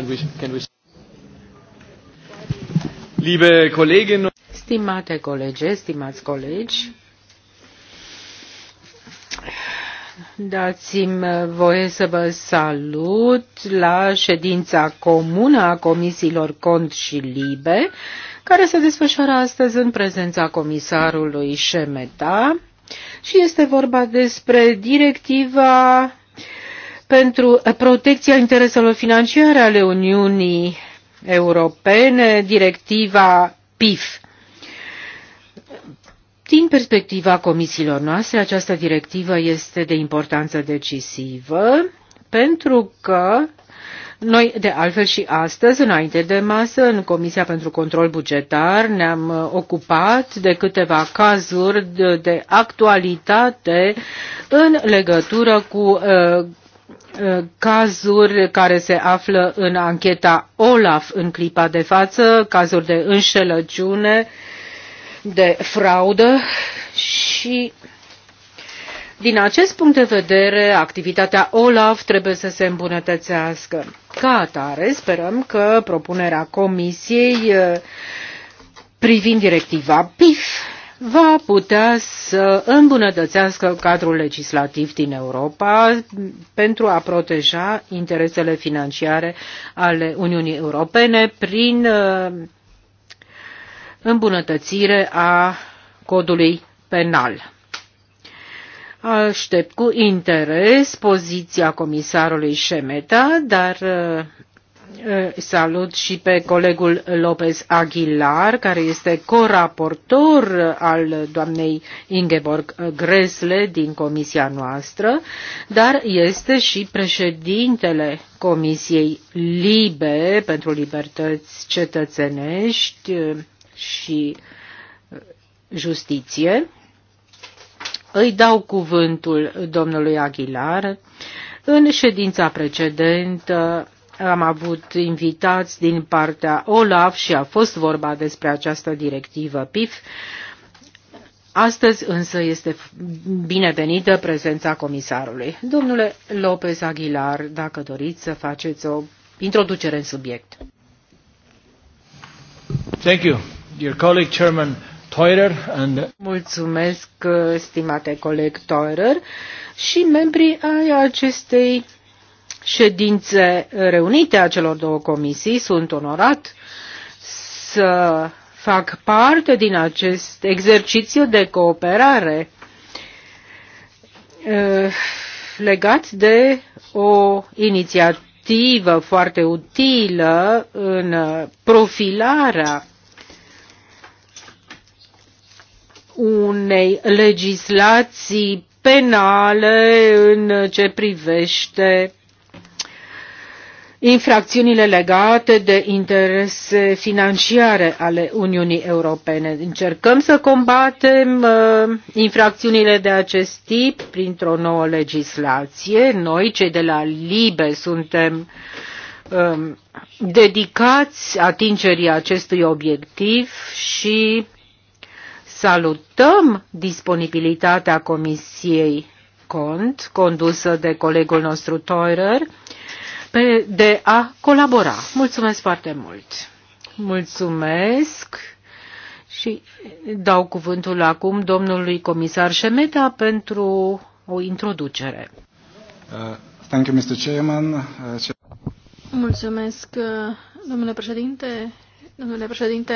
Can we, can we... Liebe Kolleginnen Stimate colege, stimați colegi, Dați-mi uh, voie să vă salut la ședința comună a comisiilor Cont și Libe, care se desfășoară astăzi în prezența comisarului Șemeta și este vorba despre directiva pentru protecția intereselor financiare ale Uniunii Europene, directiva PIF. Din perspectiva comisiilor noastre, această directivă este de importanță decisivă pentru că noi, de altfel și astăzi, înainte de masă, în Comisia pentru Control Bugetar, ne-am ocupat de câteva cazuri de, de actualitate în legătură cu uh, Uh, cazuri care se află în ancheta OLAF în clipa de față, cazuri de înșelăciune, de fraudă și din acest punct de vedere, activitatea OLAF trebuie să se îmbunătățească. Ca atare, sperăm că propunerea Comisiei uh, privind directiva PIF va putea să îmbunătățească cadrul legislativ din Europa pentru a proteja interesele financiare ale Uniunii Europene prin uh, îmbunătățire a codului penal. Aștept cu interes poziția comisarului Șemeta, dar uh, salut și pe colegul López Aguilar, care este coraportor al doamnei Ingeborg Gresle din comisia noastră, dar este și președintele Comisiei Libe pentru Libertăți Cetățenești și Justiție. Îi dau cuvântul domnului Aguilar. În ședința precedentă am avut invitați din partea OLAF și a fost vorba despre această directivă PIF. Astăzi însă este binevenită prezența comisarului. Domnule Lopez Aguilar, dacă doriți să faceți o introducere în subiect. Thank you. Your colleague, Chairman Teurer and... Mulțumesc, stimate coleg Teurer și membrii ai acestei ședințe reunite a celor două comisii. Sunt onorat să fac parte din acest exercițiu de cooperare eh, legat de o inițiativă foarte utilă în profilarea unei legislații penale în ce privește infracțiunile legate de interese financiare ale Uniunii Europene. Încercăm să combatem uh, infracțiunile de acest tip printr-o nouă legislație. Noi, cei de la LIBE, suntem uh, dedicați atingerii acestui obiectiv și salutăm disponibilitatea Comisiei Cont, condusă de colegul nostru Teurer, de a colabora. Mulțumesc foarte mult! Mulțumesc și dau cuvântul acum domnului comisar Șemeta pentru o introducere. Uh, thank you, Mr. Chairman. Uh, Mulțumesc, uh, domnule președinte, domnule președinte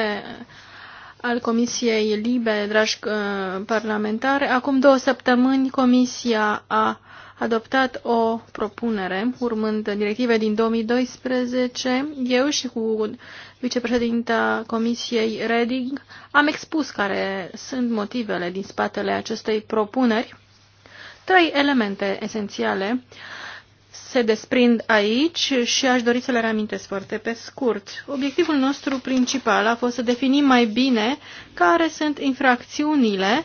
al Comisiei Libe, dragi uh, parlamentari. Acum două săptămâni Comisia a adoptat o propunere urmând directive din 2012. Eu și cu vicepreședinta Comisiei Reding am expus care sunt motivele din spatele acestei propuneri. Trei elemente esențiale se desprind aici și aș dori să le reamintesc foarte pe scurt. Obiectivul nostru principal a fost să definim mai bine care sunt infracțiunile uh,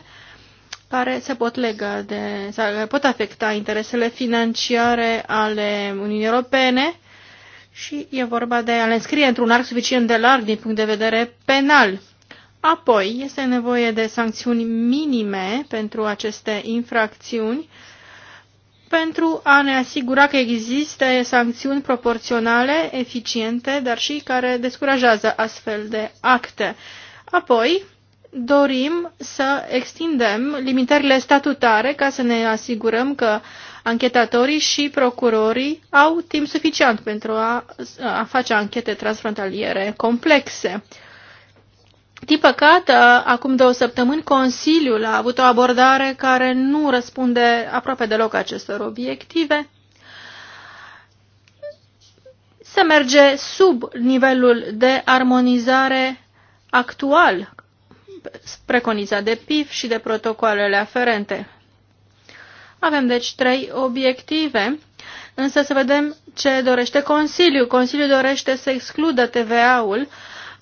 care se pot lega de, sau pot afecta interesele financiare ale Uniunii Europene și e vorba de a le înscrie într-un arc suficient de larg din punct de vedere penal. Apoi, este nevoie de sancțiuni minime pentru aceste infracțiuni, pentru a ne asigura că există sancțiuni proporționale, eficiente, dar și care descurajează astfel de acte. Apoi, dorim să extindem limitările statutare ca să ne asigurăm că anchetatorii și procurorii au timp suficient pentru a, a face anchete transfrontaliere complexe. Din păcate, acum două săptămâni, Consiliul a avut o abordare care nu răspunde aproape deloc acestor obiective. Se merge sub nivelul de armonizare actual preconiza de PIF și de protocoalele aferente. Avem deci trei obiective, însă să vedem ce dorește Consiliul. Consiliul dorește să excludă TVA-ul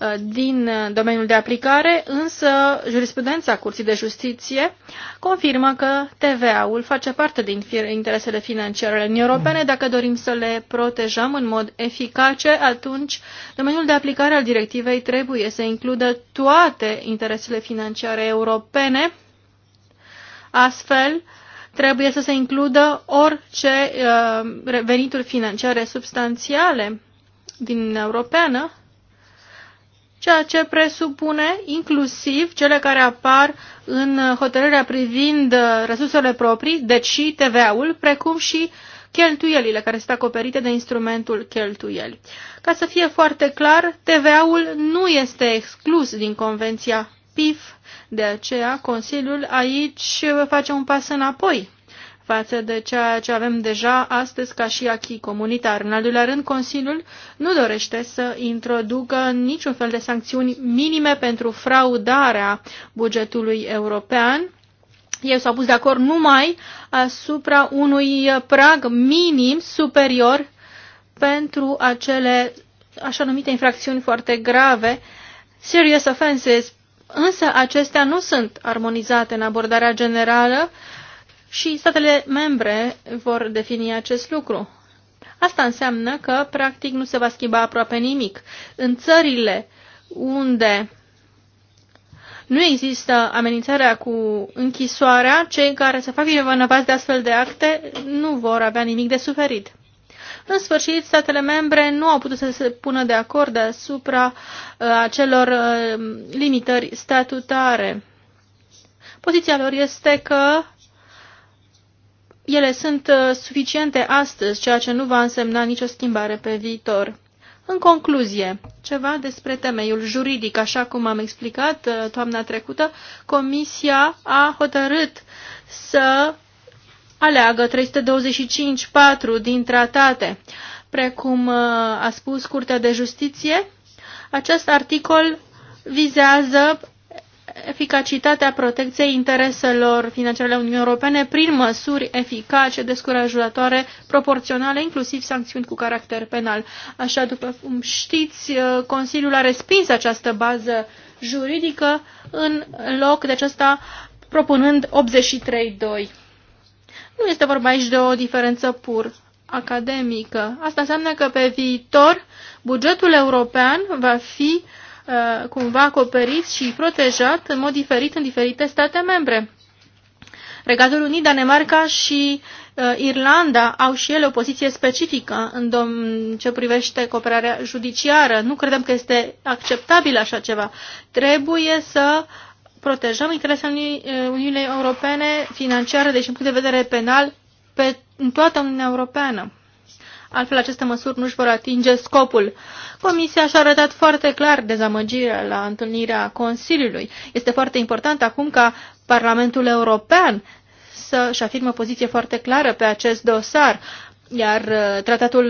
Uh, din uh, domeniul de aplicare, însă jurisprudența Curții de Justiție confirmă că TVA-ul face parte din interesele financiare ale Uniunii Europene. Dacă dorim să le protejăm în mod eficace, atunci domeniul de aplicare al directivei trebuie să includă toate interesele financiare europene. Astfel, trebuie să se includă orice uh, venituri financiare substanțiale din Europeană ceea ce presupune inclusiv cele care apar în hotărârea privind resursele proprii, deci și TVA-ul, precum și cheltuielile care sunt acoperite de instrumentul cheltuieli. Ca să fie foarte clar, TVA-ul nu este exclus din Convenția PIF, de aceea Consiliul aici face un pas înapoi față de ceea ce avem deja astăzi ca și acquis comunitar. În al doilea rând, Consiliul nu dorește să introducă niciun fel de sancțiuni minime pentru fraudarea bugetului european. Ei s-au pus de acord numai asupra unui prag minim superior pentru acele așa numite infracțiuni foarte grave, serious offenses, însă acestea nu sunt armonizate în abordarea generală și statele membre vor defini acest lucru. Asta înseamnă că, practic, nu se va schimba aproape nimic. În țările unde nu există amenințarea cu închisoarea, cei care se fac vinovați de astfel de acte nu vor avea nimic de suferit. În sfârșit, statele membre nu au putut să se pună de acord asupra uh, acelor uh, limitări statutare. Poziția lor este că ele sunt uh, suficiente astăzi, ceea ce nu va însemna nicio schimbare pe viitor. În concluzie, ceva despre temeiul juridic. Așa cum am explicat uh, toamna trecută, Comisia a hotărât să aleagă 325/4 din tratate. Precum uh, a spus Curtea de Justiție, acest articol vizează eficacitatea protecției intereselor financiare ale Uniunii Europene prin măsuri eficace, descurajatoare, proporționale, inclusiv sancțiuni cu caracter penal. Așa, după cum știți, uh, Consiliul a respins această bază juridică în loc de aceasta propunând 83.2. Nu este vorba aici de o diferență pur academică. Asta înseamnă că pe viitor bugetul european va fi uh, Uh, cumva acoperit și protejat în mod diferit în diferite state membre. Regatul Unit, Danemarca și uh, Irlanda au și ele o poziție specifică în dom- ce privește cooperarea judiciară. Nu credem că este acceptabil așa ceva. Trebuie să protejăm interesele Uni- uh, Uniunii Europene financiare, deci în punct de vedere penal, pe în toată Uniunea Europeană altfel aceste măsuri nu își vor atinge scopul. Comisia și-a arătat foarte clar dezamăgirea la întâlnirea Consiliului. Este foarte important acum ca Parlamentul European să-și afirmă poziție foarte clară pe acest dosar, iar uh, tratatul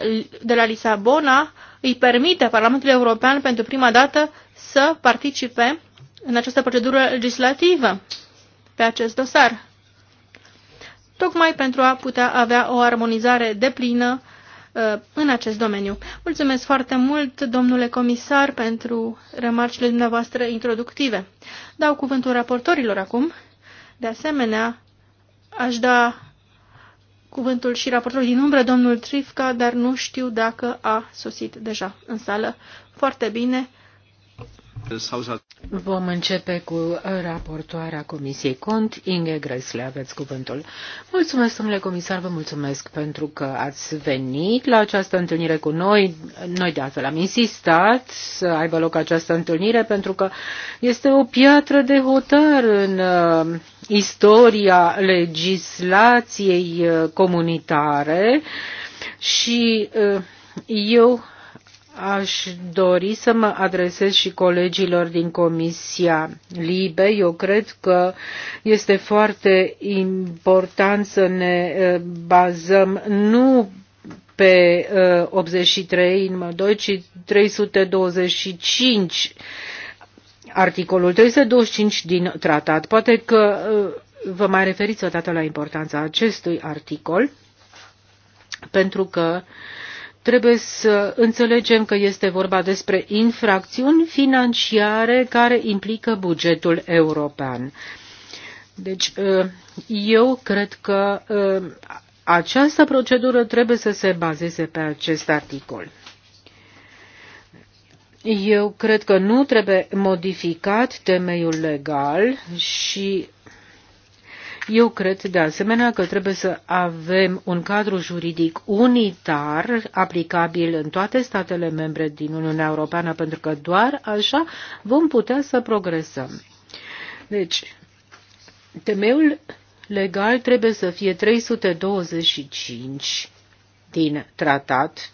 uh, de la Lisabona îi permite Parlamentului European pentru prima dată să participe în această procedură legislativă pe acest dosar tocmai pentru a putea avea o armonizare deplină uh, în acest domeniu. Mulțumesc foarte mult, domnule comisar, pentru remarcile dumneavoastră introductive. Dau cuvântul raportorilor acum. De asemenea, aș da cuvântul și raportorul din umbră, domnul Trifca, dar nu știu dacă a sosit deja în sală. Foarte bine. Vom începe cu raportoarea Comisiei Cont, Inge Gresle, aveți cuvântul. Mulțumesc, domnule comisar, vă mulțumesc pentru că ați venit la această întâlnire cu noi. Noi de altfel am insistat să aibă loc această întâlnire pentru că este o piatră de hotar în uh, istoria legislației uh, comunitare și uh, eu aș dori să mă adresez și colegilor din Comisia Libe. Eu cred că este foarte important să ne eh, bazăm nu pe 83 numărul 2, ci 325 articolul 325 din tratat. Poate că eh, vă mai referiți dată la importanța acestui articol, pentru că uh, Trebuie să înțelegem că este vorba despre infracțiuni financiare care implică bugetul european. Deci, uh, eu cred că uh, această procedură trebuie să se bazeze pe acest articol. Eu cred că nu trebuie modificat temeiul legal și eu cred de asemenea că trebuie să avem un cadru juridic unitar aplicabil în toate statele membre din Uniunea Europeană, pentru că doar așa vom putea să progresăm. Deci, temeul legal trebuie să fie 325 din tratat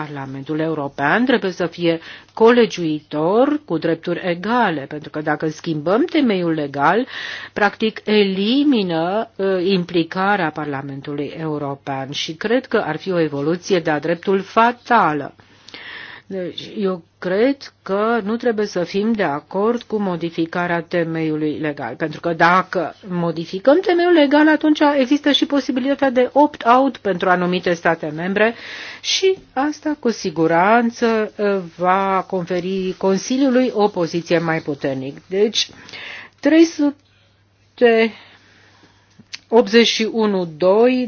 Parlamentul European trebuie să fie colegiuitor cu drepturi egale, pentru că dacă schimbăm temeiul legal, practic elimină ă, implicarea Parlamentului European și cred că ar fi o evoluție de-a dreptul fatală. Deci, eu cred că nu trebuie să fim de acord cu modificarea temeiului legal, pentru că dacă modificăm temeiul legal, atunci există și posibilitatea de opt-out pentru anumite state membre și asta cu siguranță va conferi Consiliului o poziție mai puternic. Deci, 381.2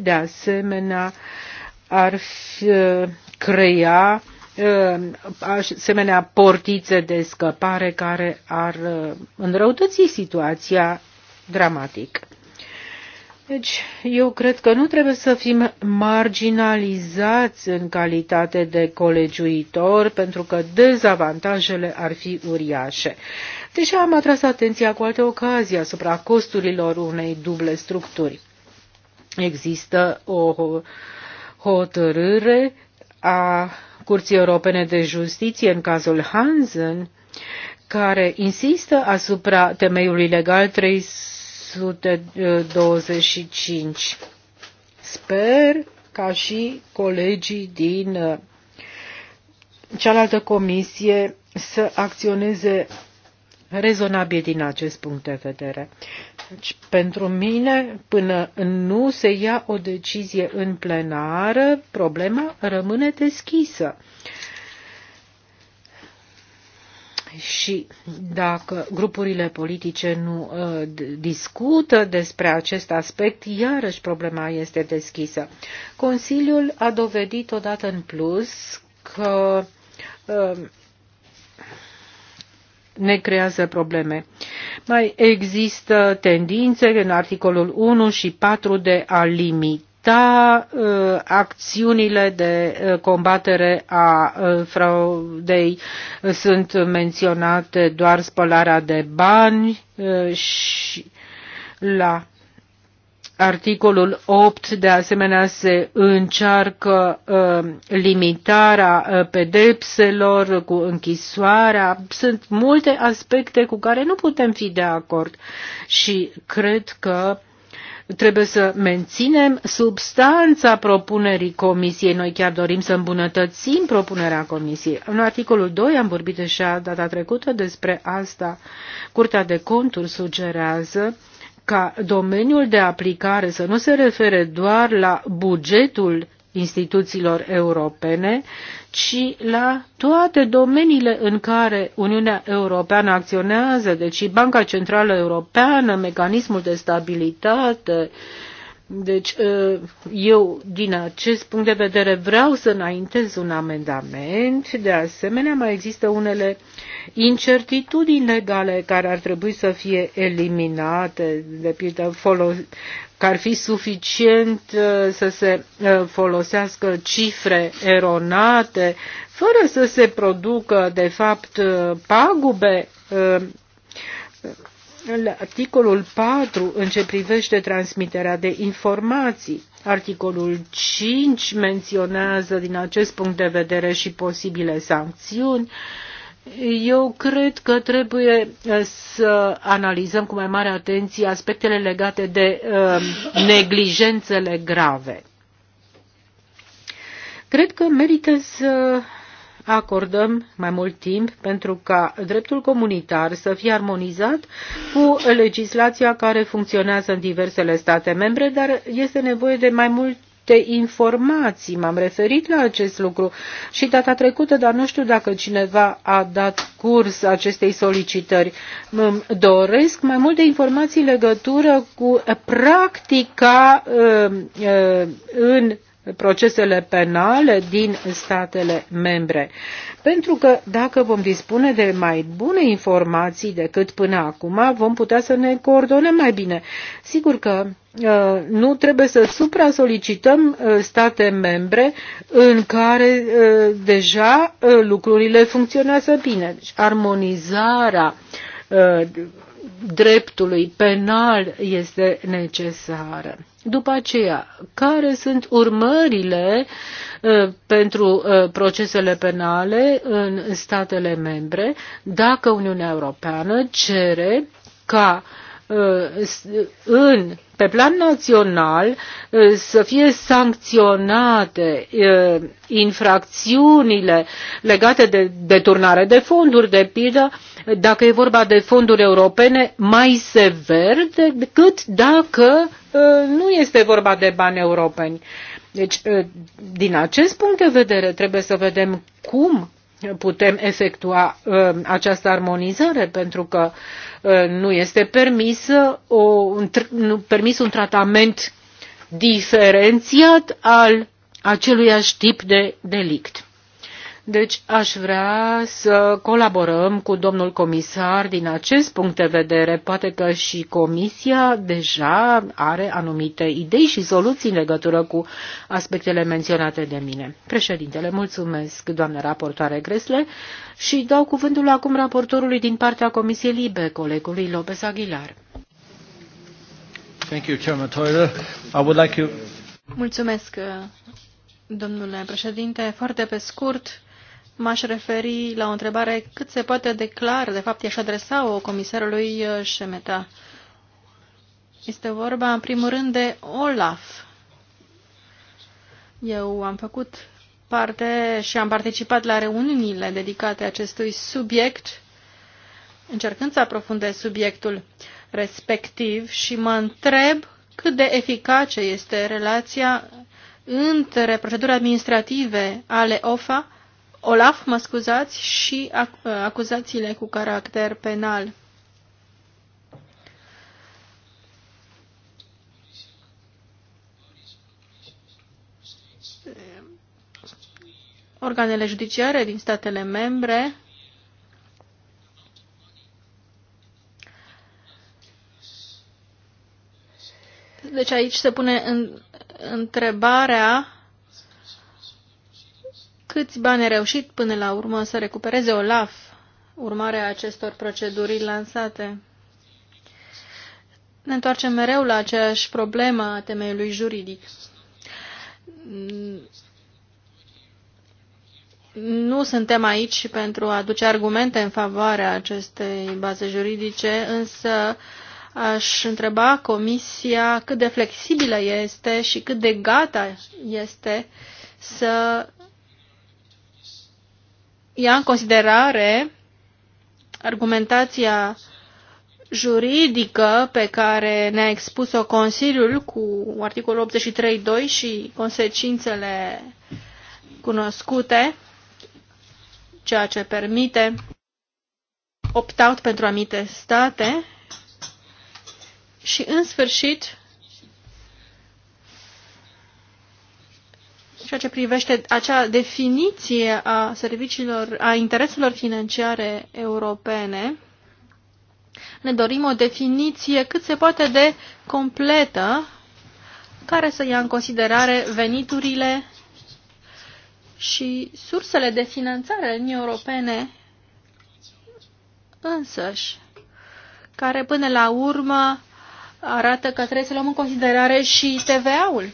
de asemenea ar fi, uh, crea Uh, asemenea portițe de scăpare care ar uh, înrăutăți situația dramatic. Deci, eu cred că nu trebuie să fim marginalizați în calitate de colegiuitor, pentru că dezavantajele ar fi uriașe. Deja am atras atenția cu alte ocazii asupra costurilor unei duble structuri. Există o hotărâre a Curții Europene de Justiție în cazul Hansen, care insistă asupra temeiului legal 325. Sper ca și colegii din uh, cealaltă comisie să acționeze rezonabil din acest punct de vedere. Deci, pentru mine, până nu se ia o decizie în plenară, problema rămâne deschisă. Și dacă grupurile politice nu uh, discută despre acest aspect, iarăși problema este deschisă. Consiliul a dovedit odată în plus că uh, ne creează probleme. Mai există tendințe în articolul 1 și 4 de a limita uh, acțiunile de uh, combatere a uh, fraudei. Sunt menționate doar spălarea de bani uh, și la articolul 8, de asemenea, se încearcă uh, limitarea uh, pedepselor cu închisoarea. Sunt multe aspecte cu care nu putem fi de acord și cred că trebuie să menținem substanța propunerii comisiei. Noi chiar dorim să îmbunătățim propunerea comisiei. În articolul 2 am vorbit deja data trecută despre asta. Curtea de conturi sugerează ca domeniul de aplicare să nu se refere doar la bugetul instituțiilor europene, ci la toate domeniile în care Uniunea Europeană acționează, deci Banca Centrală Europeană, mecanismul de stabilitate, deci, ă, eu, din acest punct de vedere, vreau să înaintez un amendament. De asemenea, mai există unele incertitudini legale care ar trebui să fie eliminate, de pildă că ar fi suficient ă, să se ă, folosească cifre eronate, fără să se producă, de fapt, pagube articolul 4 în ce privește transmiterea de informații. Articolul 5 menționează din acest punct de vedere și posibile sancțiuni. Eu cred că trebuie uh, să analizăm cu mai mare atenție aspectele legate de uh, neglijențele grave. Cred că merită să acordăm mai mult timp pentru ca dreptul comunitar să fie armonizat cu legislația care funcționează în diversele state membre, dar este nevoie de mai mult multe informații. M-am referit la acest lucru și data trecută, dar nu știu dacă cineva a dat curs acestei solicitări. Îmi doresc mai multe informații legătură cu practica uh, uh, în procesele penale din statele membre. Pentru că dacă vom dispune de mai bune informații decât până acum, vom putea să ne coordonăm mai bine. Sigur că uh, nu trebuie să supra-solicităm uh, state membre în care uh, deja lucrurile funcționează bine. Deci armonizarea dreptului penal este necesară. După aceea, care sunt urmările uh, pentru uh, procesele penale în statele membre dacă Uniunea Europeană cere ca uh, în pe plan național să fie sancționate infracțiunile legate de deturnare de fonduri, de pildă, dacă e vorba de fonduri europene, mai sever decât dacă nu este vorba de bani europeni. Deci, din acest punct de vedere, trebuie să vedem cum putem efectua uh, această armonizare, pentru că uh, nu este permis, uh, o, permis un tratament diferențiat al aceluiași tip de delict. Deci aș vrea să colaborăm cu domnul comisar din acest punct de vedere. Poate că și comisia deja are anumite idei și soluții în legătură cu aspectele menționate de mine. Președintele, mulțumesc, doamnă raportoare Gresle, și dau cuvântul acum raportorului din partea Comisiei Libe, colegului Lopez Aguilar. Thank you, Chairman Toiler. I would like you... Mulțumesc, Domnule președinte, foarte pe scurt, m-aș referi la o întrebare cât se poate de clar, de fapt i-aș adresa-o comisarului uh, Șemeta. Este vorba, în primul rând, de Olaf. Eu am făcut parte și am participat la reuniunile dedicate acestui subiect, încercând să aprofundez subiectul respectiv și mă întreb cât de eficace este relația între proceduri administrative ale OFA Olaf, mă scuzați, și acuzațiile cu caracter penal. Organele judiciare din statele membre Deci aici se pune în, întrebarea câți bani a reușit până la urmă să recupereze OLAF urmarea acestor proceduri lansate. Ne întoarcem mereu la aceeași problemă a temeiului juridic. Nu suntem aici pentru a aduce argumente în favoarea acestei baze juridice, însă aș întreba Comisia cât de flexibilă este și cât de gata este să ia în considerare argumentația juridică pe care ne-a expus-o Consiliul cu articolul 83.2 și consecințele cunoscute, ceea ce permite opt-out pentru anumite state și, în sfârșit, ceea ce privește acea definiție a serviciilor, a intereselor financiare europene, ne dorim o definiție cât se poate de completă care să ia în considerare veniturile și sursele de finanțare în Europene însăși, care până la urmă arată că trebuie să luăm în considerare și TVA-ul.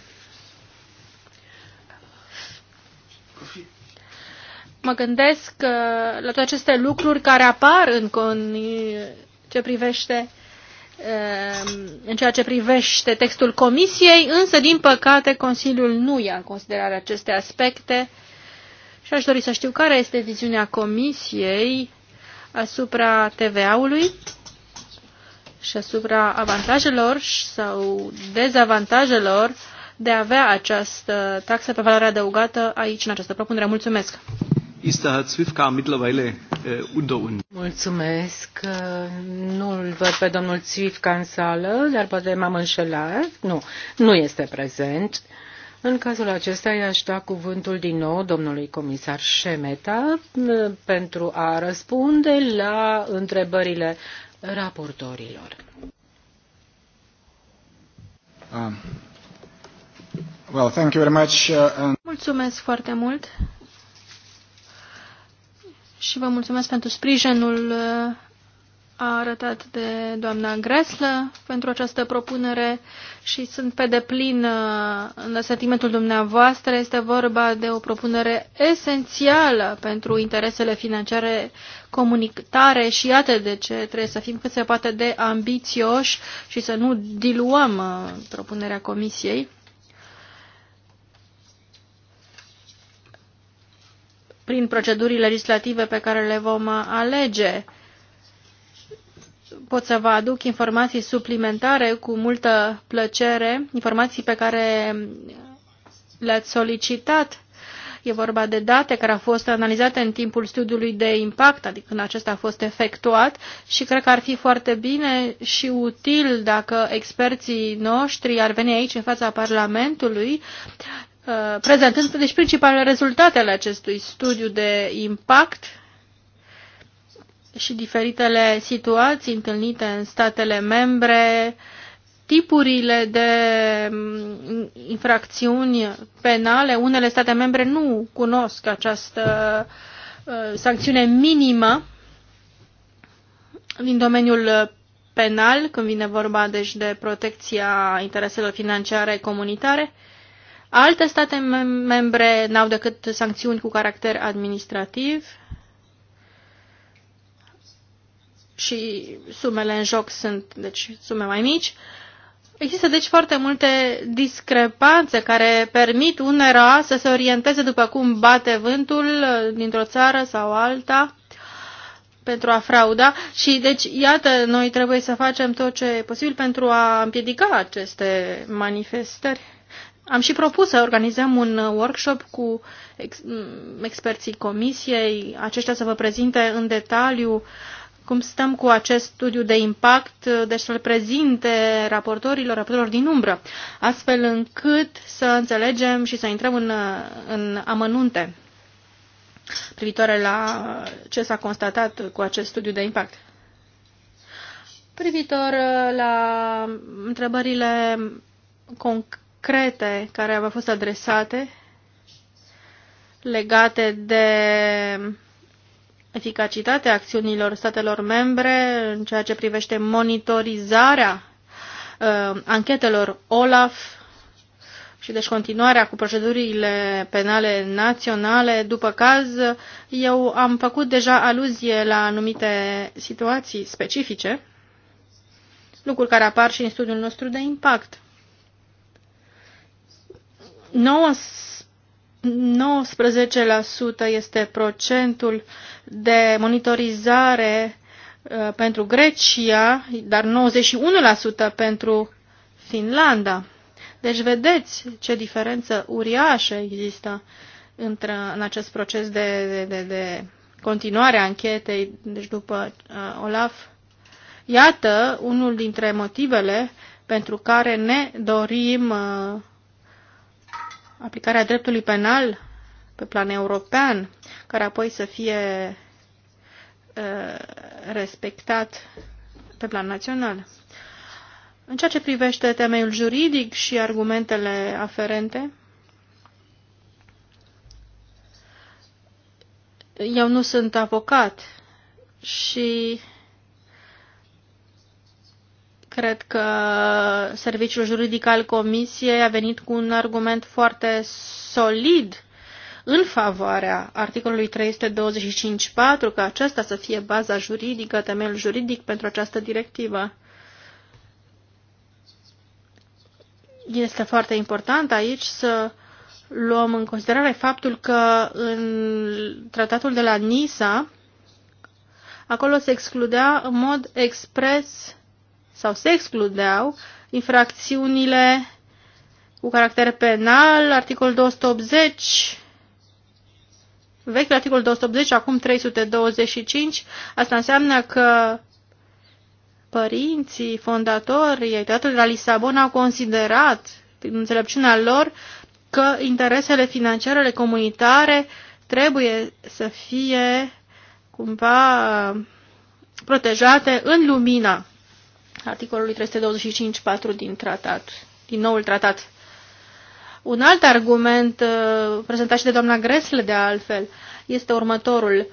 mă gândesc uh, la toate aceste lucruri care apar în, în uh, ce privește uh, în ceea ce privește textul comisiei, însă, din păcate, Consiliul nu ia în considerare aceste aspecte și aș dori să știu care este viziunea comisiei asupra TVA-ului și asupra avantajelor sau dezavantajelor de a avea această taxă pe valoare adăugată aici, în această propunere. Mulțumesc! ist der Herr Zwifka mittlerweile äh, unter uns. Mulțumesc. nu îl văd pe domnul Zwifka în sală, dar poate m-am înșelat. Nu, nu este prezent. În cazul acesta i-aș da cuvântul din nou domnului comisar Șemeta pentru a răspunde la întrebările raportorilor. Um, well, thank you very much, uh, and... Mulțumesc foarte mult și vă mulțumesc pentru sprijinul uh, arătat de doamna Greslă pentru această propunere și sunt pe deplin uh, în sentimentul dumneavoastră. Este vorba de o propunere esențială pentru interesele financiare comunitare și iată de ce trebuie să fim cât se poate de ambițioși și să nu diluăm uh, propunerea Comisiei. prin proceduri legislative pe care le vom alege. Pot să vă aduc informații suplimentare cu multă plăcere, informații pe care le-ați solicitat. E vorba de date care au fost analizate în timpul studiului de impact, adică când acesta a fost efectuat și cred că ar fi foarte bine și util dacă experții noștri ar veni aici în fața Parlamentului Uh, prezentând deci principalele rezultate ale acestui studiu de impact și diferitele situații întâlnite în statele membre, tipurile de mm, infracțiuni penale. Unele state membre nu cunosc această uh, sancțiune minimă din domeniul penal, când vine vorba deci de protecția intereselor financiare comunitare. Uh, Alte state mem membre n-au decât sancțiuni cu caracter administrativ și sumele în joc sunt deci sume mai mici. Există deci foarte multe discrepanțe care permit unora să se orienteze după cum bate vântul dintr-o țară sau alta pentru a frauda și deci iată noi trebuie să facem tot ce e posibil pentru a împiedica aceste manifestări. Am și propus să organizăm un uh, workshop cu ex- experții comisiei, aceștia să vă prezinte în detaliu cum stăm cu acest studiu de impact, uh, deci să-l prezinte raportorilor, raportorilor din umbră, astfel încât să înțelegem și să intrăm în, uh, în amănunte privitoare la ce s-a constatat cu acest studiu de impact. Privitor la întrebările concrete, concrete care au fost adresate legate de eficacitatea acțiunilor statelor membre în ceea ce privește monitorizarea uh, anchetelor OLAF și deci continuarea cu procedurile penale naționale după caz, eu am făcut deja aluzie la anumite situații specifice, lucruri care apar și în studiul nostru de impact. 19% este procentul de monitorizare uh, pentru Grecia, dar 91% pentru Finlanda. Deci vedeți ce diferență uriașă există între, în acest proces de, de, de, de continuare a anchetei, deci după uh, Olaf. Iată unul dintre motivele pentru care ne dorim uh, aplicarea dreptului penal pe plan european, care apoi să fie uh, respectat pe plan național. În ceea ce privește temeiul juridic și argumentele aferente, eu nu sunt avocat și Cred că serviciul juridic al Comisiei a venit cu un argument foarte solid în favoarea articolului 325.4, că acesta să fie baza juridică, temeiul juridic pentru această directivă. Este foarte important aici să luăm în considerare faptul că în tratatul de la Nisa, acolo se excludea în mod expres sau se excludeau infracțiunile cu caracter penal, articolul 280, vechiul articol 280, acum 325, asta înseamnă că părinții, fondatorii ai teatrului la Lisabona au considerat, prin înțelepciunea lor, că interesele financiare ale comunitare trebuie să fie cumva protejate în lumina articolului 325.4 din tratat, din noul tratat. Un alt argument uh, prezentat și de doamna Gresle, de altfel, este următorul.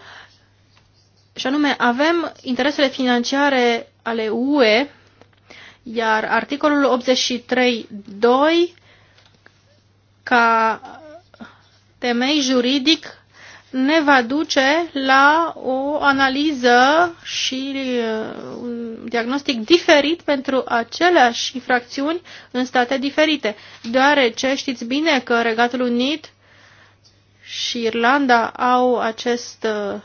Și anume, avem interesele financiare ale UE, iar articolul 83.2 ca temei juridic ne va duce la o analiză și uh, un diagnostic diferit pentru aceleași infracțiuni în state diferite, deoarece știți bine că Regatul Unit și Irlanda au acest uh,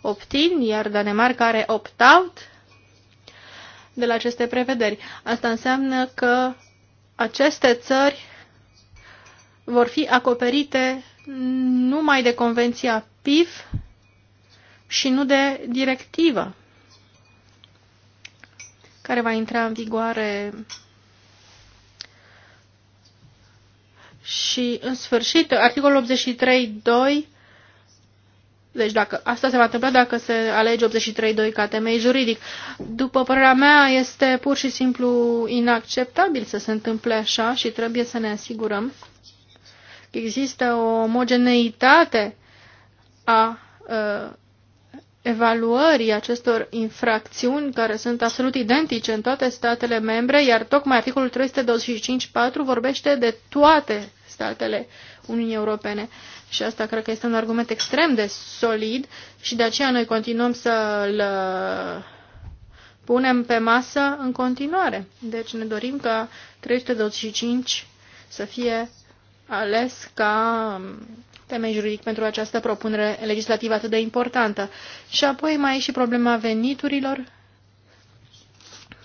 opt-in, iar Danemarca are opt-out de la aceste prevederi. Asta înseamnă că aceste țări vor fi acoperite numai de convenția PIF și nu de directivă care va intra în vigoare și în sfârșit articolul 83.2 deci dacă asta se va întâmpla dacă se alege 83.2 ca temei juridic. După părerea mea, este pur și simplu inacceptabil să se întâmple așa și trebuie să ne asigurăm există o omogeneitate a uh, evaluării acestor infracțiuni care sunt absolut identice în toate statele membre, iar tocmai articolul 325.4 vorbește de toate statele Uniunii Europene. Și asta cred că este un argument extrem de solid și de aceea noi continuăm să-l uh, punem pe masă în continuare. Deci ne dorim ca 325 să fie ales ca um, temei juridic pentru această propunere legislativă atât de importantă. Și apoi mai e și problema veniturilor,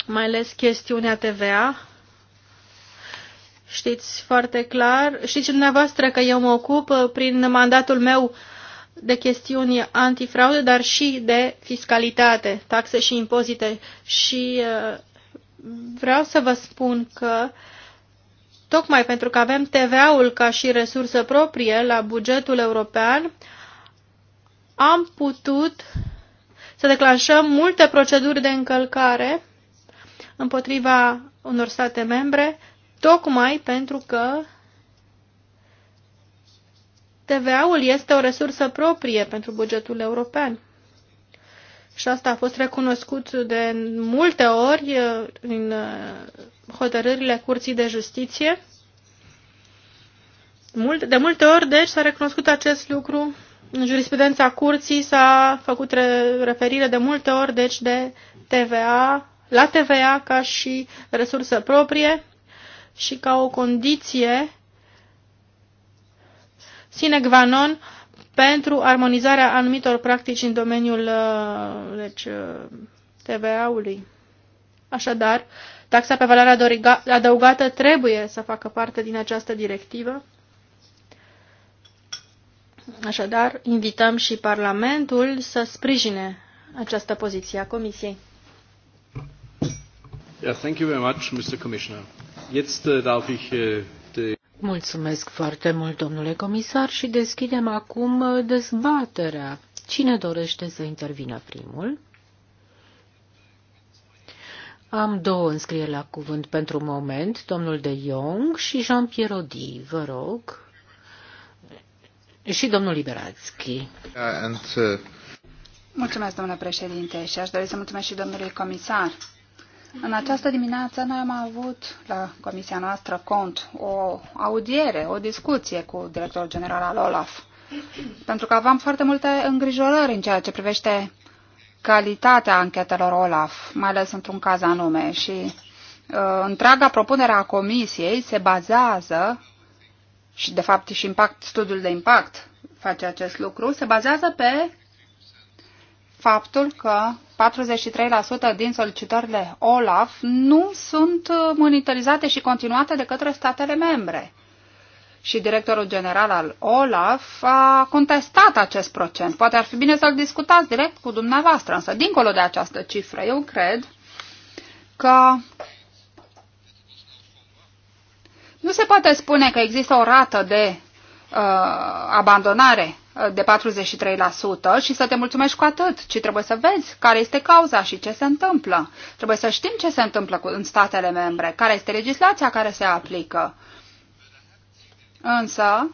mai ales chestiunea TVA. Știți foarte clar, știți dumneavoastră că eu mă ocup uh, prin mandatul meu de chestiuni antifraudă, dar și de fiscalitate, taxe și impozite. Și uh, vreau să vă spun că uh, Tocmai pentru că avem TVA-ul ca și resursă proprie la bugetul european, am putut să declanșăm multe proceduri de încălcare împotriva unor state membre, tocmai pentru că TVA-ul este o resursă proprie pentru bugetul european și asta a fost recunoscut de multe ori uh, în uh, hotărârile Curții de Justiție. De multe ori, deci, s-a recunoscut acest lucru. În jurisprudența Curții s-a făcut referire de multe ori, deci, de TVA, la TVA ca și resursă proprie și ca o condiție sine qua non pentru armonizarea anumitor practici în domeniul uh, deci, uh, TVA-ului. Așadar, taxa pe valoare adăugată trebuie să facă parte din această directivă. Așadar, invităm și Parlamentul să sprijine această poziție a Comisiei. Yeah, thank you very much, Mr. Commissioner. Jetzt uh, darf ich uh, Mulțumesc foarte mult, domnule comisar, și deschidem acum dezbaterea. Cine dorește să intervină primul? Am două înscrieri la cuvânt pentru moment, domnul de Jong și Jean-Pierre Odi, vă rog, și domnul Liberațchi. Mulțumesc, domnule președinte, și aș dori să mulțumesc și domnului comisar în această dimineață noi am avut la comisia noastră cont o audiere, o discuție cu directorul general al OLAF, pentru că aveam foarte multe îngrijorări în ceea ce privește calitatea anchetelor OLAF, mai ales într-un caz anume. Și uh, întreaga propunere a comisiei se bazează, și de fapt și impact, studiul de impact face acest lucru, se bazează pe faptul că 43% din solicitările OLAF nu sunt monitorizate și continuate de către statele membre. Și directorul general al OLAF a contestat acest procent. Poate ar fi bine să-l discutați direct cu dumneavoastră, însă dincolo de această cifră, eu cred că nu se poate spune că există o rată de uh, abandonare de 43% și să te mulțumești cu atât, ci trebuie să vezi care este cauza și ce se întâmplă. Trebuie să știm ce se întâmplă cu, în statele membre, care este legislația care se aplică. Însă,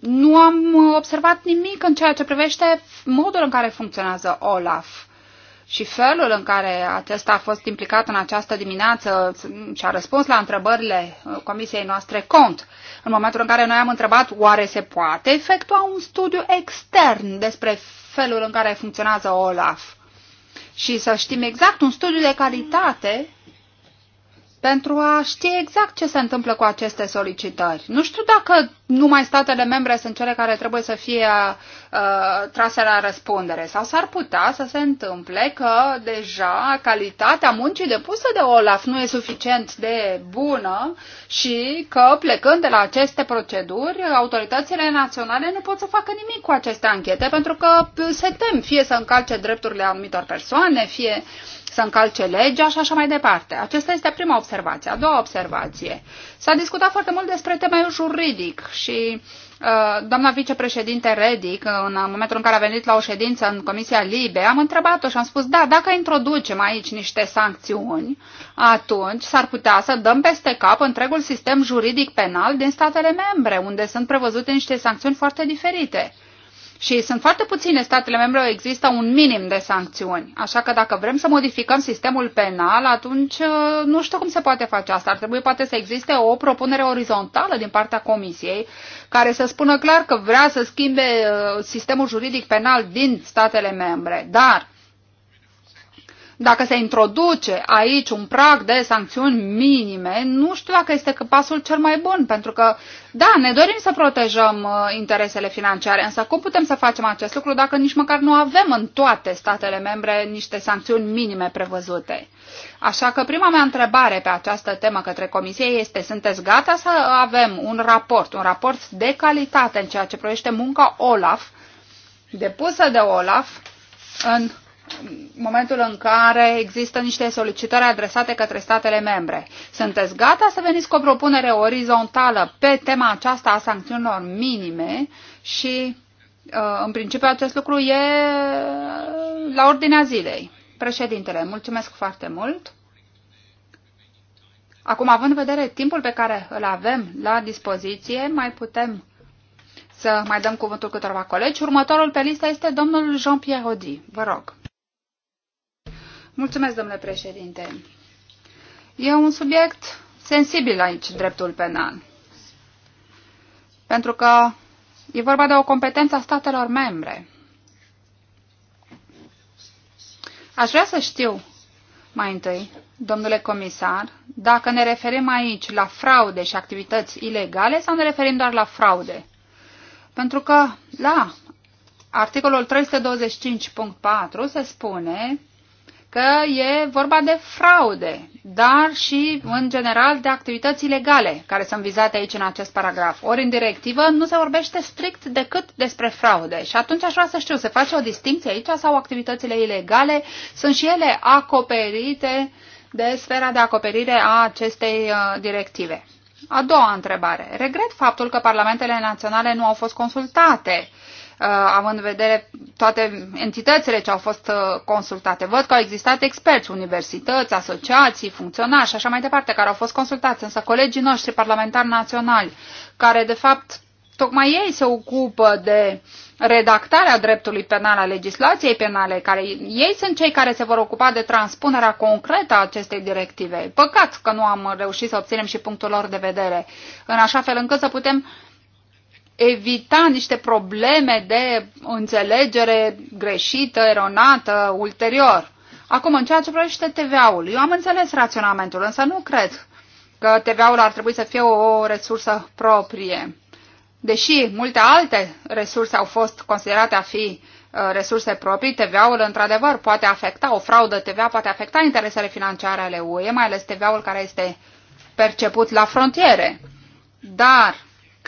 nu am observat nimic în ceea ce privește modul în care funcționează OLAF și felul în care acesta a fost implicat în această dimineață și a răspuns la întrebările uh, comisiei noastre cont, în momentul în care noi am întrebat oare se poate efectua un studiu extern despre felul în care funcționează OLAF și să știm exact un studiu de calitate pentru a ști exact ce se întâmplă cu aceste solicitări. Nu știu dacă numai statele membre sunt cele care trebuie să fie uh, trase la răspundere sau s-ar putea să se întâmple că deja calitatea muncii depusă de OLAF nu e suficient de bună și că plecând de la aceste proceduri, autoritățile naționale nu pot să facă nimic cu aceste anchete pentru că se tem fie să încalce drepturile anumitor persoane, fie să încalce legea și așa mai departe. Acesta este prima observație. A doua observație. S-a discutat foarte mult despre temeiul juridic și uh, doamna vicepreședinte Redic, în momentul în care a venit la o ședință în Comisia Libe, am întrebat-o și am spus, da, dacă introducem aici niște sancțiuni, atunci s-ar putea să dăm peste cap întregul sistem juridic penal din statele membre, unde sunt prevăzute niște sancțiuni foarte diferite. Și sunt foarte puține statele membre, există un minim de sancțiuni. Așa că dacă vrem să modificăm sistemul penal, atunci uh, nu știu cum se poate face asta. Ar trebui poate să existe o propunere orizontală din partea Comisiei care să spună clar că vrea să schimbe uh, sistemul juridic penal din statele membre. Dar dacă se introduce aici un prag de sancțiuni minime, nu știu dacă este pasul cel mai bun, pentru că, da, ne dorim să protejăm uh, interesele financiare, însă cum putem să facem acest lucru dacă nici măcar nu avem în toate statele membre niște sancțiuni minime prevăzute? Așa că prima mea întrebare pe această temă către Comisie este, sunteți gata să avem un raport, un raport de calitate în ceea ce privește munca OLAF, depusă de OLAF în momentul în care există niște solicitări adresate către statele membre. Sunteți gata să veniți cu o propunere orizontală pe tema aceasta a sancțiunilor minime și uh, în principiu acest lucru e la ordinea zilei. Președintele, mulțumesc foarte mult. Acum, având în vedere timpul pe care îl avem la dispoziție, mai putem să mai dăm cuvântul câtorva colegi. Următorul pe listă este domnul Jean-Pierre Audi. Vă rog. Mulțumesc, domnule președinte. E un subiect sensibil aici, dreptul penal. Pentru că e vorba de o competență a statelor membre. Aș vrea să știu mai întâi, domnule comisar, dacă ne referim aici la fraude și activități ilegale sau ne referim doar la fraude. Pentru că la articolul 325.4 se spune că e vorba de fraude, dar și, în general, de activități ilegale care sunt vizate aici în acest paragraf. Ori în directivă nu se vorbește strict decât despre fraude. Și atunci aș vrea să știu, se face o distinție aici sau activitățile ilegale sunt și ele acoperite de sfera de acoperire a acestei uh, directive? A doua întrebare. Regret faptul că parlamentele naționale nu au fost consultate Uh, având în vedere toate entitățile ce au fost uh, consultate. Văd că au existat experți, universități, asociații, funcționari și așa mai departe, care au fost consultați, însă colegii noștri parlamentari naționali, care de fapt tocmai ei se ocupă de redactarea dreptului penal, a legislației penale, care ei sunt cei care se vor ocupa de transpunerea concretă a acestei directive. Păcat că nu am reușit să obținem și punctul lor de vedere, în așa fel încât să putem evita niște probleme de înțelegere greșită, eronată, ulterior. Acum, în ceea ce privește TVA-ul, eu am înțeles raționamentul, însă nu cred că TVA-ul ar trebui să fie o resursă proprie. Deși multe alte resurse au fost considerate a fi uh, resurse proprii, TVA-ul într-adevăr poate afecta, o fraudă TVA poate afecta interesele financiare ale UE, mai ales TVA-ul care este perceput la frontiere. Dar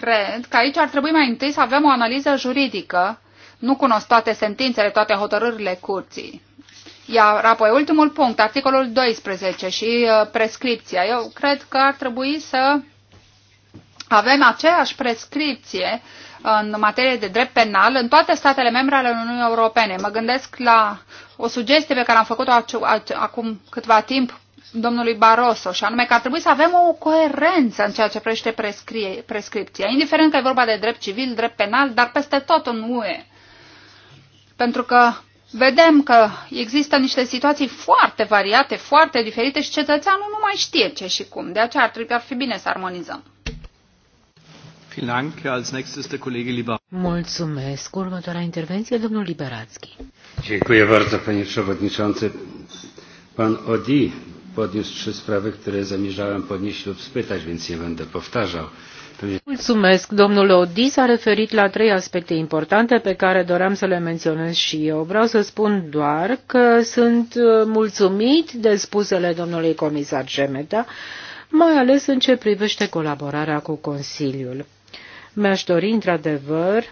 cred că aici ar trebui mai întâi să avem o analiză juridică. Nu cunosc toate sentințele, toate hotărârile curții. Iar apoi, ultimul punct, articolul 12 și uh, prescripția. Eu cred că ar trebui să avem aceeași prescripție uh, în materie de drept penal în toate statele membre ale Uniunii Europene. Mă gândesc la o sugestie pe care am făcut-o acum câtva timp domnului Barroso, și anume că ar trebui să avem o coerență în ceea ce prește prescrie, prescripția, indiferent că e vorba de drept civil, drept penal, dar peste tot în UE. Pentru că vedem că există niște situații foarte variate, foarte diferite și cetățeanul nu mai știe ce și cum. De aceea ar trebui ar fi bine să armonizăm. Mulțumesc. Următoarea intervenție, domnul Liberațchi. Dziękuję bardzo, panie przewodniczący. Pan Odi podniósł trzy sprawy, które zamierzałem podnieść lub spytać, więc nie będę powtarzał. Mulțumesc. Domnul Odi s-a referit la trei aspecte importante pe care doream să le menționez și eu. Vreau să spun doar că sunt uh, mulțumit de spusele domnului comisar Gemeta, mai ales în ce privește colaborarea cu Consiliul. Mi-aș dori, într-adevăr,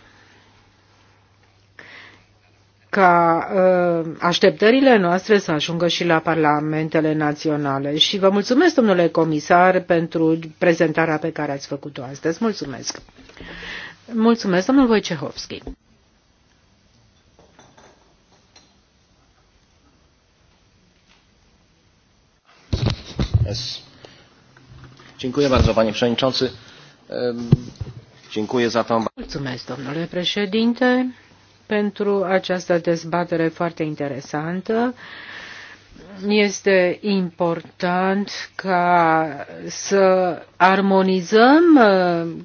ca uh, așteptările noastre să ajungă și la parlamentele naționale. Și vă mulțumesc, domnule comisar, pentru prezentarea pe care ați făcut-o astăzi. Mulțumesc. Mulțumesc, domnul Wojciechowski. Yes. Dziękuję bardzo, panie przewodniczący. Dziękuję za tą... Mulțumesc, domnule președinte pentru această dezbatere foarte interesantă. Este important ca să armonizăm uh,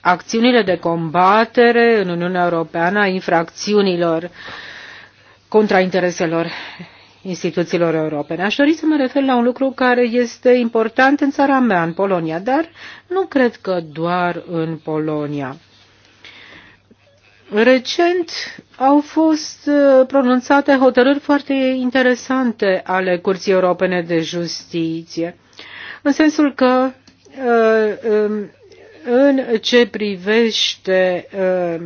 acțiunile de combatere în Uniunea Europeană a infracțiunilor contra intereselor instituțiilor europene. Aș dori să mă refer la un lucru care este important în țara mea, în Polonia, dar nu cred că doar în Polonia. Recent au fost uh, pronunțate hotărâri foarte interesante ale Curții Europene de Justiție, în sensul că uh, um, în ce privește uh,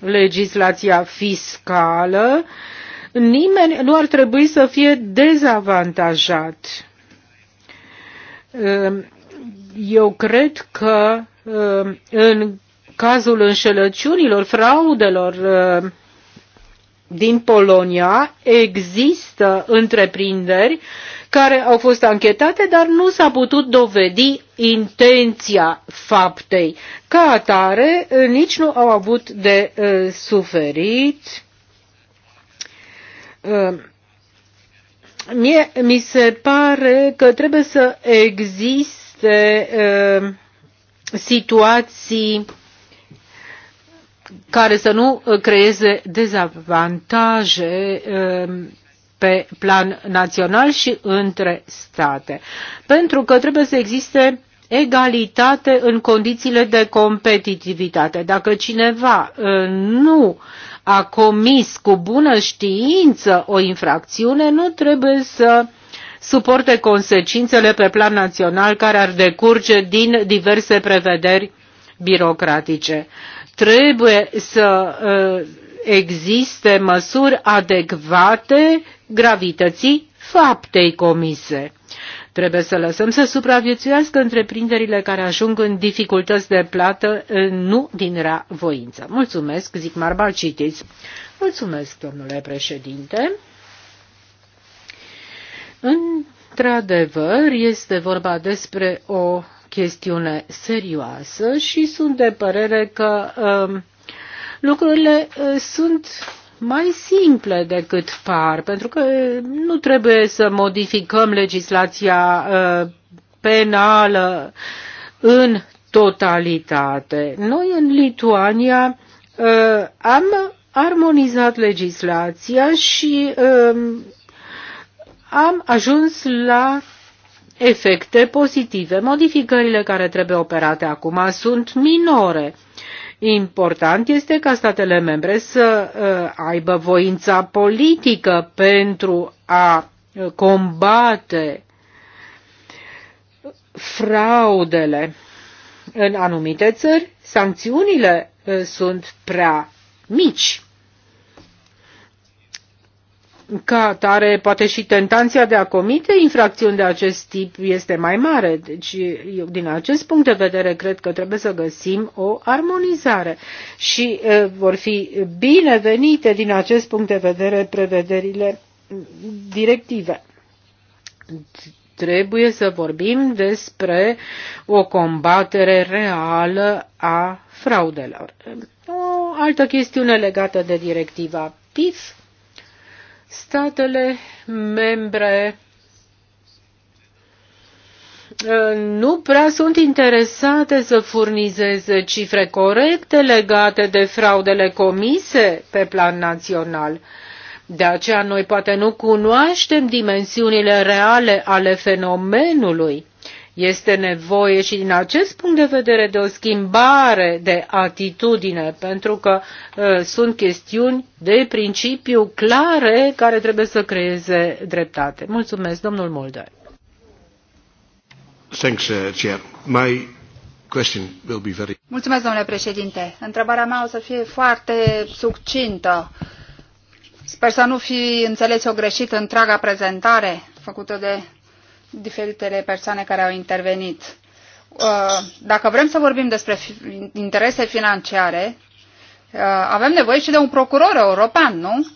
legislația fiscală, nimeni nu ar trebui să fie dezavantajat. Um, eu cred că um, în cazul înșelăciunilor, fraudelor uh, din Polonia, există întreprinderi care au fost anchetate, dar nu s-a putut dovedi intenția faptei. Ca atare, uh, nici nu au avut de uh, suferit. Uh, mie mi se pare că trebuie să existe uh, situații care să nu uh, creeze dezavantaje um, pe plan național și între state. Pentru că trebuie să existe egalitate în condițiile de competitivitate. Dacă cineva uh, nu a comis cu bună știință o infracțiune, nu trebuie să suporte consecințele pe plan național care ar decurge din diverse prevederi birocratice. Trebuie să uh, existe măsuri adecvate gravității faptei comise. Trebuie să lăsăm să supraviețuiască întreprinderile care ajung în dificultăți de plată, uh, nu din rea voință. Mulțumesc, Marbal, citiți. Mulțumesc, domnule președinte. Într-adevăr, este vorba despre o chestiune serioasă și sunt de părere că um, lucrurile uh, sunt mai simple decât par, pentru că uh, nu trebuie să modificăm legislația uh, penală în totalitate. Noi în Lituania am armonizat legislația și um, am ajuns la efecte pozitive. Modificările care trebuie operate acum sunt minore. Important este ca statele membre să uh, aibă voința politică pentru a uh, combate fraudele. În anumite țări, sancțiunile uh, sunt prea mici ca atare, poate și tentația de a comite infracțiuni de acest tip este mai mare. Deci, eu, din acest punct de vedere, cred că trebuie să găsim o armonizare și uh, vor fi binevenite din acest punct de vedere prevederile directive. Trebuie să vorbim despre o combatere reală a fraudelor. O altă chestiune legată de directiva PIF statele membre uh, nu prea sunt interesate să furnizeze cifre corecte legate de fraudele comise pe plan național. De aceea noi poate nu cunoaștem dimensiunile reale ale fenomenului. Este nevoie și din acest punct de vedere de o schimbare de atitudine, pentru că uh, sunt chestiuni de principiu clare care trebuie să creeze dreptate. Mulțumesc, domnul Mulder. Thanks, uh, Chair. My question will be very... Mulțumesc, domnule președinte. Întrebarea mea o să fie foarte succintă. Sper să nu fi înțeles o greșit întreaga prezentare făcută de diferitele persoane care au intervenit. Uh, dacă vrem să vorbim despre interese financiare, uh, avem nevoie și de un procuror european, nu?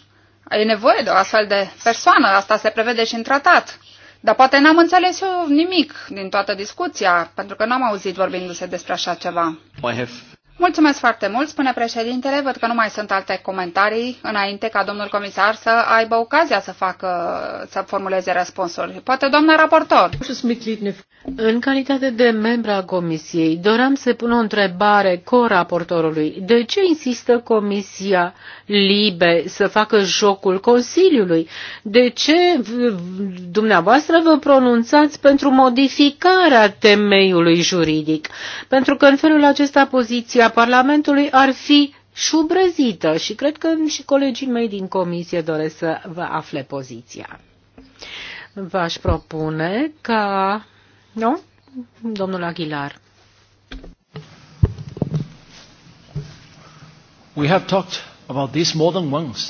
E nevoie de o astfel de persoană, asta se prevede și în tratat. Dar poate n-am înțeles eu nimic din toată discuția, pentru că n-am auzit vorbindu-se despre așa ceva. I have Mulțumesc foarte mult, spune președintele. Văd că nu mai sunt alte comentarii înainte ca domnul comisar să aibă ocazia să facă, să formuleze răspunsuri. Poate doamna raportor. În calitate de membra a comisiei, doream să pun o întrebare co-raportorului. De ce insistă comisia libe să facă jocul Consiliului? De ce dumneavoastră vă pronunțați pentru modificarea temeiului juridic? Pentru că în felul acesta poziția poziția Parlamentului ar fi șubrăzită și cred că și colegii mei din comisie doresc să vă afle poziția. V-aș propune ca... Nu? Domnul Aguilar. We have talked about this more than once.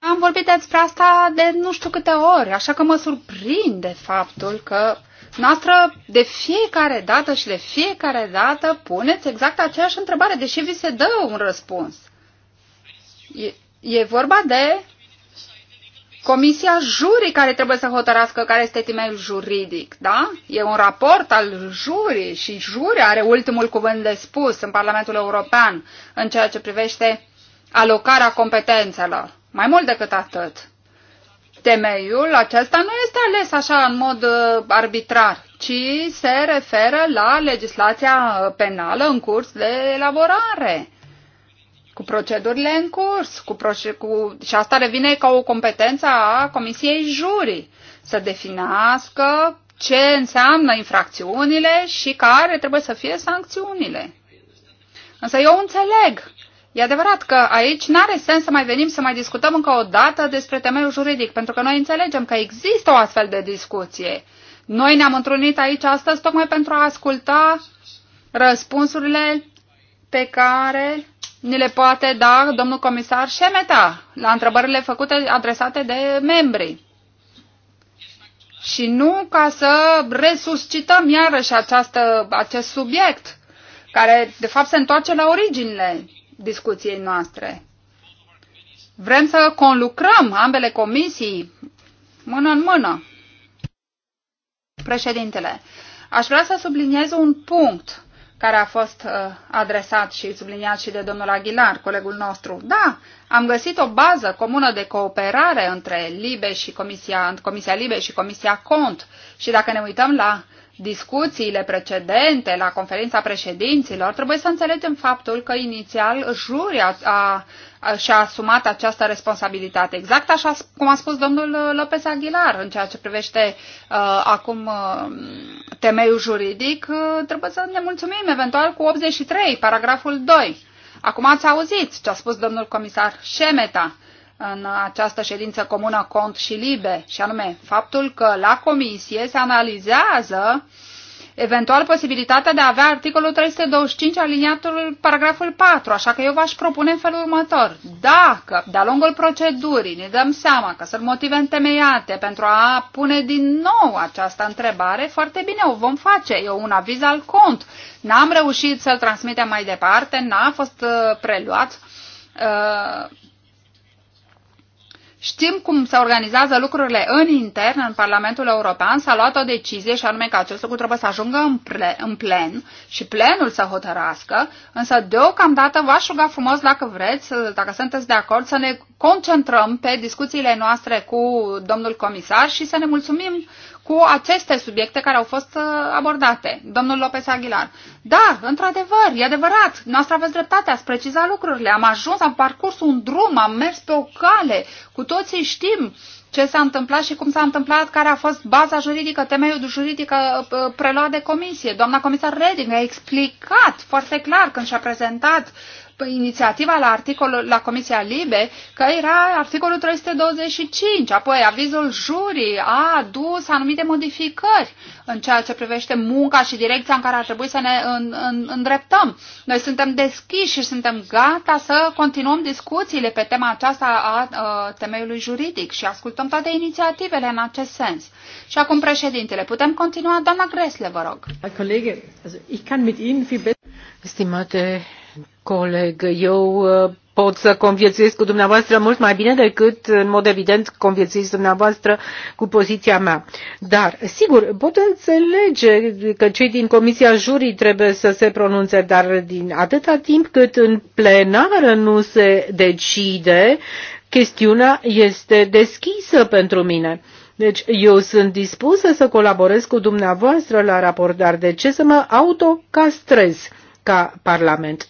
Am vorbit despre asta de nu știu câte ori, așa că mă surprinde faptul că noastră de fiecare dată și de fiecare dată puneți exact aceeași întrebare, deși vi se dă un răspuns. E, e vorba de comisia jurii care trebuie să hotărască care este temeiul juridic, da? E un raport al jurii și jurii are ultimul cuvânt de spus în Parlamentul European în ceea ce privește alocarea competențelor. Mai mult decât atât. Temeiul acesta nu este ales așa în mod uh, arbitrar, ci se referă la legislația uh, penală în curs de elaborare, cu procedurile în curs, cu, proce- cu și asta revine ca o competență a Comisiei Jurii, să definească ce înseamnă infracțiunile și care trebuie să fie sancțiunile. Însă eu înțeleg E adevărat că aici nu are sens să mai venim să mai discutăm încă o dată despre temeiul juridic, pentru că noi înțelegem că există o astfel de discuție. Noi ne-am întrunit aici astăzi tocmai pentru a asculta răspunsurile pe care ni le poate da domnul comisar Șemeta la întrebările făcute adresate de membri. Și nu ca să resuscităm iarăși această, acest subiect, care de fapt se întoarce la originile discuției noastre. Vrem să conlucrăm ambele comisii mână în mână. Președintele, aș vrea să subliniez un punct care a fost uh, adresat și subliniat și de domnul Aguilar, colegul nostru. Da, am găsit o bază comună de cooperare între Libe și Comisia, Comisia Libe și Comisia Cont. Și dacă ne uităm la discuțiile precedente la conferința președinților, trebuie să înțelegem faptul că inițial juria a, și-a asumat această responsabilitate. Exact așa cum a spus domnul uh, Lopez Aguilar în ceea ce privește uh, acum uh, temeiul juridic, uh, trebuie să ne mulțumim eventual cu 83, paragraful 2. Acum ați auzit ce a spus domnul comisar Șemeta în această ședință comună cont și libe, și anume faptul că la comisie se analizează eventual posibilitatea de a avea articolul 325 aliniatul paragraful 4, așa că eu v-aș propune în felul următor. Dacă de-a lungul procedurii ne dăm seama că sunt motive întemeiate pentru a pune din nou această întrebare, foarte bine, o vom face. Eu un aviz al cont. N-am reușit să-l transmitem mai departe, n-a fost uh, preluat. Uh, Știm cum se organizează lucrurile în intern, în Parlamentul European, s-a luat o decizie și anume că acest lucru trebuie să ajungă în plen, în plen și plenul să hotărască, însă deocamdată v-aș ruga frumos dacă vreți, dacă sunteți de acord, să ne concentrăm pe discuțiile noastre cu domnul comisar și să ne mulțumim cu aceste subiecte care au fost uh, abordate, domnul Lopez Aguilar. Da, într-adevăr, e adevărat, noastră aveți dreptate, ați precizat lucrurile, am ajuns, am parcurs un drum, am mers pe o cale, cu toții știm ce s-a întâmplat și cum s-a întâmplat, care a fost baza juridică, temeiul juridică uh, preluat de comisie. Doamna comisar Reding a explicat foarte clar când și-a prezentat Păi, inițiativa la articolul la Comisia Libe că era articolul 325, apoi avizul jurii a adus anumite modificări în ceea ce privește munca și direcția în care ar trebui să ne în, în, îndreptăm. Noi suntem deschiși și suntem gata să continuăm discuțiile pe tema aceasta a, a temeiului juridic și ascultăm toate inițiativele în acest sens. Și acum președintele, putem continua? Doamna Gresle, vă rog. Stimate coleg, eu uh, pot să conviețuiesc cu dumneavoastră mult mai bine decât, în mod evident, conviețuiesc dumneavoastră cu poziția mea. Dar, sigur, pot înțelege că cei din Comisia Jurii trebuie să se pronunțe, dar din atâta timp cât în plenară nu se decide, chestiunea este deschisă pentru mine. Deci eu sunt dispusă să colaborez cu dumneavoastră la raport, dar de ce să mă autocastrez ca Parlament?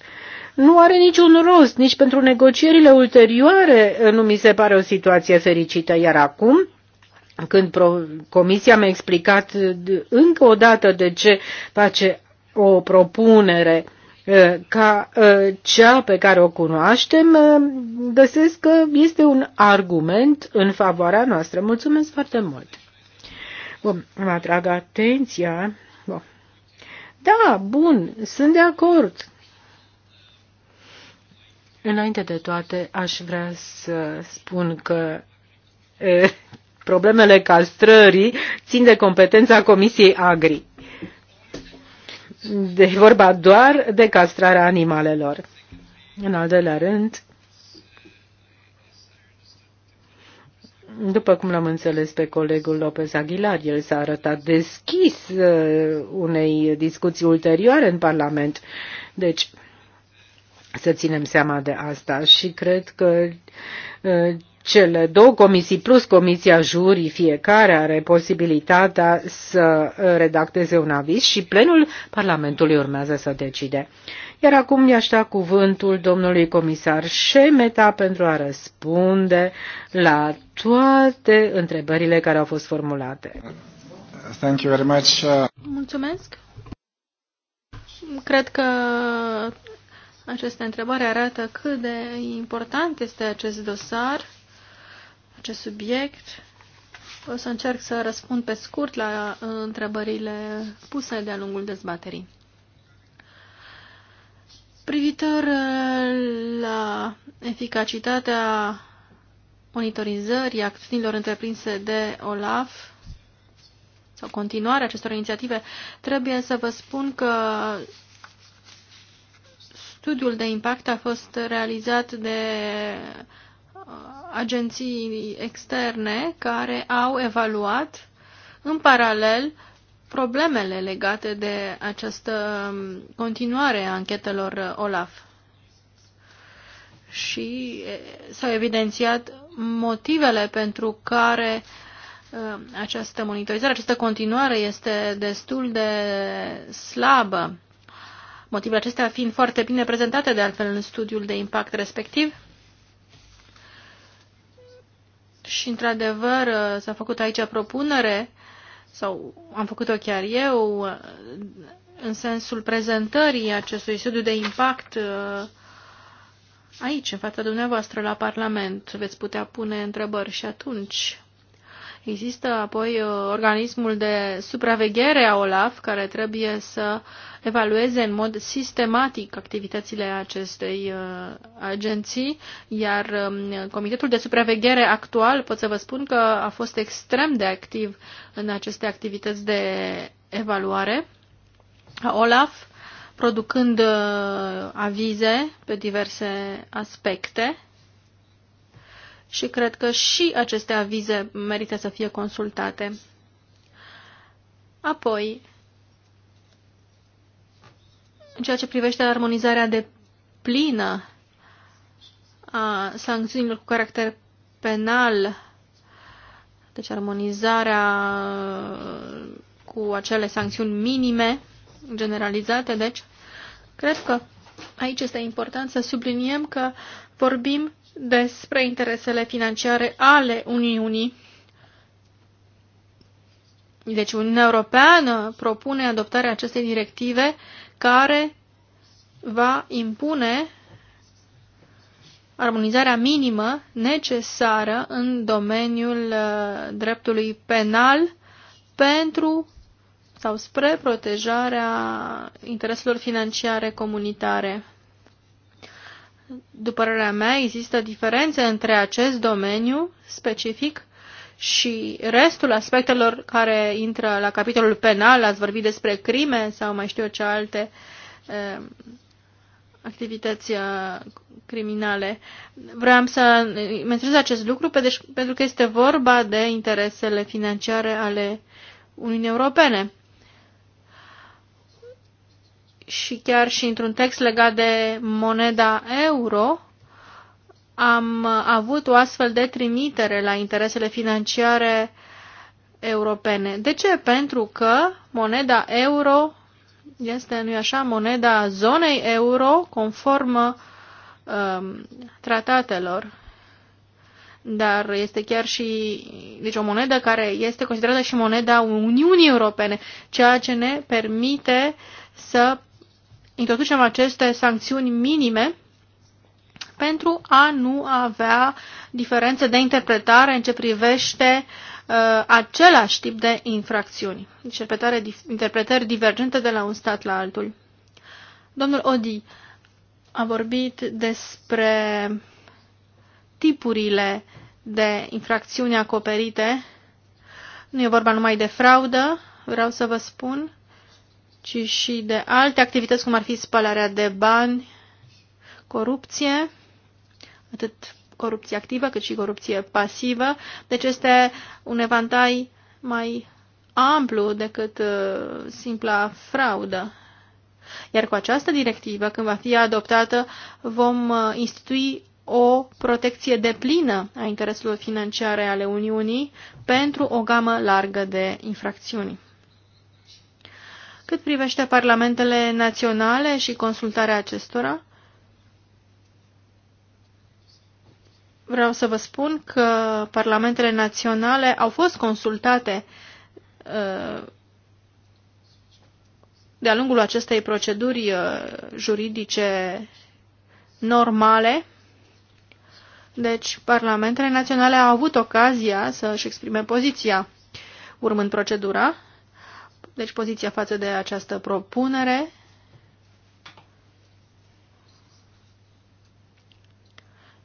nu are niciun rost, nici pentru negocierile ulterioare eh, nu mi se pare o situație fericită, iar acum când Comisia mi-a explicat eh, încă o dată de ce face o propunere eh, ca cea pe care o cunoaștem, găsesc că este un argument în favoarea noastră. Mulțumesc foarte mult! Bun, mă atrag atenția. Bun. Da, bun, sunt de acord Înainte de toate, aș vrea să spun că e, problemele castrării țin de competența Comisiei Agri. De vorba doar de castrarea animalelor. În al doilea rând, după cum l-am înțeles pe colegul Lopez Aguilar, el s-a arătat deschis unei discuții ulterioare în Parlament. Deci, să ținem seama de asta și cred că cele două comisii plus comisia jurii, fiecare are posibilitatea să redacteze un aviz și plenul Parlamentului urmează să decide. Iar acum i-aș da cuvântul domnului comisar Șemeta pentru a răspunde la toate întrebările care au fost formulate. Thank you very much. Mulțumesc. Cred că această întrebare arată cât de important este acest dosar, acest subiect. O să încerc să răspund pe scurt la uh, întrebările puse de-a lungul dezbaterii. Privitor uh, la eficacitatea monitorizării acțiunilor întreprinse de OLAF sau continuarea acestor inițiative, trebuie să vă spun că Studiul de impact a fost realizat de uh, agenții externe care au evaluat în paralel problemele legate de această um, continuare a anchetelor uh, OLAF și s-au evidențiat motivele pentru care uh, această monitorizare, această continuare este destul de slabă motivele acestea fiind foarte bine prezentate de altfel în studiul de impact respectiv. Și, într-adevăr, s-a făcut aici propunere, sau am făcut-o chiar eu, în sensul prezentării acestui studiu de impact aici, în fața dumneavoastră, la Parlament. Veți putea pune întrebări și atunci. Există apoi uh, organismul de supraveghere a OLAF, care trebuie să evalueze în mod sistematic activitățile acestei uh, agenții, iar um, Comitetul de Supraveghere actual pot să vă spun că a fost extrem de activ în aceste activități de evaluare a OLAF, producând uh, avize pe diverse aspecte și cred că și aceste avize merită să fie consultate. Apoi, în ceea ce privește armonizarea de plină a sancțiunilor cu caracter penal, deci armonizarea cu acele sancțiuni minime, generalizate, deci, cred că aici este important să subliniem că vorbim despre interesele financiare ale Uniunii. Deci Uniunea Europeană propune adoptarea acestei directive care va impune armonizarea minimă necesară în domeniul uh, dreptului penal pentru sau spre protejarea intereselor financiare comunitare. După părerea mea, există diferențe între acest domeniu specific și restul aspectelor care intră la capitolul penal, ați vorbit despre crime sau mai știu eu ce alte eh, activități uh, criminale. Vreau să menționez acest lucru deci, pentru că este vorba de interesele financiare ale Uniunii Europene și chiar și într-un text legat de moneda euro, am avut o astfel de trimitere la interesele financiare europene. De ce? Pentru că moneda euro este, nu așa, moneda zonei euro conform um, tratatelor. Dar este chiar și, deci o monedă care este considerată și moneda Uniunii Europene, ceea ce ne permite să introducem aceste sancțiuni minime pentru a nu avea diferențe de interpretare în ce privește uh, același tip de infracțiuni, interpretare, interpretări divergente de la un stat la altul. Domnul Odi a vorbit despre tipurile de infracțiuni acoperite. Nu e vorba numai de fraudă, vreau să vă spun, ci și de alte activități, cum ar fi spălarea de bani, corupție, atât corupție activă cât și corupție pasivă. Deci este un evantai mai amplu decât uh, simpla fraudă. Iar cu această directivă, când va fi adoptată, vom uh, institui o protecție deplină a intereselor financiare ale Uniunii pentru o gamă largă de infracțiuni. Cât privește parlamentele naționale și consultarea acestora, vreau să vă spun că parlamentele naționale au fost consultate uh, de-a lungul acestei proceduri uh, juridice normale. Deci, parlamentele naționale au avut ocazia să-și exprime poziția urmând procedura deci poziția față de această propunere.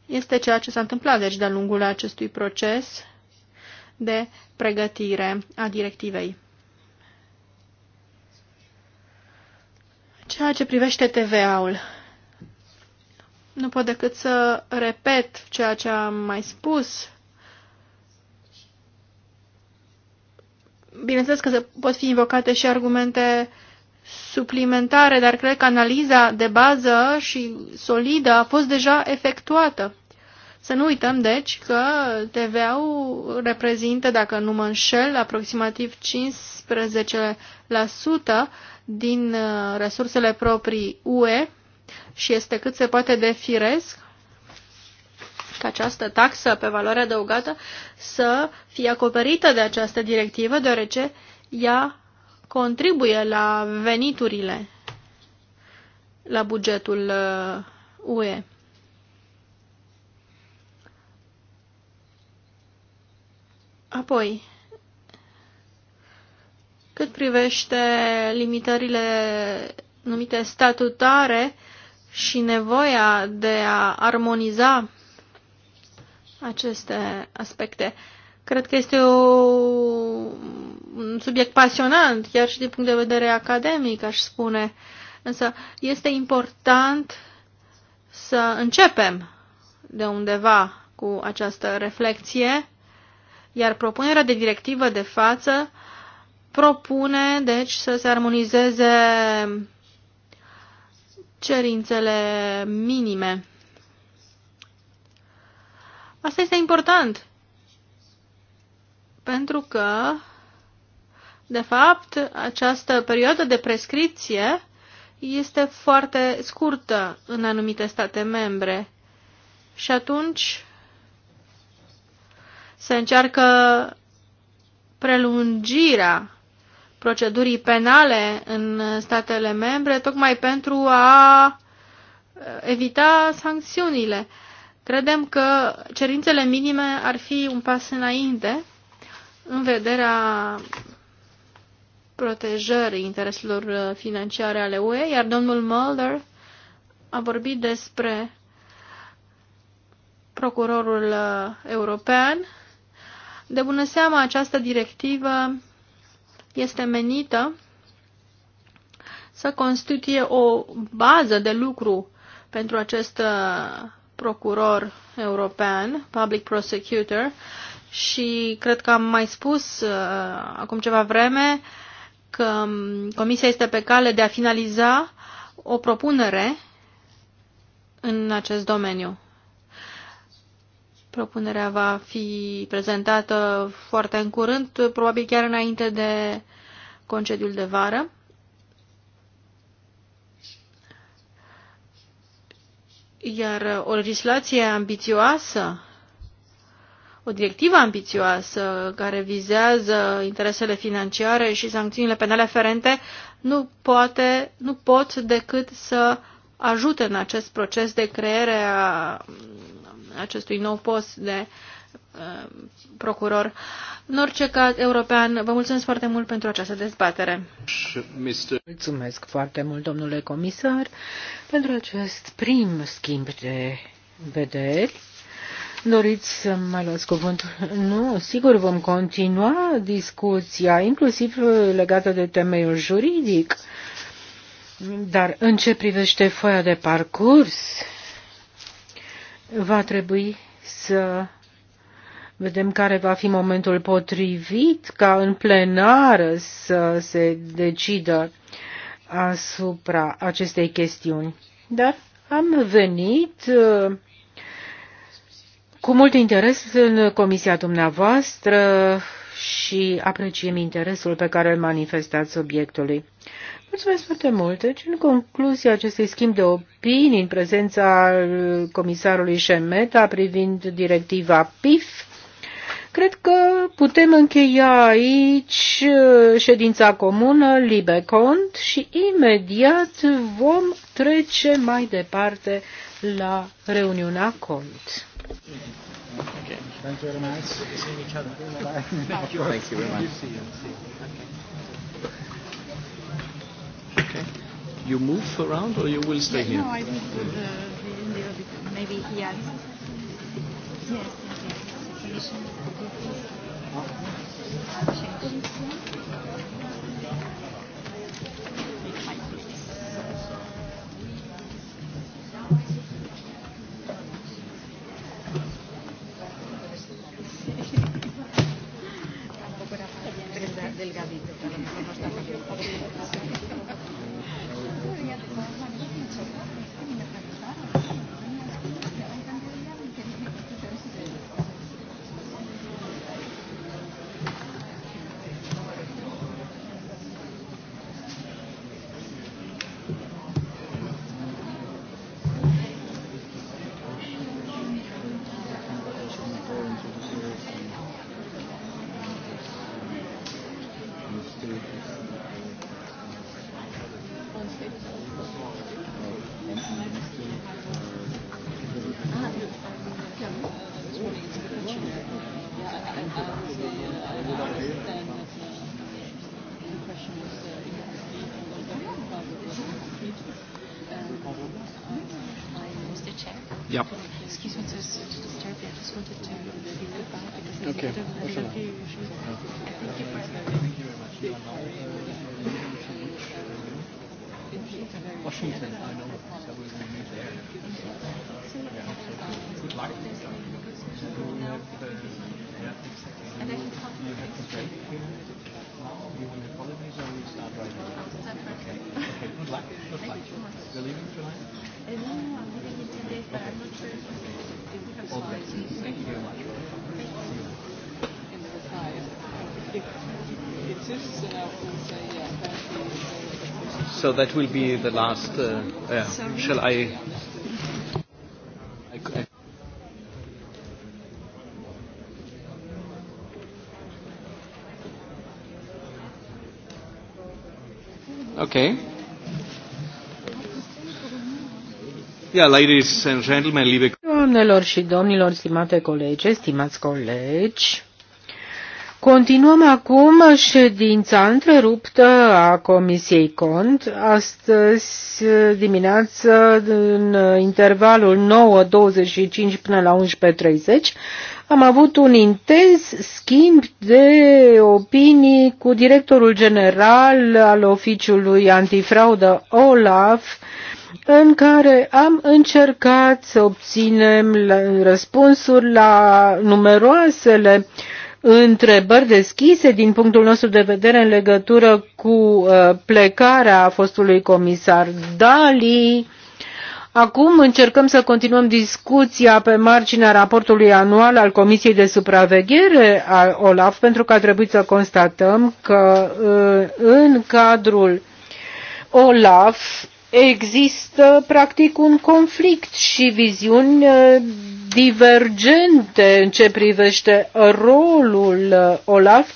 Este ceea ce s-a întâmplat, deci, de-a lungul acestui proces de pregătire a directivei. Ceea ce privește TVA-ul, nu pot decât să repet ceea ce am mai spus Bineînțeles că se pot fi invocate și argumente suplimentare, dar cred că analiza de bază și solidă a fost deja efectuată. Să nu uităm, deci, că TVA-ul reprezintă, dacă nu mă înșel, aproximativ 15% din uh, resursele proprii UE și este cât se poate de firesc ca această taxă pe valoare adăugată să fie acoperită de această directivă, deoarece ea contribuie la veniturile, la bugetul uh, UE. Apoi, cât privește limitările numite statutare și nevoia de a armoniza aceste aspecte. Cred că este o, un subiect pasionant, chiar și din punct de vedere academic, aș spune. Însă este important să începem de undeva cu această reflexie, iar propunerea de directivă de față propune, deci, să se armonizeze cerințele minime Asta este important. Pentru că, de fapt, această perioadă de prescripție este foarte scurtă în anumite state membre. Și atunci se încearcă prelungirea procedurii penale în statele membre, tocmai pentru a evita sancțiunile. Credem că cerințele minime ar fi un pas înainte în vederea protejării intereselor financiare ale UE, iar domnul Mulder a vorbit despre procurorul uh, european. De bună seamă, această directivă este menită să constituie o bază de lucru pentru acest uh, procuror european, public prosecutor, și cred că am mai spus uh, acum ceva vreme că um, Comisia este pe cale de a finaliza o propunere în acest domeniu. Propunerea va fi prezentată foarte în curând, probabil chiar înainte de concediul de vară. Iar uh, o legislație ambițioasă, o directivă ambițioasă care vizează interesele financiare și sancțiunile penale aferente nu, poate, nu pot decât să ajute în acest proces de creare a mm, acestui nou post de uh, Uh, procuror. În orice caz, european, vă mulțumesc foarte mult pentru această dezbatere. Mulțumesc foarte mult, domnule comisar, pentru acest prim schimb de vederi. Doriți să mai luați cuvântul? Nu, sigur, vom continua discuția, inclusiv legată de temeiul juridic. Dar în ce privește foaia de parcurs, va trebui să Vedem care va fi momentul potrivit ca în plenară să se decidă asupra acestei chestiuni. Dar am venit uh, cu mult interes în comisia dumneavoastră și apreciem interesul pe care îl manifestați subiectului. Mulțumesc foarte mult. Deci, în concluzia acestui schimb de opinii în prezența comisarului Șemeta privind directiva PIF, Cred că putem încheia aici uh, ședința comună Libecont și imediat vom trece mai departe la reuniunea cont. you move around or you will stay yeah, here? No, I think do the, the, the, maybe here. Yes. Thank So that will be the last. Uh, yeah. shall I? Okay. Yeah, ladies and gentlemen, liebe Doamnelor și domnilor, stimate colegi, stimați colegi, Continuăm acum ședința întreruptă a Comisiei Cont. Astăzi dimineață, în intervalul 9.25 până la 11.30, am avut un intens schimb de opinii cu directorul general al oficiului antifraudă OLAF, în care am încercat să obținem răspunsuri la numeroasele uh, întrebări deschise din punctul nostru de vedere în legătură cu uh, plecarea fostului comisar Dali. Acum încercăm să continuăm discuția pe marginea raportului anual al Comisiei de Supraveghere a OLAF, pentru că a trebuit să constatăm că uh, în cadrul OLAF există practic un conflict și viziuni uh, divergente în ce privește rolul uh, OLAF.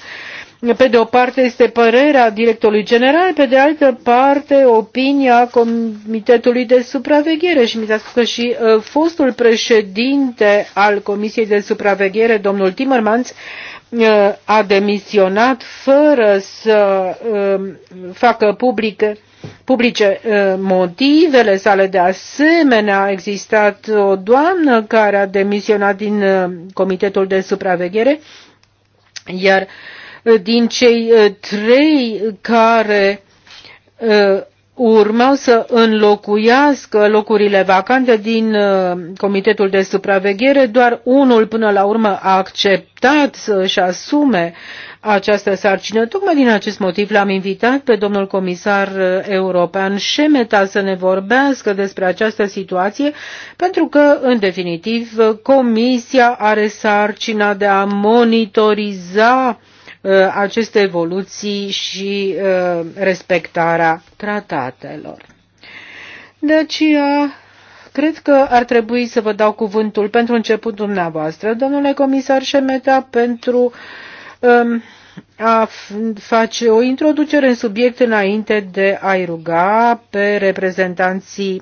Pe de o parte este părerea directorului general, pe de altă parte opinia Comitetului de Supraveghere și mi s-a spus că și uh, fostul președinte al Comisiei de Supraveghere, domnul Timmermans, a demisionat fără să facă publică publice. Motivele sale de asemenea, a existat o doamnă care a demisionat din Comitetul de Supraveghere, iar din cei trei care urmau să înlocuiască locurile vacante din Comitetul de Supraveghere, doar unul până la urmă a acceptat să-și asume uh, această sarcină. Tocmai din acest motiv l-am invitat pe domnul comisar eh, european Șemeta să ne vorbească despre această situație, pentru că, în definitiv, eh, Comisia are sarcina de a monitoriza eh, aceste evoluții și respectarea tratatelor. De aceea, cred că ar trebui să vă dau cuvântul pentru început dumneavoastră, domnule comisar Șemeta, pentru a face o introducere în subiect înainte de a-i ruga pe reprezentanții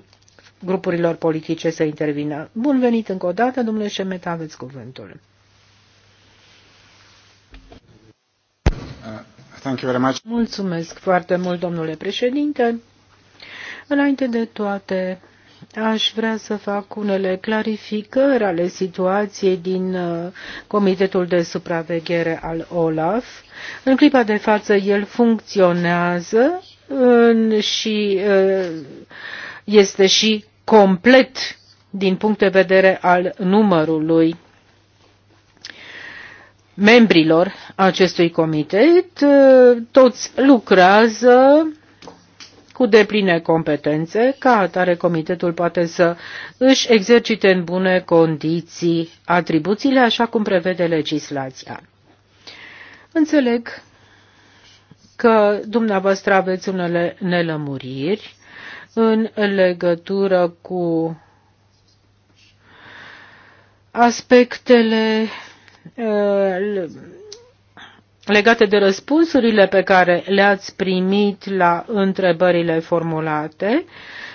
grupurilor politice să intervină. Bun venit încă o dată, domnule Șemeta, aveți cuvântul. Uh, thank you very much. Mulțumesc foarte mult, domnule președinte. Înainte de toate, Aș vrea să fac unele clarificări ale situației din uh, Comitetul de Supraveghere al OLAF. În clipa de față, el funcționează și uh, este și complet din punct de vedere al numărului membrilor acestui comitet. Uh, toți lucrează cu depline competențe, ca atare comitetul poate să își exercite în bune condiții atribuțiile așa cum prevede legislația. Înțeleg că dumneavoastră aveți unele nelămuriri în legătură cu aspectele uh, legate de răspunsurile pe care le-ați primit la întrebările formulate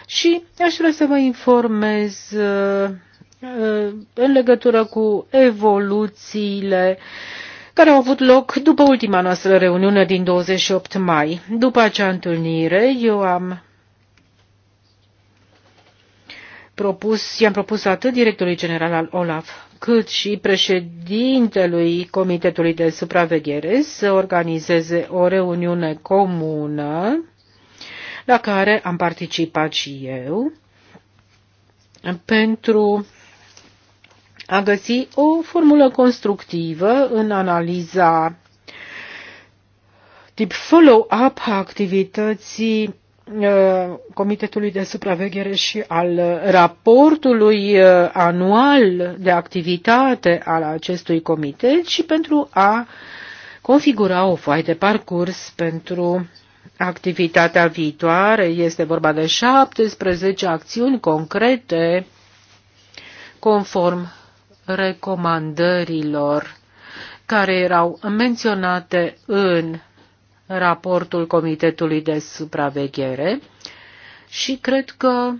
și aș vrea să vă informez uh, în legătură cu evoluțiile care au avut loc după ultima noastră reuniune din 28 mai. După acea întâlnire, eu am propus, i-am propus atât directorului general al OLAF, cât și președintelui Comitetului de Supraveghere să organizeze o reuniune comună la care am participat și eu pentru a găsi o formulă constructivă în analiza tip follow-up a activității Uh, Comitetului de Supraveghere și al raportului uh, anual de activitate al acestui comitet și pentru a configura o foaie de parcurs pentru activitatea viitoare. Este vorba de 17 acțiuni concrete conform recomandărilor care erau menționate în raportul Comitetului de Supraveghere și cred că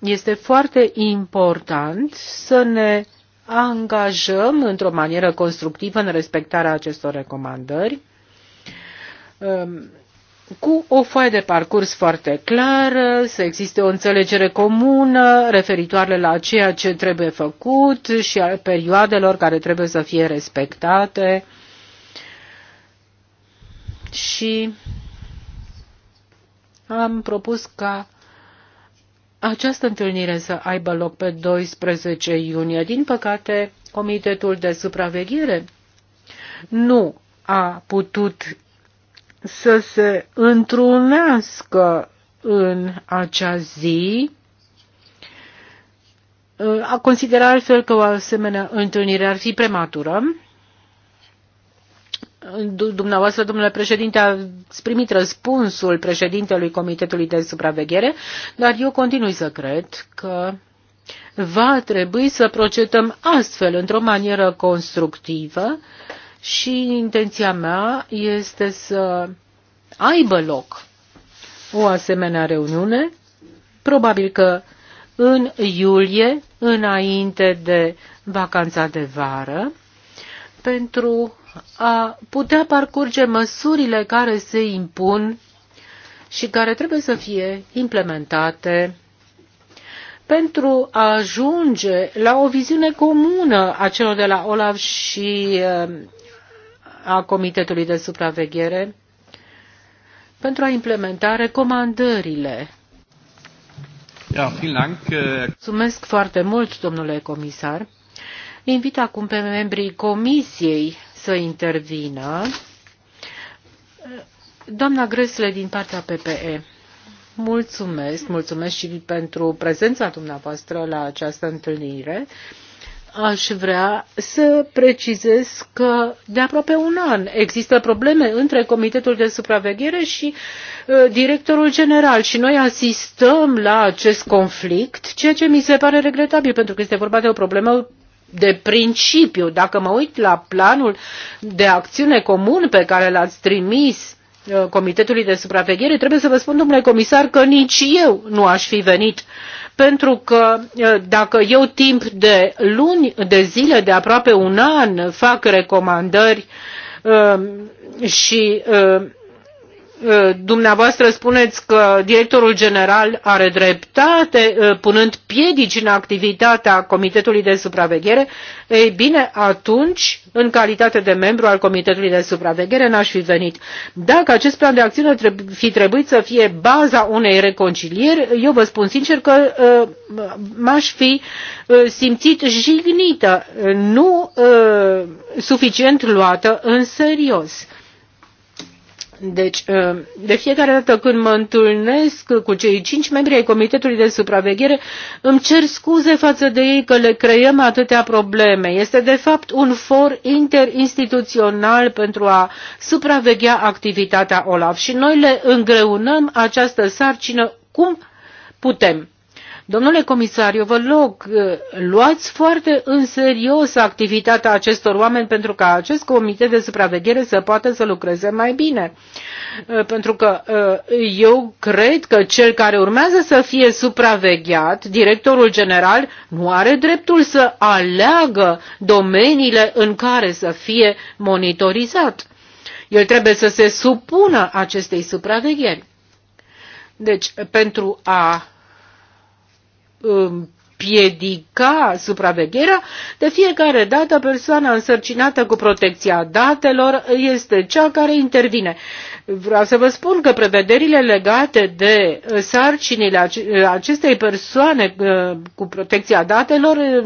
este foarte important să ne angajăm într-o manieră constructivă în respectarea acestor recomandări um, cu o foaie de parcurs foarte clară, să existe o înțelegere comună referitoare la ceea ce trebuie făcut și a perioadelor care trebuie să fie respectate și am propus ca această întâlnire să aibă loc pe 12 iunie. Din păcate, Comitetul de Supraveghere nu a putut să se întrunească în acea zi. A considerat altfel că o asemenea întâlnire ar fi prematură dumneavoastră, domnule președinte, ați primit răspunsul președintelui Comitetului de Supraveghere, dar eu continui să cred că va trebui să procedăm astfel, într-o manieră constructivă și intenția mea este să aibă loc o asemenea reuniune, probabil că în iulie, înainte de vacanța de vară, pentru a putea parcurge măsurile care se impun și care trebuie să fie implementate pentru a ajunge la o viziune comună a celor de la OLAF și uh, a Comitetului de Supraveghere pentru a implementa recomandările. Ja, Dank. Äh, Mulțumesc foarte mult, domnule comisar. Invit acum pe membrii Comisiei să intervină. Doamna Gresle din partea PPE. Mulțumesc, mulțumesc și pentru prezența dumneavoastră la această întâlnire. Aș vrea să precizez că de aproape un an există probleme între Comitetul de Supraveghere și uh, directorul general și noi asistăm la acest conflict, ceea ce mi se pare regretabil pentru că este vorba de o problemă de principiu. Dacă mă uit la planul de acțiune comun pe care l-ați trimis uh, Comitetului de Supraveghere, trebuie să vă spun, domnule comisar, că nici eu nu aș fi venit pentru că uh, dacă eu timp de luni, de zile, de aproape un an fac recomandări uh, și Ă, dumneavoastră spuneți că directorul general are dreptate ă, punând piedici în activitatea Comitetului de Supraveghere, ei bine, atunci, în calitate de membru al Comitetului de Supraveghere, n-aș fi venit. Dacă acest plan de acțiune treb- fi trebuit să fie baza unei reconcilieri, eu vă spun sincer că uh, m-aș fi uh, simțit jignită, nu uh, suficient luată în serios. Uh, deci, ă, de fiecare dată când mă întâlnesc cu cei cinci membri ai Comitetului de Supraveghere, îmi cer scuze față de ei că le creăm atâtea probleme. Este, de fapt, un for interinstituțional pentru a supraveghea activitatea OLAF și noi le îngreunăm această sarcină cum putem. Domnule comisar, eu vă rog, uh, luați foarte în serios activitatea acestor oameni pentru ca acest comitet de supraveghere să poată să lucreze mai bine. Uh, pentru că uh, eu cred că cel care urmează să fie supravegheat, directorul general, nu are dreptul să aleagă domeniile în care să fie monitorizat. El trebuie să se supună acestei supravegheri. Deci, pentru a împiedica supravegherea, de fiecare dată persoana însărcinată cu protecția datelor este cea care intervine. Vreau să vă spun că prevederile legate de sarcinile acestei persoane uh, cu protecția datelor uh,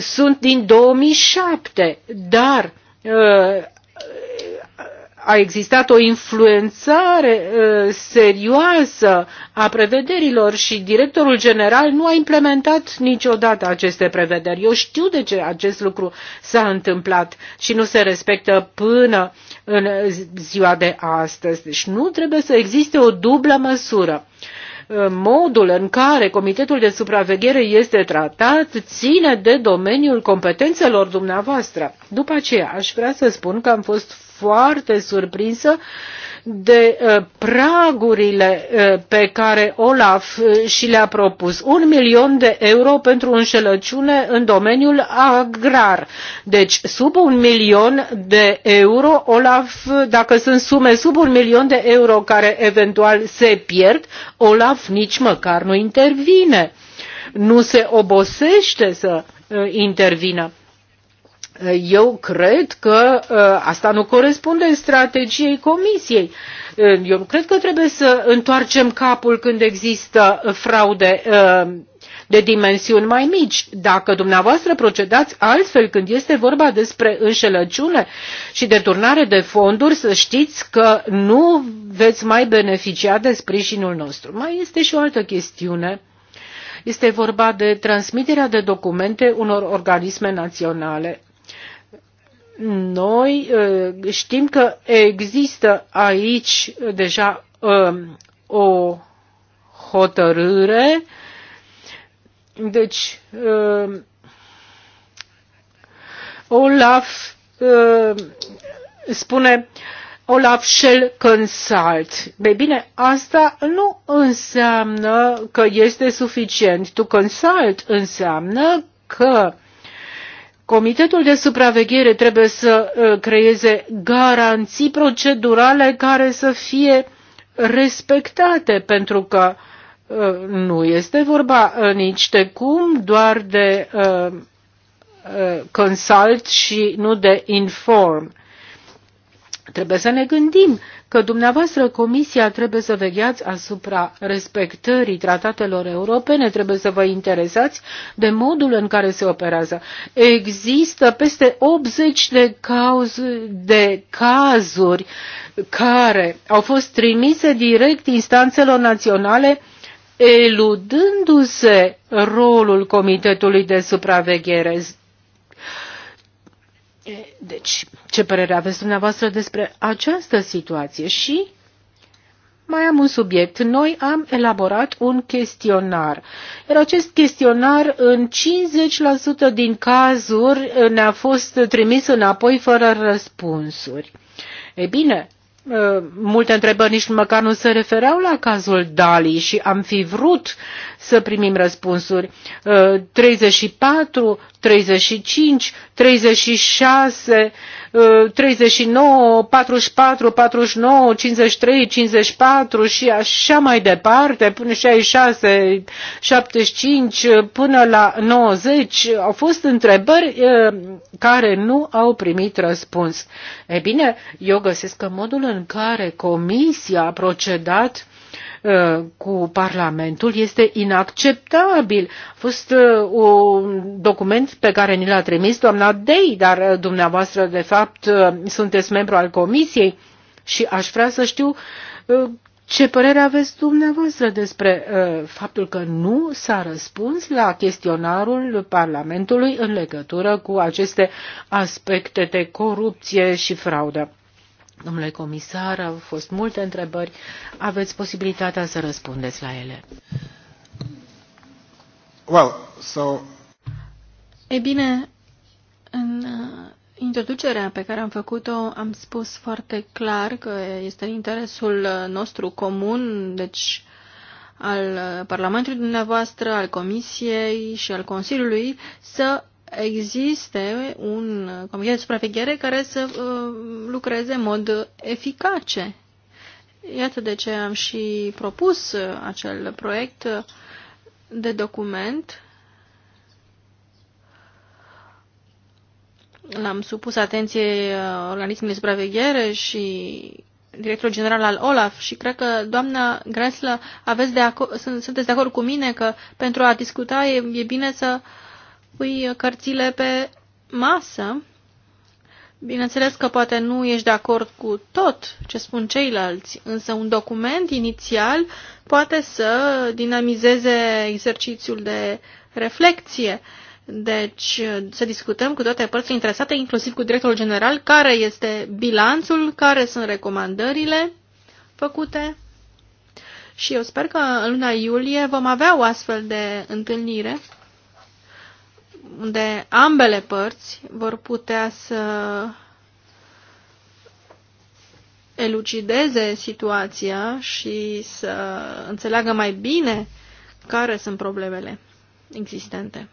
sunt din 2007, dar uh, a existat o influențare uh, serioasă a prevederilor și directorul general nu a implementat niciodată aceste prevederi. Eu știu de ce acest lucru s-a întâmplat și nu se respectă până în ziua de astăzi. Deci nu trebuie să existe o dublă măsură. Uh, modul în care Comitetul de Supraveghere este tratat ține de domeniul competențelor dumneavoastră. După aceea, aș vrea să spun că am fost foarte surprinsă de uh, pragurile uh, pe care Olaf uh, și le-a propus. Un milion de euro pentru înșelăciune în domeniul agrar. Deci sub un milion de euro, Olaf, dacă sunt sume sub un milion de euro care eventual se pierd, Olaf nici măcar nu intervine. Nu se obosește să intervină eu cred că uh, asta nu corespunde strategiei Comisiei. Uh, eu nu cred că trebuie să întoarcem capul când există fraude uh, de dimensiuni mai mici. Dacă dumneavoastră procedați altfel când este vorba despre înșelăciune și deturnare de fonduri, să știți că nu veți mai beneficia de sprijinul nostru. Mai este și o altă chestiune. Este vorba de transmiterea de documente unor organisme naționale noi ă, știm că există aici deja ă, o hotărâre. Deci, ă, Olaf spune Olaf Shell Consult. Be bine, asta nu înseamnă că este suficient. To consult înseamnă că Comitetul de supraveghere trebuie să uh, creeze garanții procedurale care să fie respectate, pentru că uh, nu este vorba uh, nici de cum doar de consult și nu de inform. Trebuie să ne gândim că dumneavoastră Comisia trebuie să vegheați asupra respectării tratatelor europene, trebuie să vă interesați de modul în care se operează. Există peste 80 de, cauzi, de cazuri care au fost trimise direct instanțelor naționale eludându-se rolul Comitetului de Supraveghere. Deci, ce părere aveți dumneavoastră despre această situație? Și mai am un subiect. Noi am elaborat un chestionar. Iar acest chestionar, în 50% din cazuri, ne-a fost trimis înapoi fără răspunsuri. E bine, Uh, multe întrebări nici măcar nu se refereau la cazul Dali și am fi vrut să primim răspunsuri. 34, 35, 36 39, 44, 49, 53, 54 și așa mai departe, până și 66, 75, până la 90, au fost întrebări care nu au primit răspuns. E bine, eu găsesc că modul în care Comisia a procedat Uh, cu Parlamentul este inacceptabil. A fost uh, un document pe care ni l-a trimis doamna Dei, dar uh, dumneavoastră, de fapt, sunteți membru al Comisiei și aș vrea să știu ce părere aveți dumneavoastră despre faptul că nu s-a răspuns la chestionarul Parlamentului în legătură cu aceste aspecte de corupție și fraudă? Domnule comisar, au fost multe întrebări. Aveți posibilitatea să răspundeți la ele. Well, so... E bine, în uh, introducerea pe care am făcut-o am spus foarte clar că este în interesul uh, nostru comun, deci al uh, Parlamentului dumneavoastră, al Comisiei și al Consiliului să existe un comitet de supraveghere care să uh, lucreze în mod eficace. Iată de ce am și propus uh, acel proiect de document. L-am supus atenție uh, organismului de supraveghere și directorul general al OLAF și cred că, doamna Gresla, aveți de acord, sunteți de acord cu mine că pentru a discuta e, e bine să uh, pui cărțile pe masă. Bineînțeles că poate nu ești de acord cu tot ce spun ceilalți, însă un document inițial poate să dinamizeze exercițiul de reflexie. Deci să discutăm cu toate părțile interesate, inclusiv cu directorul general, care este bilanțul, care sunt recomandările făcute. Și eu sper că în luna iulie vom avea o astfel de întâlnire unde ambele părți vor putea să elucideze situația și să înțeleagă mai bine care sunt problemele existente.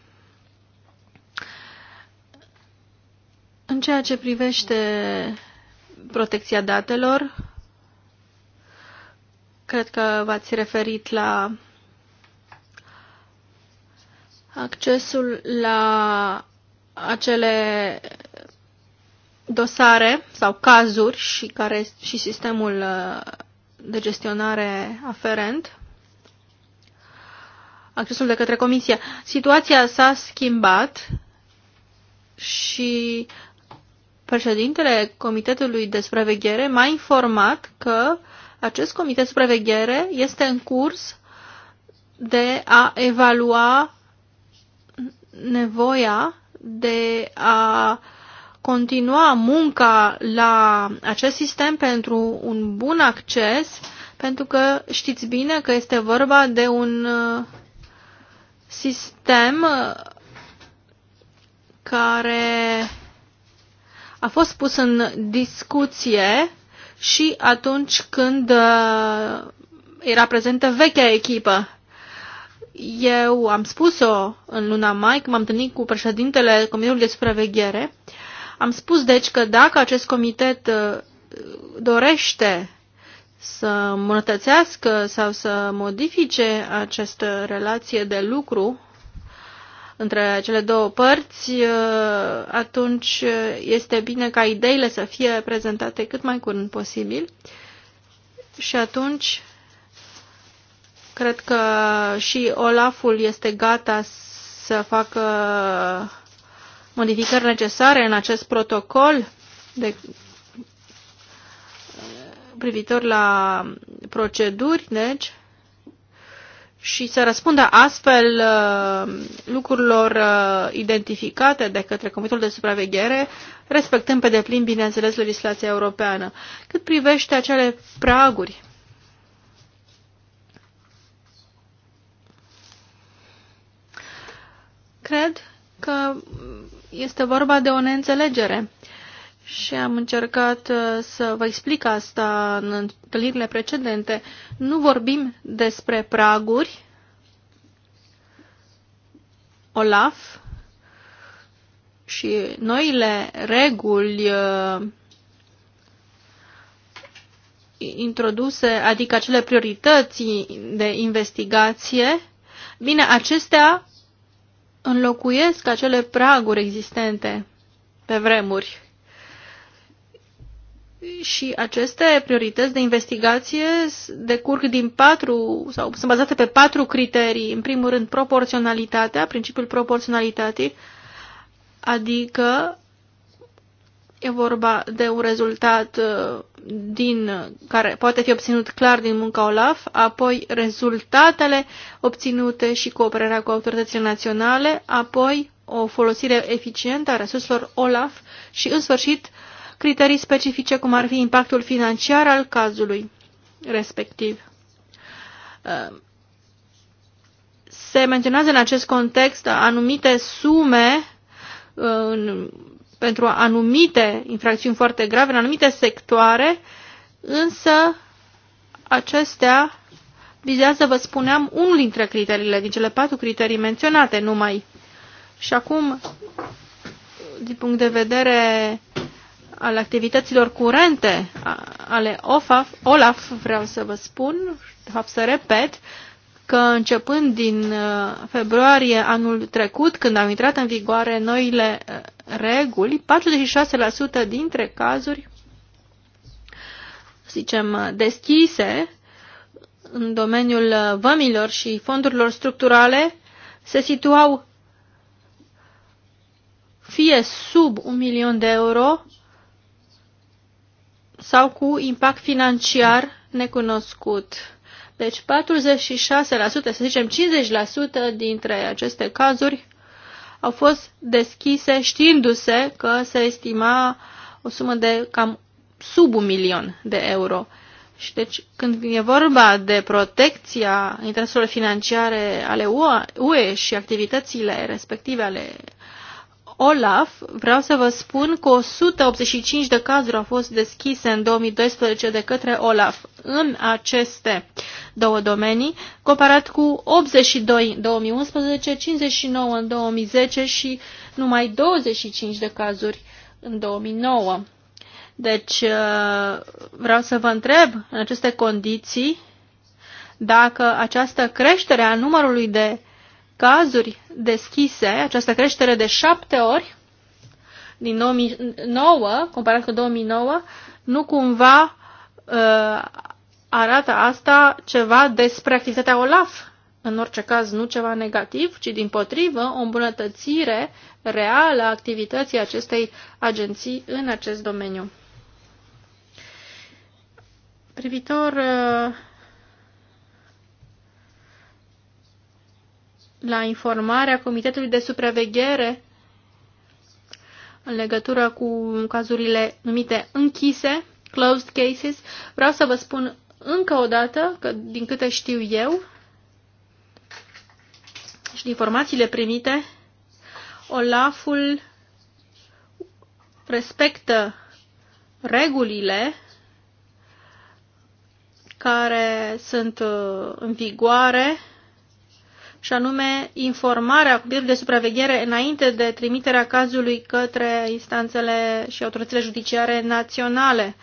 În ceea ce privește protecția datelor, cred că v-ați referit la accesul la acele dosare sau cazuri și, care, și sistemul uh, de gestionare aferent, accesul de către comisie. Situația s-a schimbat și președintele Comitetului de Supraveghere m-a informat că acest comitet de supraveghere este în curs de a evalua nevoia de a continua munca la acest sistem pentru un bun acces, pentru că știți bine că este vorba de un uh, sistem uh, care a fost pus în discuție și atunci când uh, era prezentă vechea echipă eu am spus-o în luna mai, când m-am întâlnit cu președintele Comitetului de Supraveghere. Am spus, deci, că dacă acest comitet uh, dorește să îmbunătățească sau să modifice această relație de lucru între cele două părți, uh, atunci uh, este bine ca ideile să fie prezentate cât mai curând posibil și atunci Cred că și Olaful este gata să facă modificări necesare în acest protocol de privitor la proceduri, deci, și să răspundă astfel uh, lucrurilor uh, identificate de către Comitetul de Supraveghere, respectând pe deplin, bineînțeles, legislația europeană. Cât privește acele praguri cred că este vorba de o neînțelegere și am încercat uh, să vă explic asta în întâlnirile precedente. Nu vorbim despre praguri, OLAF și noile reguli uh, introduse, adică acele priorități de investigație, bine, acestea înlocuiesc acele praguri existente pe vremuri. Și aceste priorități de investigație decurg din patru, sau sunt bazate pe patru criterii. În primul rând, proporționalitatea, principiul proporționalității, adică E vorba de un rezultat uh, din, care poate fi obținut clar din munca OLAF, apoi rezultatele obținute și cooperarea cu autoritățile naționale, apoi o folosire eficientă a resurselor OLAF și, în sfârșit, criterii specifice cum ar fi impactul financiar al cazului respectiv. Uh, se menționează în acest context anumite sume uh, în pentru anumite infracțiuni foarte grave, în anumite sectoare, însă acestea vizează, vă spuneam, unul dintre criteriile, din cele patru criterii menționate numai. Și acum, din punct de vedere al activităților curente ale OFAF, OLAF, vreau să vă spun, de fapt să repet, că începând din uh, februarie anul trecut, când au intrat în vigoare noile uh, reguli, 46% dintre cazuri, să zicem, deschise în domeniul vămilor și fondurilor structurale se situau fie sub un milion de euro sau cu impact financiar necunoscut. Deci 46%, să zicem 50% dintre aceste cazuri au fost deschise știindu-se că se estima o sumă de cam sub un milion de euro. Și deci când e vorba de protecția intereselor financiare ale UE și activitățile respective ale OLAF, vreau să vă spun că 185 de cazuri au fost deschise în 2012 de către OLAF în aceste două domenii, comparat cu 82 în 2011, 59 în 2010 și numai 25 de cazuri în 2009. Deci uh, vreau să vă întreb în aceste condiții dacă această creștere a numărului de cazuri deschise, această creștere de șapte ori din 2009, comparat cu 2009, nu cumva uh, arată asta ceva despre activitatea OLAF. În orice caz, nu ceva negativ, ci din potrivă o îmbunătățire reală a activității acestei agenții în acest domeniu. Privitor uh, la informarea Comitetului de Supraveghere în legătură cu cazurile numite închise, closed cases. Vreau să vă spun încă o dată că, din câte știu eu și din informațiile primite, Olaful respectă regulile care sunt uh, în vigoare și anume informarea Biroului de Supraveghere înainte de trimiterea cazului către instanțele și autoritățile judiciare naționale.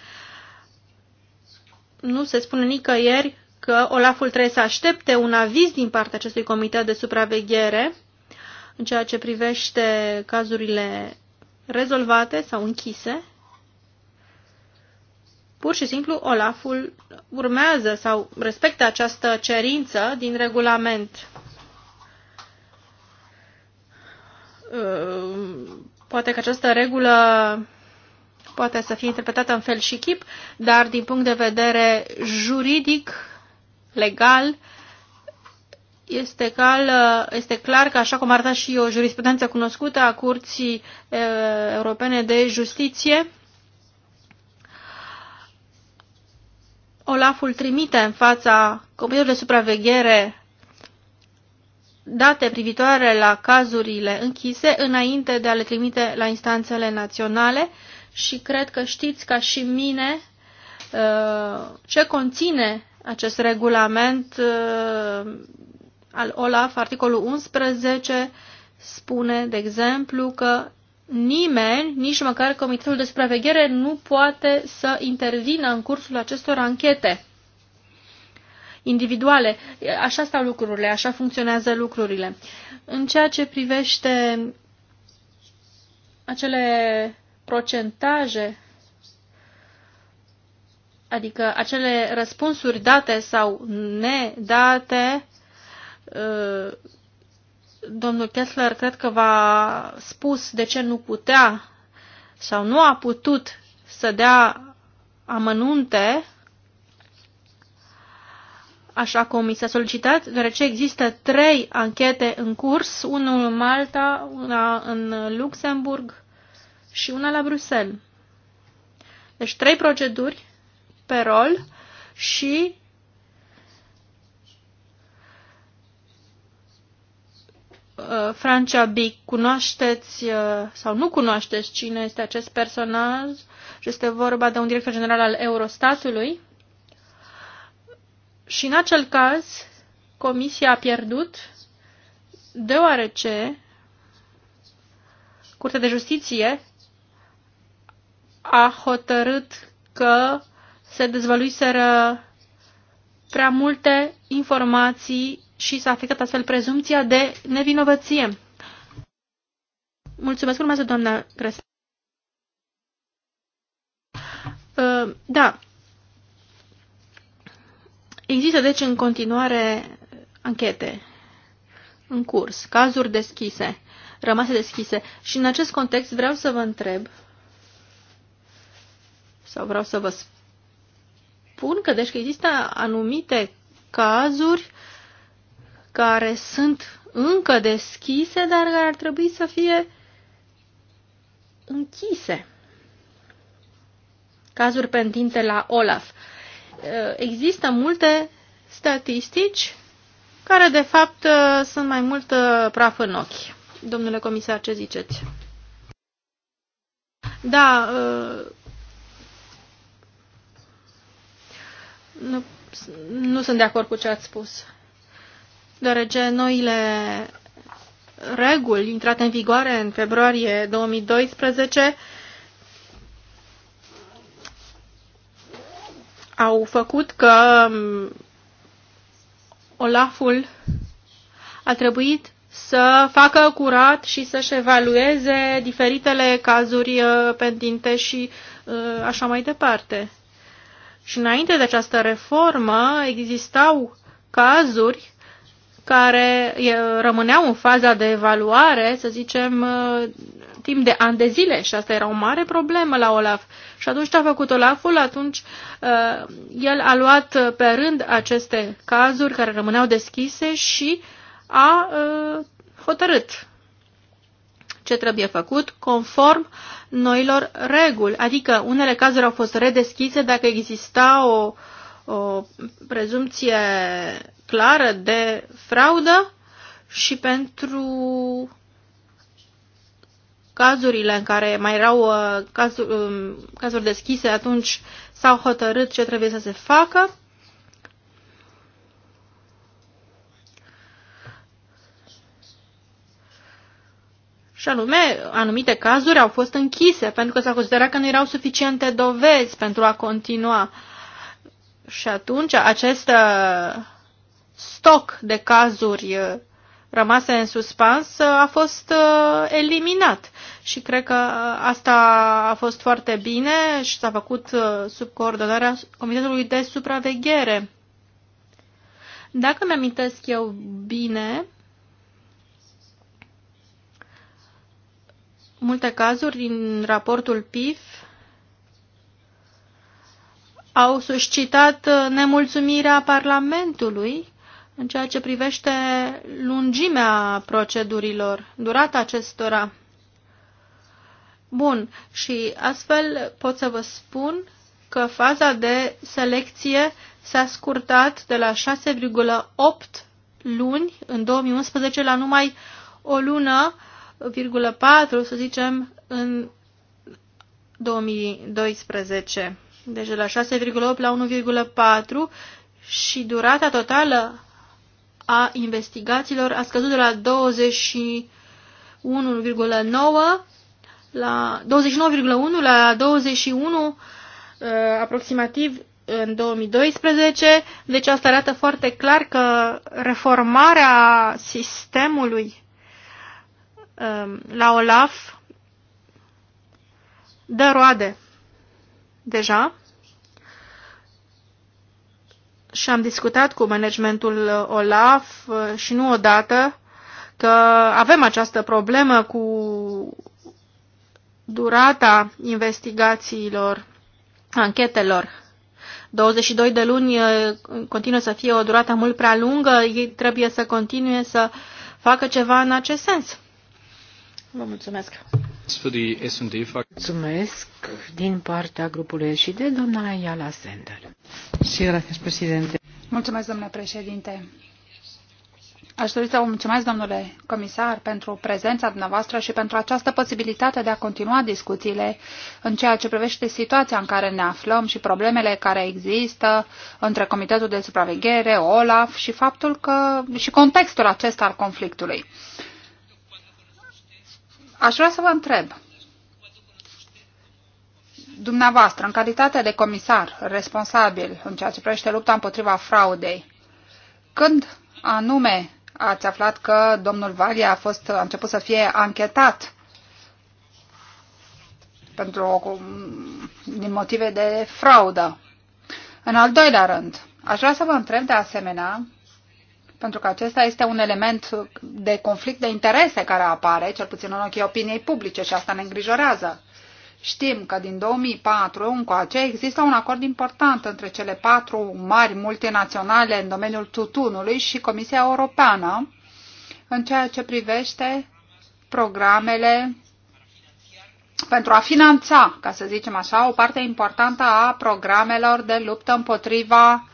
Nu se spune nicăieri că Olaful trebuie să aștepte un aviz din partea acestui comitet de supraveghere în ceea ce privește cazurile rezolvate sau închise. Pur și simplu, Olaful urmează sau respectă această cerință din regulament. Uh, poate că această regulă poate să fie interpretată în fel și chip, dar din punct de vedere juridic, legal, este, cal, uh, este clar că, așa cum arată și o jurisprudență cunoscută a Curții uh, Europene de Justiție, Olaful trimite în fața Comitetului de Supraveghere date privitoare la cazurile închise înainte de a le trimite la instanțele naționale și cred că știți ca și mine uh, ce conține acest regulament uh, al OLAF, articolul 11, spune, de exemplu, că nimeni, nici măcar Comitetul de Supraveghere, nu poate să intervină în cursul acestor anchete individuale. Așa stau lucrurile, așa funcționează lucrurile. În ceea ce privește acele procentaje, adică acele răspunsuri date sau nedate, ă, domnul Kessler cred că v-a spus de ce nu putea sau nu a putut să dea amănunte așa cum mi s-a solicitat, deoarece există trei anchete în curs, unul în Malta, una în Luxemburg și una la Bruxelles. Deci trei proceduri pe rol și uh, Francia Bic, cunoașteți uh, sau nu cunoașteți cine este acest personaj? Este vorba de un director general al Eurostatului și în acel caz, comisia a pierdut deoarece Curtea de Justiție a hotărât că se dezvăluiseră prea multe informații și s-a afectat astfel prezumția de nevinovăție. Mulțumesc, urmează doamna Gresel. Uh, da, Există, deci, în continuare anchete în curs, cazuri deschise, rămase deschise. Și în acest context vreau să vă întreb, sau vreau să vă spun că, deci, că există anumite cazuri care sunt încă deschise, dar care ar trebui să fie închise. Cazuri pendinte la Olaf. Eh, există multe statistici care, de fapt, eh, sunt mai mult eh, praf în ochi. Domnule comisar, ce ziceți? Da, nu, nu sunt de acord cu ce ați spus, deoarece noile reguli intrate în vigoare în februarie 2012 au făcut că um, Olaful a trebuit să facă curat și să-și evalueze diferitele cazuri uh, pendinte și uh, așa mai departe. Și înainte de această reformă existau cazuri care rămâneau în faza de evaluare, să zicem, uh, timp de ani de zile și asta era o mare problemă la Olaf. Și atunci a făcut Olaful, atunci uh, el a luat pe rând aceste cazuri care rămâneau deschise și a uh, hotărât ce trebuie făcut conform noilor reguli. Adică unele cazuri au fost redeschise dacă exista o, o prezumție clară de fraudă și pentru cazurile în care mai erau uh, cazuri, um, cazuri deschise, atunci s-au hotărât ce trebuie să se facă. Și anume, anumite cazuri au fost închise pentru că s-a considerat că nu erau suficiente dovezi pentru a continua. Și atunci acest uh, stoc de cazuri uh, rămase în suspans a fost uh, eliminat și cred că uh, asta a fost foarte bine și s-a făcut uh, sub coordonarea Comitetului de Supraveghere. Dacă mi-amintesc eu bine, multe cazuri din raportul PIF au suscitat nemulțumirea Parlamentului în ceea ce privește lungimea procedurilor, durata acestora. Bun, și astfel pot să vă spun că faza de selecție s-a scurtat de la 6,8 luni în 2011 la numai o lună, 4, să zicem, în 2012. Deci de la 6,8 la 1,4 și durata totală a investigațiilor a scăzut de la 21,9 la 29,1 la 21 uh, aproximativ în 2012, deci asta arată foarte clar că reformarea sistemului um, la OLAF dă roade deja și am discutat cu managementul OLAF uh, și nu odată că avem această problemă cu durata investigațiilor, anchetelor. 22 de luni uh, continuă să fie o durată mult prea lungă, ei trebuie să continue să facă ceva în acest sens. Vă mulțumesc! Mulțumesc din partea grupului de doamna Ayala Sender. Sí, gracias, presidente. Mulțumesc, domnule președinte. Aș dori să vă mulțumesc, domnule comisar, pentru prezența dumneavoastră și pentru această posibilitate de a continua discuțiile în ceea ce privește situația în care ne aflăm și problemele care există între Comitetul de Supraveghere, OLAF și faptul că și contextul acesta al conflictului. Aș vrea să vă întreb, dumneavoastră, în calitate de comisar responsabil în ceea ce privește lupta împotriva fraudei, când anume ați aflat că domnul Valia a, fost, a început să fie anchetat pentru o, din motive de fraudă? În al doilea rând, aș vrea să vă întreb de asemenea pentru că acesta este un element de conflict de interese care apare, cel puțin în ochii opiniei publice și asta ne îngrijorează. Știm că din 2004 încoace există un acord important între cele patru mari multinaționale în domeniul tutunului și Comisia Europeană în ceea ce privește programele pentru a finanța, ca să zicem așa, o parte importantă a programelor de luptă împotriva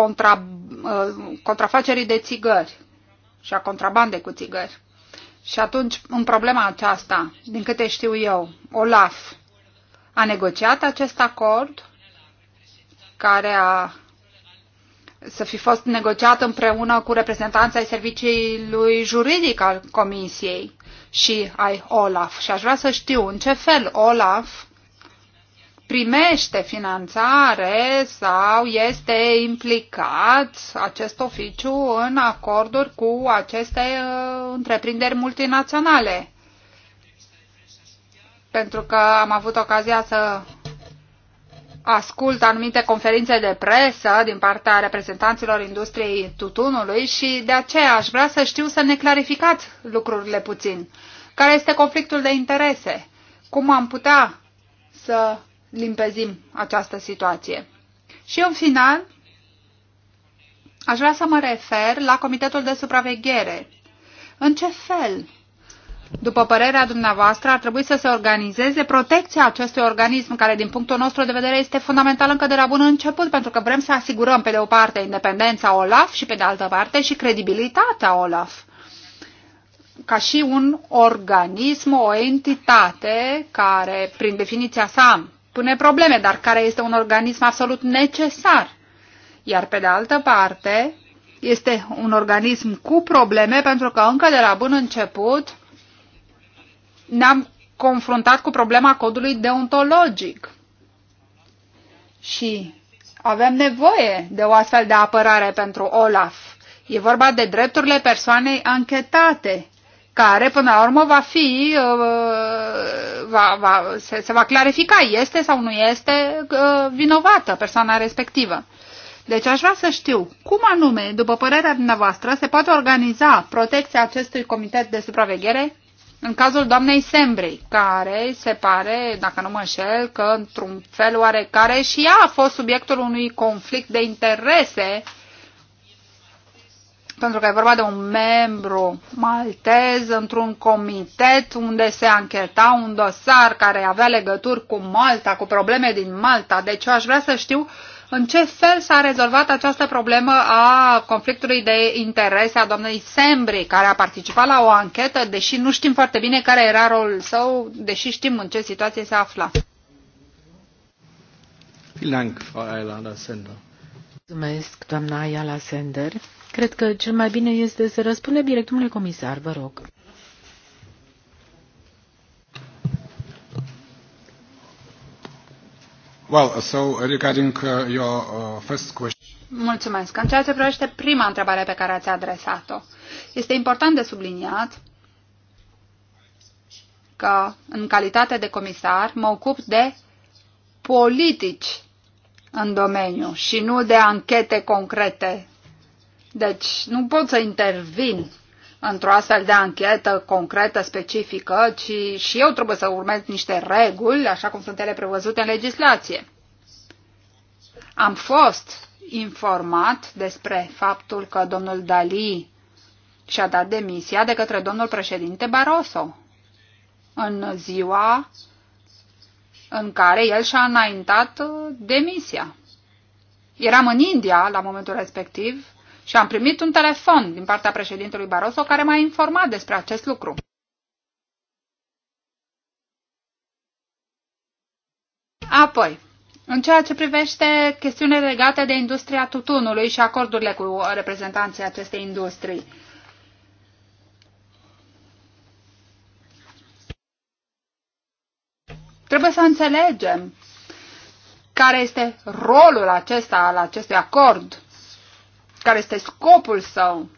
contra, uh, contrafacerii de țigări și a contrabandei cu țigări. Și atunci, în problema aceasta, din câte știu eu, Olaf a negociat acest acord care a să fi fost negociat împreună cu reprezentanța ai serviciului juridic al Comisiei și ai Olaf. Și aș vrea să știu în ce fel Olaf primește finanțare sau este implicat acest oficiu în acorduri cu aceste uh, întreprinderi multinaționale. Pentru că am avut ocazia să ascult anumite conferințe de presă din partea reprezentanților industriei tutunului și de aceea aș vrea să știu să ne clarificați lucrurile puțin. Care este conflictul de interese? Cum am putea să limpezim această situație. Și în final, aș vrea să mă refer la Comitetul de Supraveghere. În ce fel, după părerea dumneavoastră, ar trebui să se organizeze protecția acestui organism, care din punctul nostru de vedere este fundamental încă de la bun început, pentru că vrem să asigurăm pe de o parte independența OLAF și pe de altă parte și credibilitatea OLAF ca și un organism, o entitate care, prin definiția sa, pune probleme, dar care este un organism absolut necesar. Iar pe de altă parte, este un organism cu probleme pentru că încă de la bun început ne-am confruntat cu problema codului deontologic. Și avem nevoie de o astfel de apărare pentru Olaf. E vorba de drepturile persoanei anchetate care până la urmă va fi, uh, va, va, se, se va clarifica, este sau nu este uh, vinovată persoana respectivă. Deci aș vrea să știu cum anume, după părerea dumneavoastră, se poate organiza protecția acestui comitet de supraveghere în cazul doamnei Sembrei, care se pare, dacă nu mă înșel, că într-un fel oarecare și ea a fost subiectul unui conflict de interese uh, pentru că e vorba de un membru maltez într-un comitet unde se ancheta un dosar care avea legături cu Malta, cu probleme din Malta. Deci eu aș vrea să știu în ce fel s-a rezolvat această problemă a conflictului de interese a doamnei Sembri, care a participat la o anchetă, deși nu știm foarte bine care era rolul său, deși știm în ce situație se afla. Mulțumesc, doamna Ayala Sender. Cred că cel mai bine este să răspunde direct, domnule comisar, vă rog. Well, so uh, regarding uh, your uh, first question. Mulțumesc. În ceea ce privește prima întrebare pe care ați adresat-o, este important de subliniat că, în calitate de comisar, mă ocup de politici în domeniu și nu de anchete concrete deci nu pot să intervin într-o astfel de anchetă concretă, specifică, ci și eu trebuie să urmez niște reguli, așa cum sunt ele prevăzute în legislație. Am fost informat despre faptul că domnul Dali și-a dat demisia de către domnul președinte Barroso în ziua în care el și-a înaintat demisia. Eram în India la momentul respectiv și am primit un telefon din partea președintelui Barroso care m-a informat despre acest lucru. Apoi, în ceea ce privește chestiunile legate de industria tutunului și acordurile cu reprezentanții acestei industrii, trebuie să înțelegem care este rolul acesta al acestui acord care este scopul său,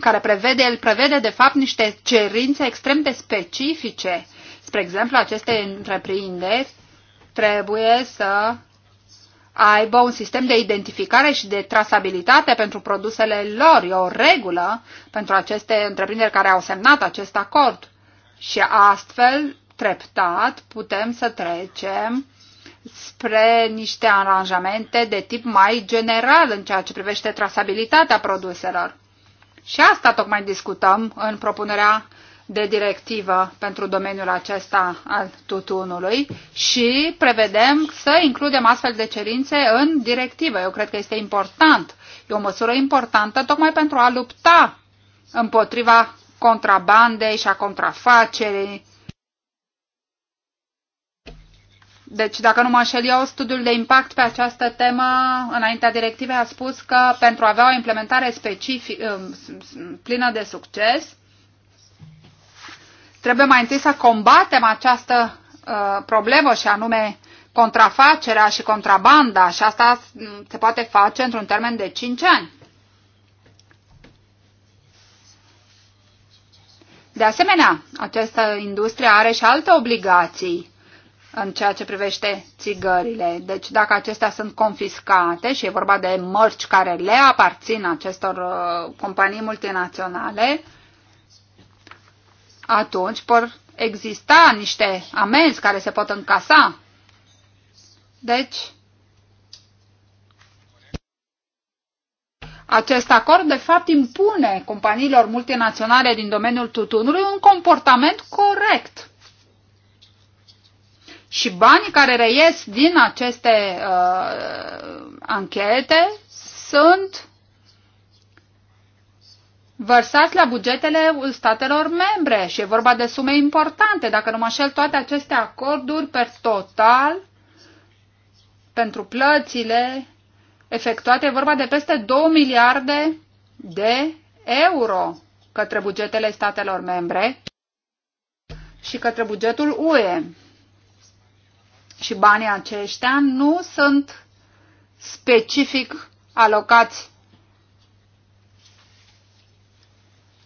care prevede, el prevede de fapt niște cerințe extrem de specifice. Spre exemplu, aceste întreprinderi trebuie să aibă un sistem de identificare și de trasabilitate pentru produsele lor. E o regulă pentru aceste întreprinderi care au semnat acest acord. Și astfel, treptat, putem să trecem spre niște aranjamente de tip mai general în ceea ce privește trasabilitatea produselor. Și asta tocmai discutăm în propunerea de directivă pentru domeniul acesta al tutunului și prevedem să includem astfel de cerințe în directivă. Eu cred că este important. E o măsură importantă tocmai pentru a lupta împotriva contrabandei și a contrafacerii Deci, dacă nu mă înșel eu, studiul de impact pe această temă înaintea directivei a spus că pentru a avea o implementare specific, um, plină de succes, trebuie mai întâi să combatem această uh, problemă și anume contrafacerea și contrabanda și asta mm, se poate face într-un termen de 5 ani. De asemenea, această industrie are și alte obligații în ceea ce privește țigările. Deci dacă acestea sunt confiscate și e vorba de mărci care le aparțin acestor uh, companii multinaționale, atunci vor exista niște amenzi care se pot încasa. Deci, Acest acord, de fapt, impune companiilor multinaționale din domeniul tutunului un comportament corect și banii care reies din aceste uh, anchete sunt vărsați la bugetele statelor membre și e vorba de sume importante. Dacă nu mă așel, toate aceste acorduri per total pentru plățile efectuate, e vorba de peste 2 miliarde de euro către bugetele statelor membre și către bugetul UE. Și banii aceștia nu sunt specific alocați,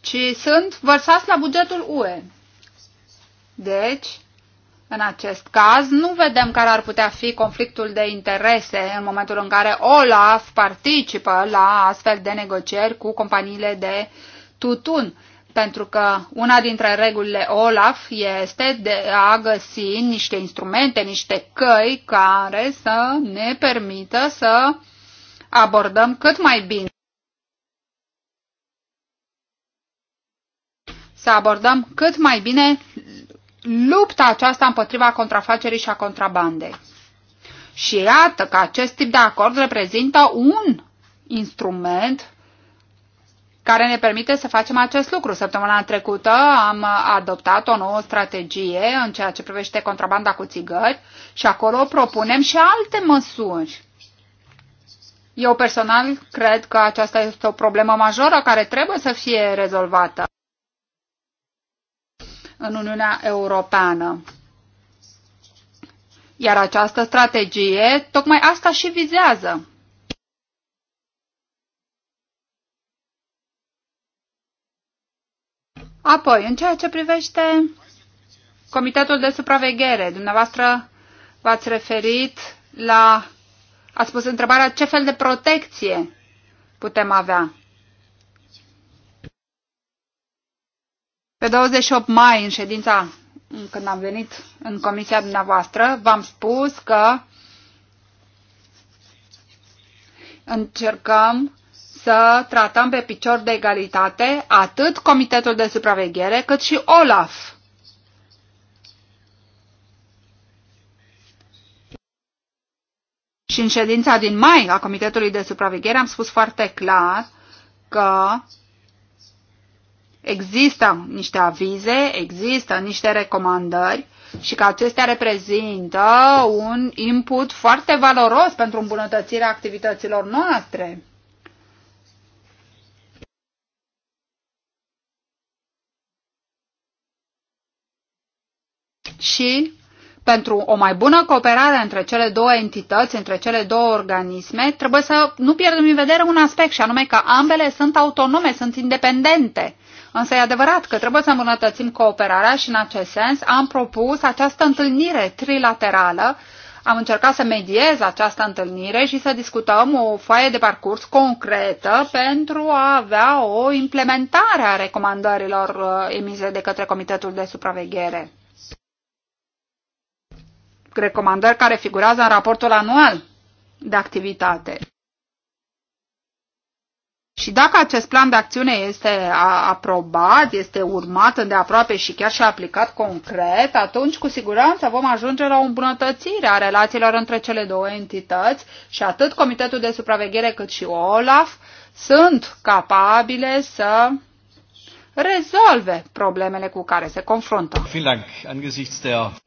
ci sunt vărsați la bugetul UE. Deci, în acest caz, nu vedem care ar putea fi conflictul de interese în momentul în care OLAF participă la astfel de negocieri cu companiile de tutun pentru că una dintre regulile OLAF este de a găsi niște instrumente, niște căi care să ne permită să abordăm cât mai bine. Să abordăm cât mai bine lupta aceasta împotriva contrafacerii și a contrabandei. Și iată că acest tip de acord reprezintă un instrument care ne permite să facem acest lucru. Săptămâna trecută am adoptat o nouă strategie în ceea ce privește contrabanda cu țigări și acolo propunem și alte măsuri. Eu personal cred că aceasta este o problemă majoră care trebuie să fie rezolvată în Uniunea Europeană. Iar această strategie tocmai asta și vizează. Apoi, în ceea ce privește Comitetul de Supraveghere, dumneavoastră v-ați referit la, ați pus întrebarea ce fel de protecție putem avea. Pe 28 mai, în ședința când am venit în comisia dumneavoastră, v-am spus că încercăm să tratăm pe picior de egalitate atât Comitetul de Supraveghere cât și OLAF. Și în ședința din mai a Comitetului de Supraveghere am spus foarte clar că există niște avize, există niște recomandări și că acestea reprezintă un input foarte valoros pentru îmbunătățirea activităților noastre. și pentru o mai bună cooperare între cele două entități, între cele două organisme, trebuie să nu pierdem în vedere un aspect, și anume că ambele sunt autonome, sunt independente. Însă e adevărat că trebuie să îmbunătățim cooperarea și în acest sens am propus această întâlnire trilaterală. Am încercat să mediez această întâlnire și să discutăm o foaie de parcurs concretă pentru a avea o implementare a recomandărilor uh, emise de către Comitetul de Supraveghere recomandări care figurează în raportul anual de activitate. Și dacă acest plan de acțiune este aprobat, este urmat îndeaproape și chiar și aplicat concret, atunci cu siguranță vom ajunge la o îmbunătățire a relațiilor între cele două entități și atât Comitetul de Supraveghere cât și OLAF sunt capabile să rezolve problemele cu care se confruntă.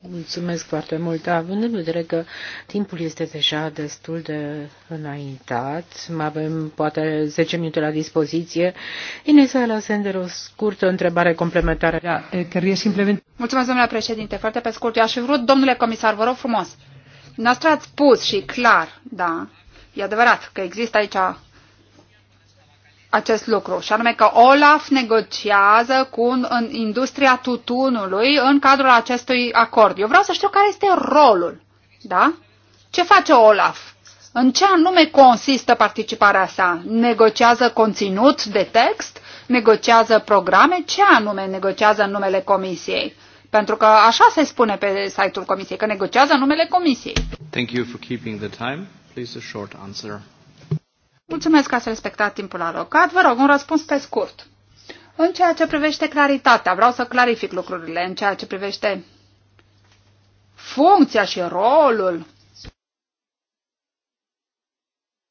Mulțumesc foarte mult. Având în vedere că timpul este deja destul de înaintat, mai avem poate 10 minute la dispoziție. Ines Alasender, o scurtă întrebare complementară. Da, simplemente... Mulțumesc, domnule președinte. Foarte pe scurt, eu aș fi vrut, domnule comisar, vă rog frumos. Noastră ați spus și clar, da, e adevărat că există aici acest lucru, și anume că Olaf negociază cu în industria tutunului în cadrul acestui acord. Eu vreau să știu care este rolul, da? Ce face Olaf? În ce anume consistă participarea sa? Negociază conținut de text? Negociază programe? Ce anume negociază în numele Comisiei? Pentru că așa se spune pe site-ul Comisiei, că negociază în numele Comisiei. Thank you for keeping the time. Please a short answer. Mulțumesc că ați respectat timpul alocat. Vă rog, un răspuns pe scurt. În ceea ce privește claritatea, vreau să clarific lucrurile. În ceea ce privește funcția și rolul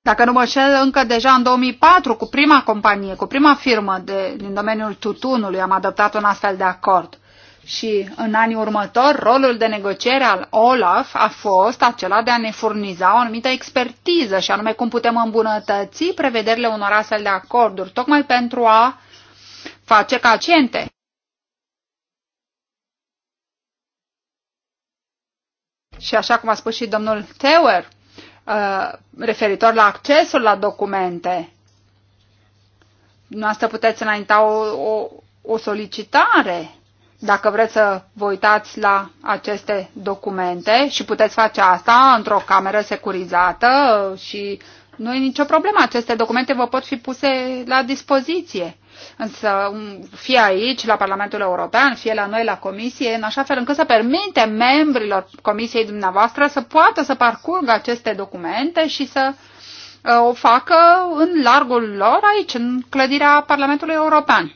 dacă nu mă șel, încă deja în 2004, cu prima companie, cu prima firmă de, din domeniul tutunului, am adoptat un astfel de acord și în anii următori rolul de negociere al OLAF a fost acela de a ne furniza o anumită expertiză și anume cum putem îmbunătăți prevederile unor astfel de acorduri, tocmai pentru a face ca Și așa cum a spus și domnul Teuer, uh, referitor la accesul la documente, noastră puteți înainta o, o, o solicitare dacă vreți să vă uitați la aceste documente și puteți face asta într-o cameră securizată și nu e nicio problemă, aceste documente vă pot fi puse la dispoziție. Însă, um, fie aici, la Parlamentul European, fie la noi, la Comisie, în așa fel încât să permite membrilor Comisiei dumneavoastră să poată să parcurgă aceste documente și să uh, o facă în largul lor aici, în clădirea Parlamentului European.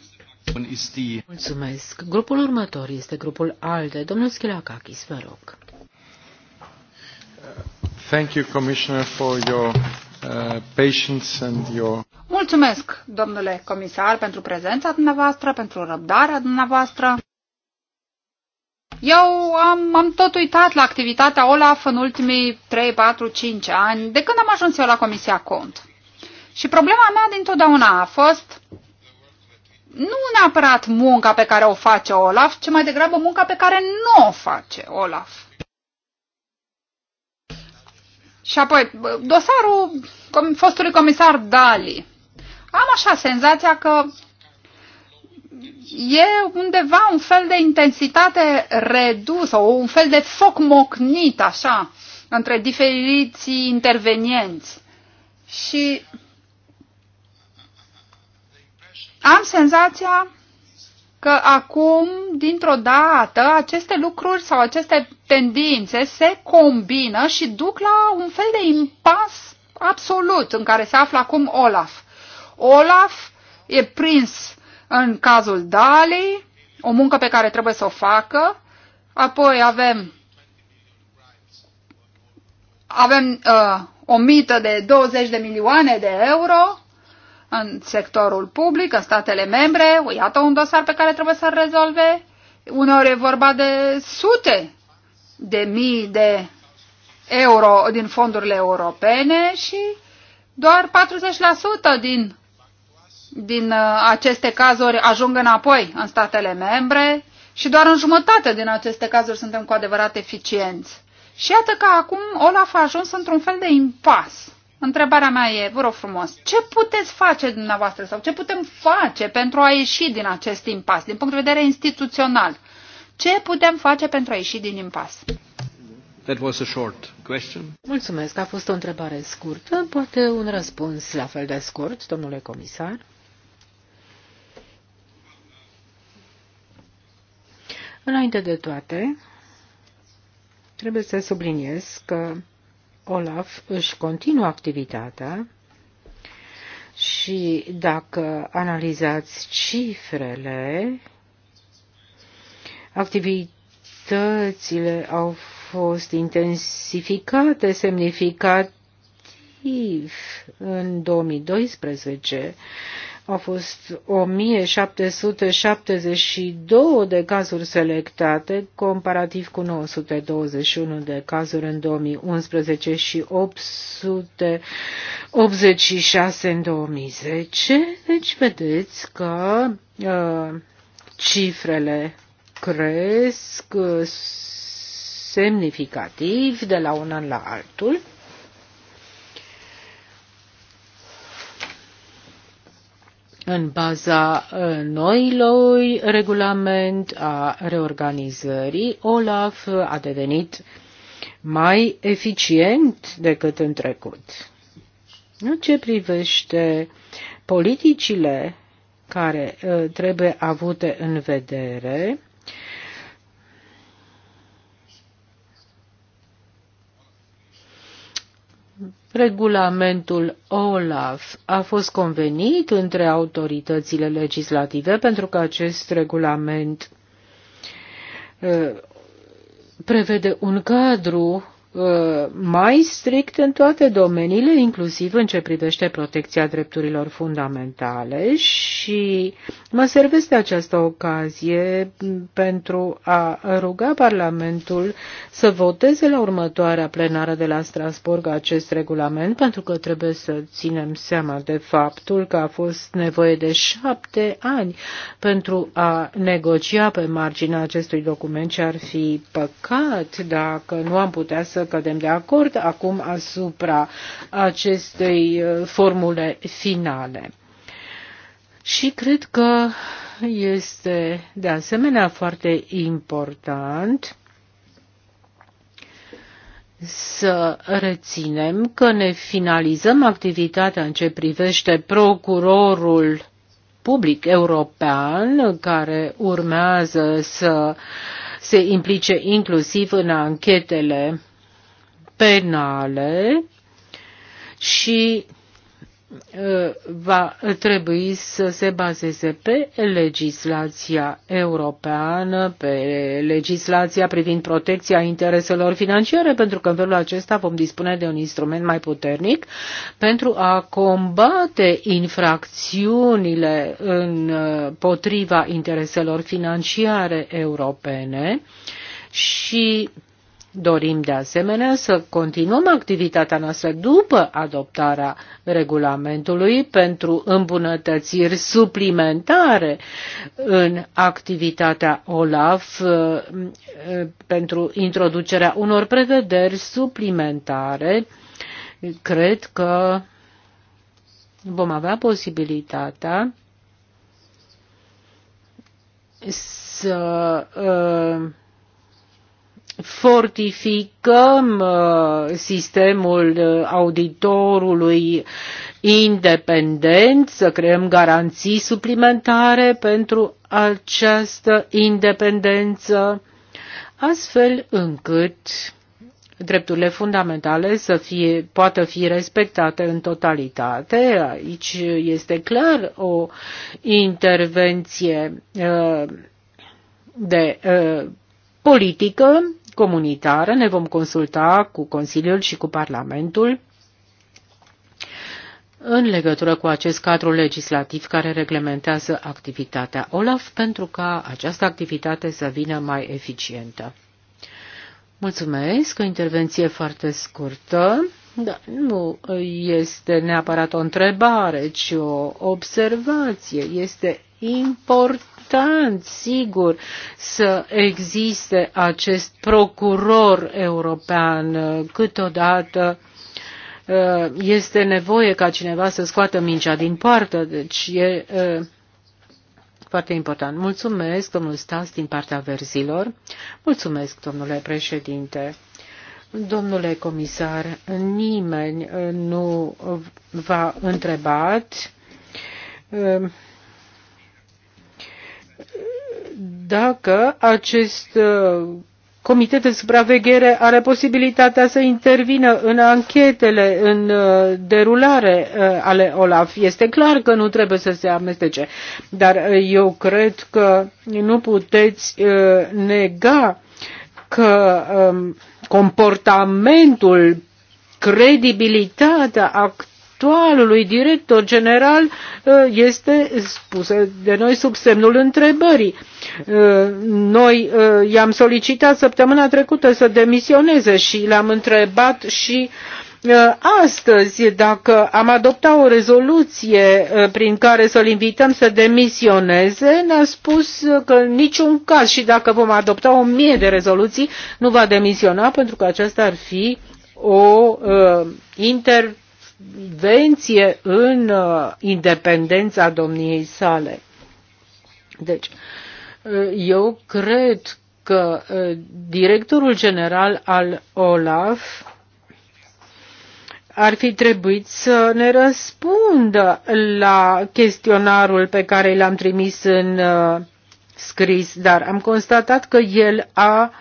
Mulțumesc. Grupul următor este grupul ALDE. Domnul Schilakakis, vă rog. Thank you, Commissioner, for your uh, patience and your... Mulțumesc, domnule comisar, pentru prezența dumneavoastră, pentru răbdarea dumneavoastră. Eu am, am tot uitat la activitatea OLAF în ultimii 3, 4, 5 ani, de când am ajuns eu la Comisia Cont. Și problema mea dintotdeauna a fost nu neapărat munca pe care o face Olaf, ci mai degrabă munca pe care nu o face Olaf. Și apoi, dosarul fostului comisar Dali. Am așa senzația că e undeva un fel de intensitate redusă, un fel de foc mocnit, așa, între diferiții intervenienți. Și am senzația că acum, dintr-o dată, aceste lucruri sau aceste tendințe se combină și duc la un fel de impas absolut în care se află acum Olaf. Olaf e prins în cazul Dali, o muncă pe care trebuie să o facă, apoi avem avem uh, o mită de 20 de milioane de euro în sectorul public, în statele membre. Iată un dosar pe care trebuie să-l rezolve. Uneori e vorba de sute de mii de euro din fondurile europene și doar 40% din, din uh, aceste cazuri ajung înapoi în statele membre și doar în jumătate din aceste cazuri suntem cu adevărat eficienți. Și iată că acum Olaf a ajuns într-un fel de impas. Întrebarea mea e, vă rog frumos, ce puteți face dumneavoastră sau ce putem face pentru a ieși din acest impas, din punct de vedere instituțional? Ce putem face pentru a ieși din impas? That was a short question. Mulțumesc, a fost o întrebare scurtă, poate un răspuns la fel de scurt, domnule comisar. Înainte de toate, trebuie să subliniez că Olaf își continuă activitatea și dacă analizați cifrele, activitățile au fost intensificate semnificativ în 2012 au fost 1772 de cazuri selectate, comparativ cu 921 de cazuri în 2011 și 886 în 2010. Deci vedeți că uh, cifrele cresc uh, semnificativ de la un an la altul. în baza uh, noilor regulament a reorganizării, OLAF a devenit mai eficient decât în trecut. În ce privește politicile care uh, trebuie avute în vedere, Regulamentul OLAF a fost convenit între autoritățile legislative pentru că acest regulament uh, prevede un cadru Uh, mai strict în toate domeniile, inclusiv în ce privește protecția drepturilor fundamentale și mă servesc de această ocazie pentru a ruga Parlamentul să voteze la următoarea plenară de la Strasburg acest regulament, pentru că trebuie să ținem seama de faptul că a fost nevoie de șapte ani pentru a negocia pe marginea acestui document și ar fi păcat dacă nu am putea să să cădem de acord acum asupra acestei uh, formule finale. Și cred că este de asemenea foarte important să reținem că ne finalizăm activitatea în ce privește procurorul public european care urmează să se implice inclusiv în anchetele penale și uh, va trebui să se bazeze pe legislația europeană, pe legislația privind protecția intereselor financiare, pentru că în felul acesta vom dispune de un instrument mai puternic pentru a combate infracțiunile împotriva uh, intereselor financiare europene și Dorim de asemenea să continuăm activitatea noastră după adoptarea regulamentului pentru îmbunătățiri suplimentare în activitatea OLAF uh, pentru introducerea unor prevederi suplimentare. Cred că vom avea posibilitatea să uh, fortificăm uh, sistemul uh, auditorului independent, să creăm garanții suplimentare pentru această independență, astfel încât drepturile fundamentale să fie, poată fi respectate în totalitate. Aici este clar o intervenție uh, de politică comunitară, ne vom consulta cu Consiliul și cu Parlamentul în legătură cu acest cadru legislativ care reglementează activitatea OLAF pentru ca această activitate să vină mai eficientă. Mulțumesc, o intervenție foarte scurtă. Da, nu este neapărat o întrebare, ci o observație. Este important important, sigur, să existe acest procuror european. Câteodată uh, este nevoie ca cineva să scoată mingea din poartă, deci e uh, foarte important. Mulțumesc, domnul Stas, din partea verzilor. Mulțumesc, domnule președinte. Domnule comisar, nimeni nu v-a întrebat uh, dacă acest uh, comitet de supraveghere are posibilitatea să intervină în anchetele în uh, derulare uh, ale OLAF. Este clar că nu trebuie să se amestece, dar eu cred că nu puteți nega că um, comportamentul credibilitatea actualului director general uh, este spusă de noi sub semnul întrebării. Uh, noi uh, i-am solicitat săptămâna trecută să demisioneze și l-am întrebat și astăzi dacă am adoptat o rezoluție prin care să-l invităm să demisioneze, ne-a spus că în niciun caz și dacă vom adopta o mie de rezoluții, nu va demisiona pentru că aceasta ar fi o uh, inter invenție în uh, independența domniei sale. Deci, uh, eu cred că uh, directorul general al OLAF ar fi trebuit să ne răspundă la chestionarul pe care l-am trimis în scris, dar am constatat că el a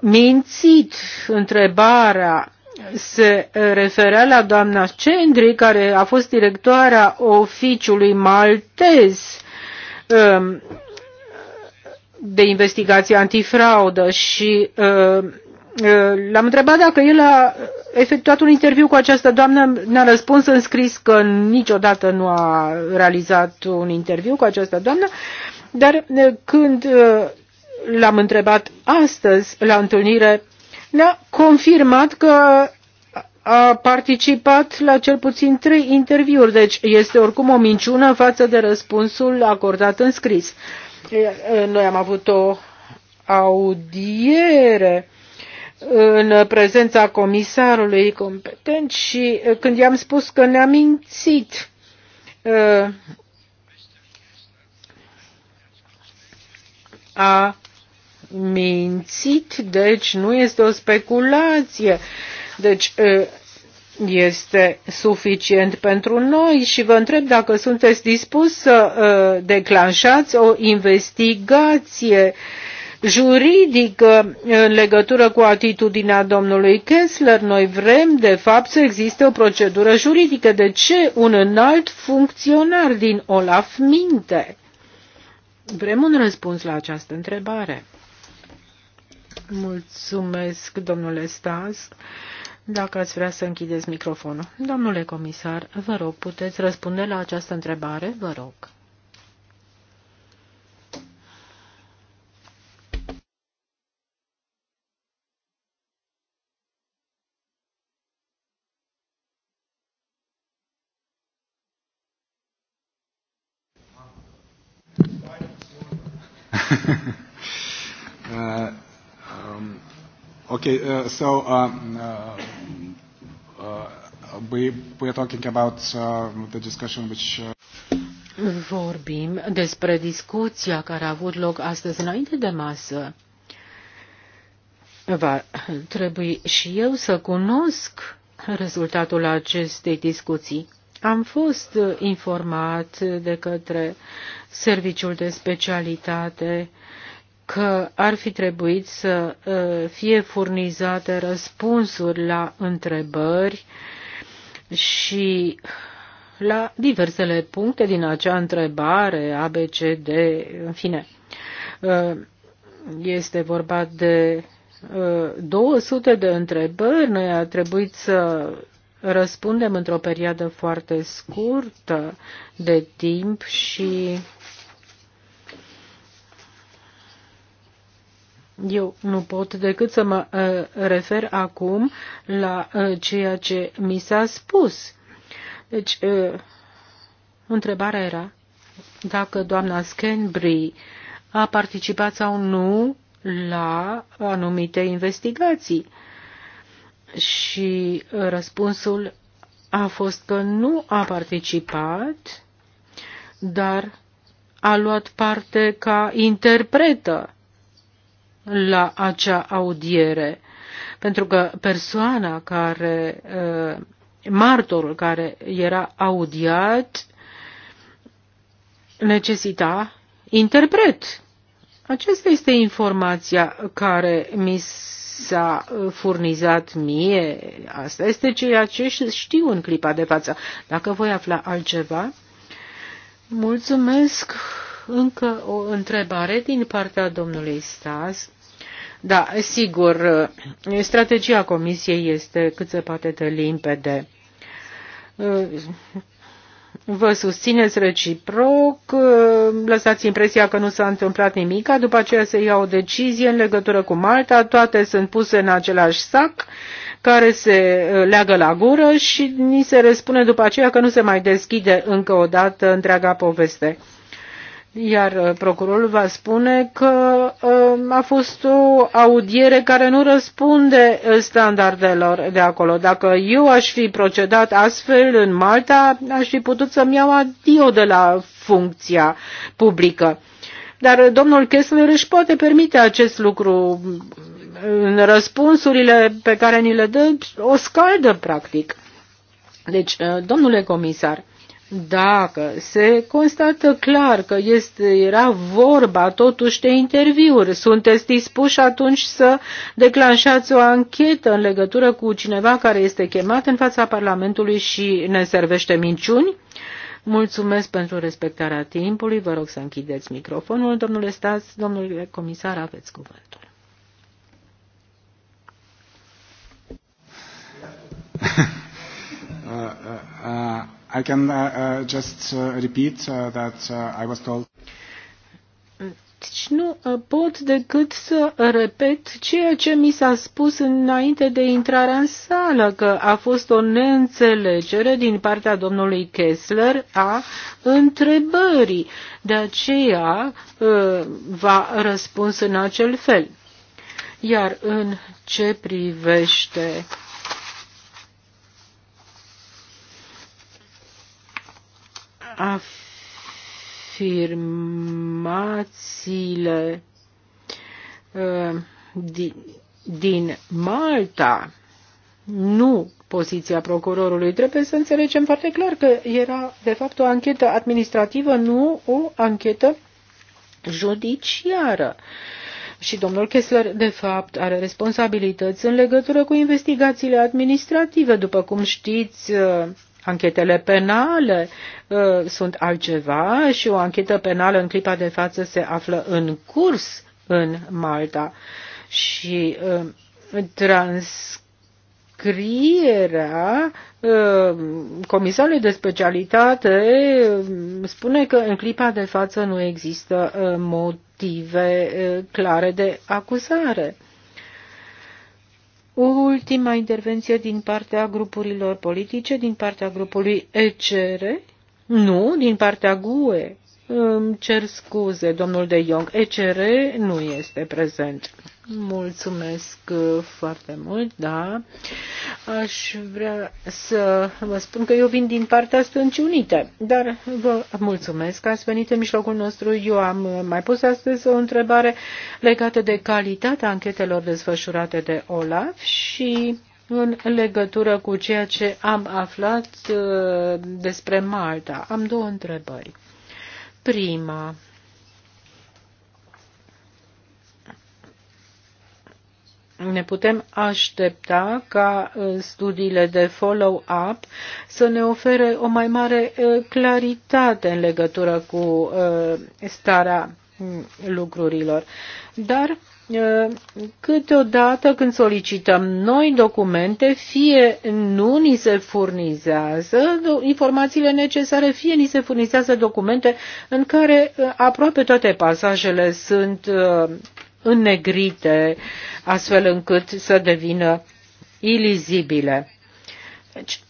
mințit întrebarea se referea la doamna Cendri, care a fost directoarea oficiului maltez um, de investigație antifraudă și um, uh, l-am întrebat dacă el a efectuat un interviu cu această doamnă, ne-a răspuns în scris că niciodată nu a realizat un interviu cu această doamnă, dar uh, când uh, l-am întrebat astăzi la întâlnire ne-a confirmat că a participat la cel puțin trei interviuri, deci este oricum o minciună față de răspunsul acordat în scris. Noi am avut o audiere în prezența comisarului competent și când i-am spus că ne-a mințit, a mințit, deci nu este o speculație. Deci este suficient pentru noi și vă întreb dacă sunteți dispus să declanșați o investigație juridică în legătură cu atitudinea domnului Kessler. Noi vrem, de fapt, să existe o procedură juridică. De ce un înalt funcționar din Olaf minte? Vrem un răspuns la această întrebare. Mulțumesc, domnule Stas. Dacă ați vrea să închideți microfonul. Domnule comisar, vă rog, puteți răspunde la această întrebare? Vă rog. Okay, uh, so um, uh, uh, we, we are talking about uh, the discussion which. Uh... Vorbim despre discuția care a avut loc astăzi înainte de masă. Va trebui și eu să cunosc rezultatul acestei discuții. Am fost informat de către Serviciul de Specialitate uh, că ar fi trebuit să uh, fie furnizate răspunsuri la întrebări și la diversele puncte din acea întrebare, ABCD, în fine. Uh, este vorba de 200 uh, de întrebări, noi a trebuit să răspundem într-o perioadă foarte scurtă de timp și Eu nu pot decât să mă uh, refer acum la uh, ceea ce mi s-a spus. Deci, uh, întrebarea era dacă doamna Scanbury a participat sau nu la anumite investigații. Și răspunsul a fost că nu a participat, dar a luat parte ca interpretă la acea audiere, pentru că persoana care, uh, martorul care era audiat, necesita interpret. Aceasta este informația care mi s-a uh, furnizat mie. Asta este ceea ce știu în clipa de față. Dacă voi afla altceva, mulțumesc încă o întrebare din partea domnului Stas. Da, sigur, eh, strategia Comisiei este cât se poate de limpede. Eh, vă susțineți reciproc, eh, lăsați impresia că nu s-a întâmplat nimic, după aceea se ia o decizie în legătură cu Malta, toate sunt puse în același sac care se leagă la gură și ni se răspune după aceea că nu se mai deschide încă o dată întreaga poveste. Iar uh, procurorul va spune că uh, a fost o audiere care nu răspunde uh, standardelor de acolo. Dacă eu aș fi procedat astfel în Malta, aș fi putut să-mi iau adio de la funcția publică. Dar domnul Kessler își poate permite acest lucru în răspunsurile pe care ni le dă, o scaldă practic. Deci, domnule comisar, dacă se constată clar că este, era vorba totuși de interviuri, sunteți dispuși atunci să declanșați o anchetă în legătură cu cineva care este chemat în fața Parlamentului și ne servește minciuni? Mulțumesc pentru respectarea timpului. Vă rog să închideți microfonul. Domnule Stas, domnule comisar, aveți cuvântul. uh, uh, uh. I can uh, uh, just uh, repeat uh, that uh, I was told. Deci nu uh, pot decât să repet ceea ce mi s-a spus înainte de intrarea în sală, că a fost o neînțelegere din partea domnului Kessler a întrebării. De aceea uh, v-a răspuns în acel fel. Iar în ce privește uh, afirmațiile uh, din, Malta, nu poziția procurorului. Trebuie să înțelegem foarte clar că era, de fapt, o anchetă administrativă, nu o anchetă judiciară. Și domnul Kessler, de fapt, are responsabilități în legătură cu investigațiile administrative. După cum știți, uh, Anchetele penale uh, sunt altceva și o anchetă penală în clipa de față se află în curs în Malta și uh, transcrierea uh, comisarului de specialitate uh, spune că în clipa de față nu există uh, motive uh, clare de acuzare. Ultima intervenție din partea grupurilor politice, din partea grupului ECR, nu, din partea GUE. Îmi cer scuze, domnul de Jong, ECR nu este prezent. Mulțumesc uh, foarte mult, da. Aș vrea să vă spun că eu vin din partea Stâncii Unite, dar vă mulțumesc că ați venit în mijlocul nostru. Eu am mai pus astăzi o întrebare legată de calitatea anchetelor desfășurate de OLAF și în legătură cu ceea ce am aflat uh, despre Malta. Am două întrebări. Prima, ne putem aștepta ca uh, studiile de follow-up să ne ofere o mai mare uh, claritate în legătură cu uh, starea mm, lucrurilor. Dar câteodată când solicităm noi documente, fie nu ni se furnizează informațiile necesare, fie ni se furnizează documente în care aproape toate pasajele sunt înnegrite astfel încât să devină ilizibile. Deci,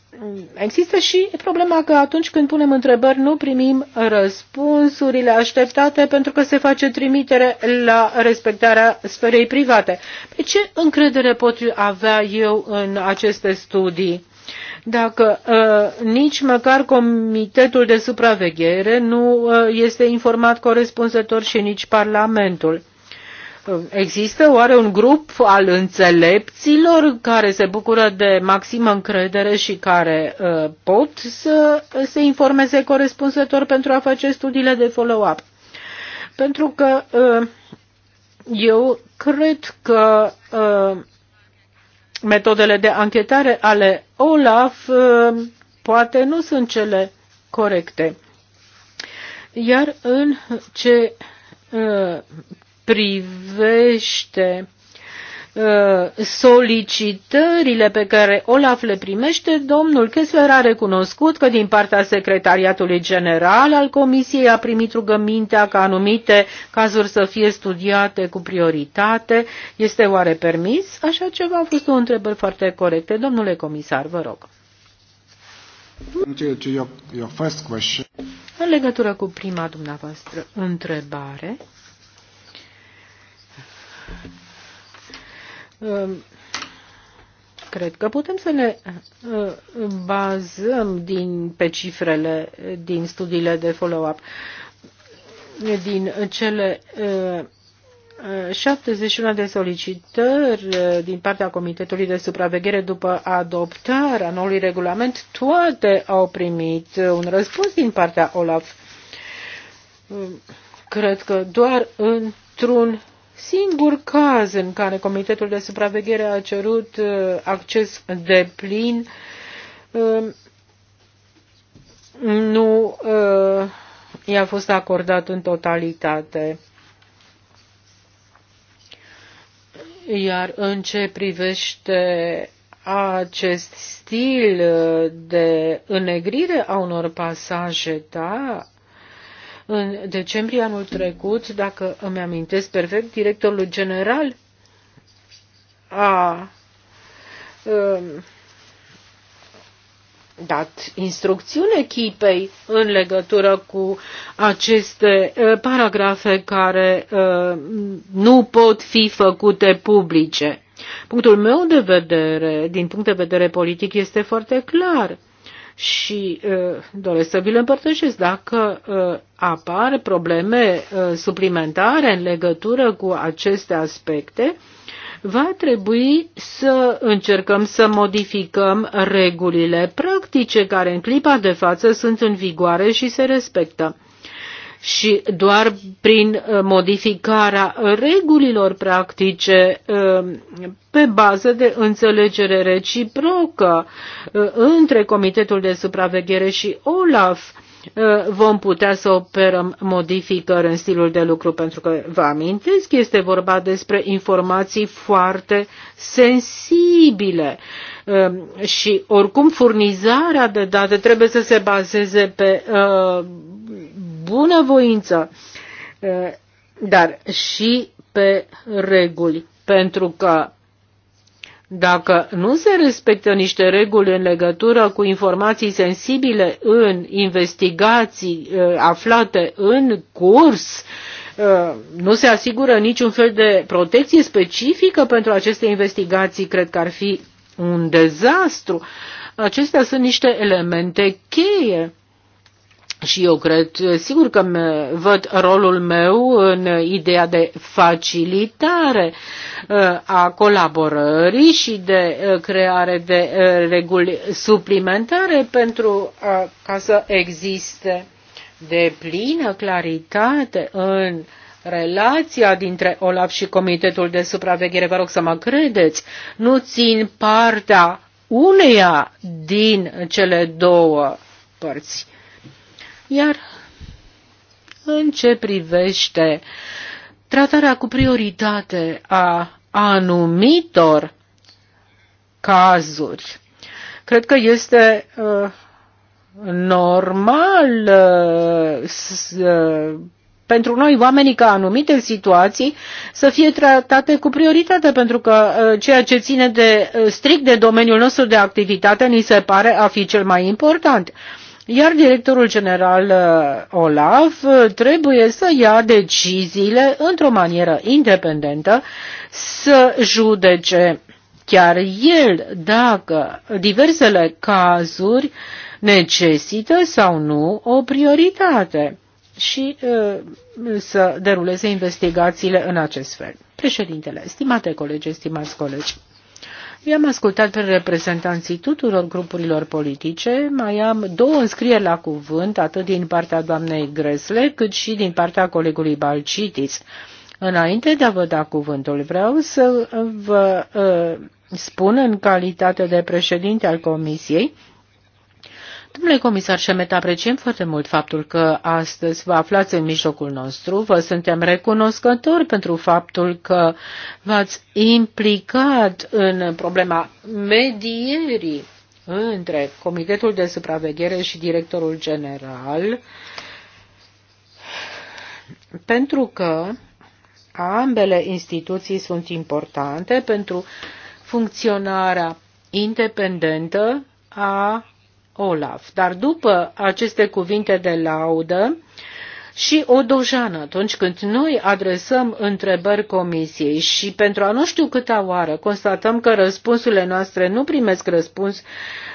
Există și problema că atunci când punem întrebări nu primim răspunsurile așteptate pentru că se face trimitere la respectarea sferei private. Pe ce încredere pot avea eu în aceste studii? Dacă uh, nici măcar Comitetul de Supraveghere nu uh, este informat corespunzător și nici Parlamentul. Există oare un grup al înțelepților care se bucură de maximă încredere și care uh, pot să se informeze corespunzător pentru a face studiile de follow-up? Pentru că uh, eu cred că uh, metodele de anchetare ale OLAF uh, poate nu sunt cele corecte. Iar în ce uh, privește uh, solicitările pe care Olaf le primește, domnul Kessler a recunoscut că din partea Secretariatului General al Comisiei a primit rugămintea ca anumite cazuri să fie studiate cu prioritate. Este oare permis? Așa ceva a fost o întrebări foarte corecte. Domnule comisar, vă rog. În legătură cu prima dumneavoastră întrebare, Ehm, cred că putem să ne ehm, bazăm din, pe cifrele din studiile de follow-up. Din cele 71 ehm, de solicitări din partea Comitetului de Supraveghere după adoptarea noului regulament, toate au primit un răspuns din partea OLAF. Cred că doar într-un singur caz în care Comitetul de Supraveghere a cerut uh, acces de plin um, nu uh, i-a fost acordat în totalitate. Iar în ce privește acest stil de înegrire a unor pasaje, da, în decembrie anul trecut, dacă îmi amintesc perfect, directorul general a um, dat instrucțiune echipei în legătură cu aceste uh, paragrafe care uh, nu pot fi făcute publice. Punctul meu de vedere, din punct de vedere politic, este foarte clar și uh, doresc să vi le împărtășesc. Dacă uh, apar probleme uh, suplimentare în legătură cu aceste aspecte, va trebui să încercăm să modificăm regulile practice care în clipa de față sunt în vigoare și se respectă și doar prin uh, modificarea regulilor practice uh, pe bază de înțelegere reciprocă uh, între Comitetul de Supraveghere și OLAF vom putea să operăm modificări în stilul de lucru, pentru că, vă amintesc, este vorba despre informații foarte sensibile um, și, oricum, furnizarea de date trebuie să se bazeze pe voință, uh, dar și pe reguli, pentru că dacă nu se respectă niște reguli în legătură cu informații sensibile în investigații uh, aflate în curs, uh, nu se asigură niciun fel de protecție specifică pentru aceste investigații, cred că ar fi un dezastru. Acestea sunt niște elemente cheie și eu cred, sigur că văd rolul meu în ideea de facilitare uh, a colaborării și de uh, creare de uh, reguli suplimentare pentru a, ca să existe de plină claritate în relația dintre OLAF și Comitetul de Supraveghere. Vă rog să mă credeți, nu țin partea uneia din cele două părți iar în ce privește tratarea cu prioritate a anumitor cazuri, cred că este uh, normal uh, uh, pentru noi oamenii ca anumite situații să fie tratate cu prioritate, pentru că uh, ceea ce ține de, uh, strict de domeniul nostru de activitate ni se pare a fi cel mai important. Iar directorul general uh, Olaf uh, trebuie să ia deciziile într-o manieră independentă, să judece chiar el dacă diversele cazuri necesită sau nu o prioritate și uh, să deruleze investigațiile în acest fel. Președintele, stimate colegi, stimați colegi, I-am ascultat pe reprezentanții tuturor grupurilor politice, mai am două înscrieri la cuvânt, atât din partea doamnei Gresle, cât și din partea colegului Balcitis. Înainte de a vă da cuvântul, vreau să vă uh, spun în calitate de președinte al Comisiei Domnule comisar Șemet, apreciem foarte mult faptul că astăzi vă aflați în mijlocul nostru. Vă suntem recunoscători pentru faptul că v-ați implicat în problema medierii între Comitetul de Supraveghere și Directorul General, pentru că ambele instituții sunt importante pentru funcționarea independentă a Olaf. Dar după aceste cuvinte de laudă, și o dojană atunci când noi adresăm întrebări comisiei și pentru a nu știu câta oară constatăm că răspunsurile noastre nu primesc răspuns,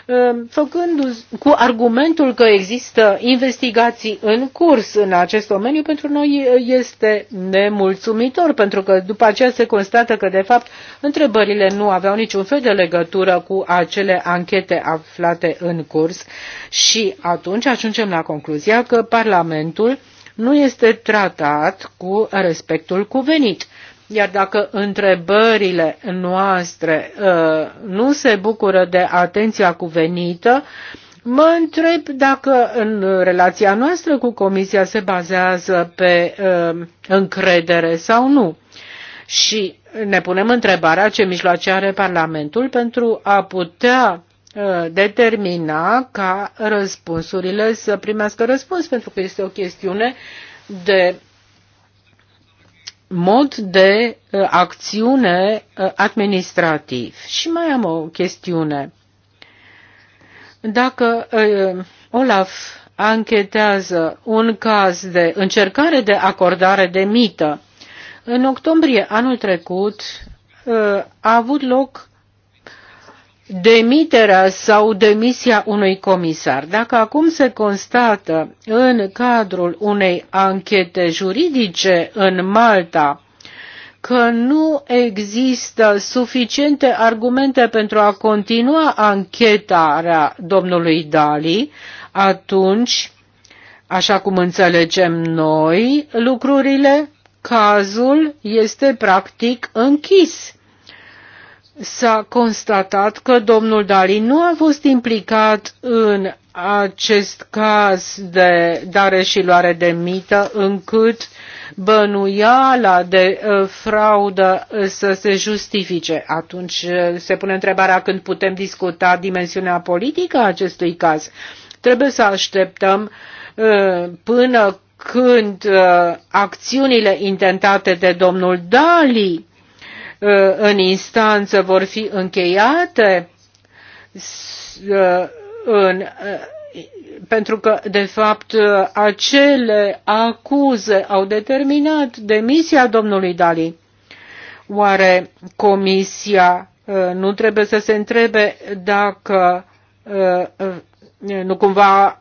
ă, făcând cu argumentul că există investigații în curs în acest domeniu, pentru noi este nemulțumitor, pentru că după aceea se constată că, de fapt, întrebările nu aveau niciun fel de legătură cu acele anchete aflate în curs și atunci ajungem la concluzia că Parlamentul nu este tratat cu respectul cuvenit. Iar dacă întrebările noastre uh, nu se bucură de atenția cuvenită, mă întreb dacă în relația noastră cu Comisia se bazează pe uh, încredere sau nu. Și ne punem întrebarea ce mijloace are Parlamentul pentru a putea Uh, determina ca răspunsurile să primească răspuns, pentru că este o chestiune de mod de uh, acțiune uh, administrativ. Și mai am o chestiune. Dacă Olaf anchetează un caz de încercare de acordare de mită, în octombrie anul trecut a avut loc demiterea sau demisia unui comisar. Dacă acum se constată în cadrul unei anchete juridice în Malta că nu există suficiente argumente pentru a continua anchetarea domnului Dali, atunci, așa cum înțelegem noi lucrurile, cazul este practic închis s-a constatat că domnul Dali nu a fost implicat în acest caz de dare și luare de mită, încât bănuiala de uh, fraudă uh, să se justifice. Atunci uh, se pune întrebarea când putem discuta dimensiunea politică a acestui caz. Trebuie să așteptăm până când acțiunile intentate de domnul Dali Uh, în instanță vor fi încheiate uh, în uh, pentru că, de fapt, acele acuze au determinat demisia domnului Dali. Oare comisia nu trebuie să se întrebe dacă nu cumva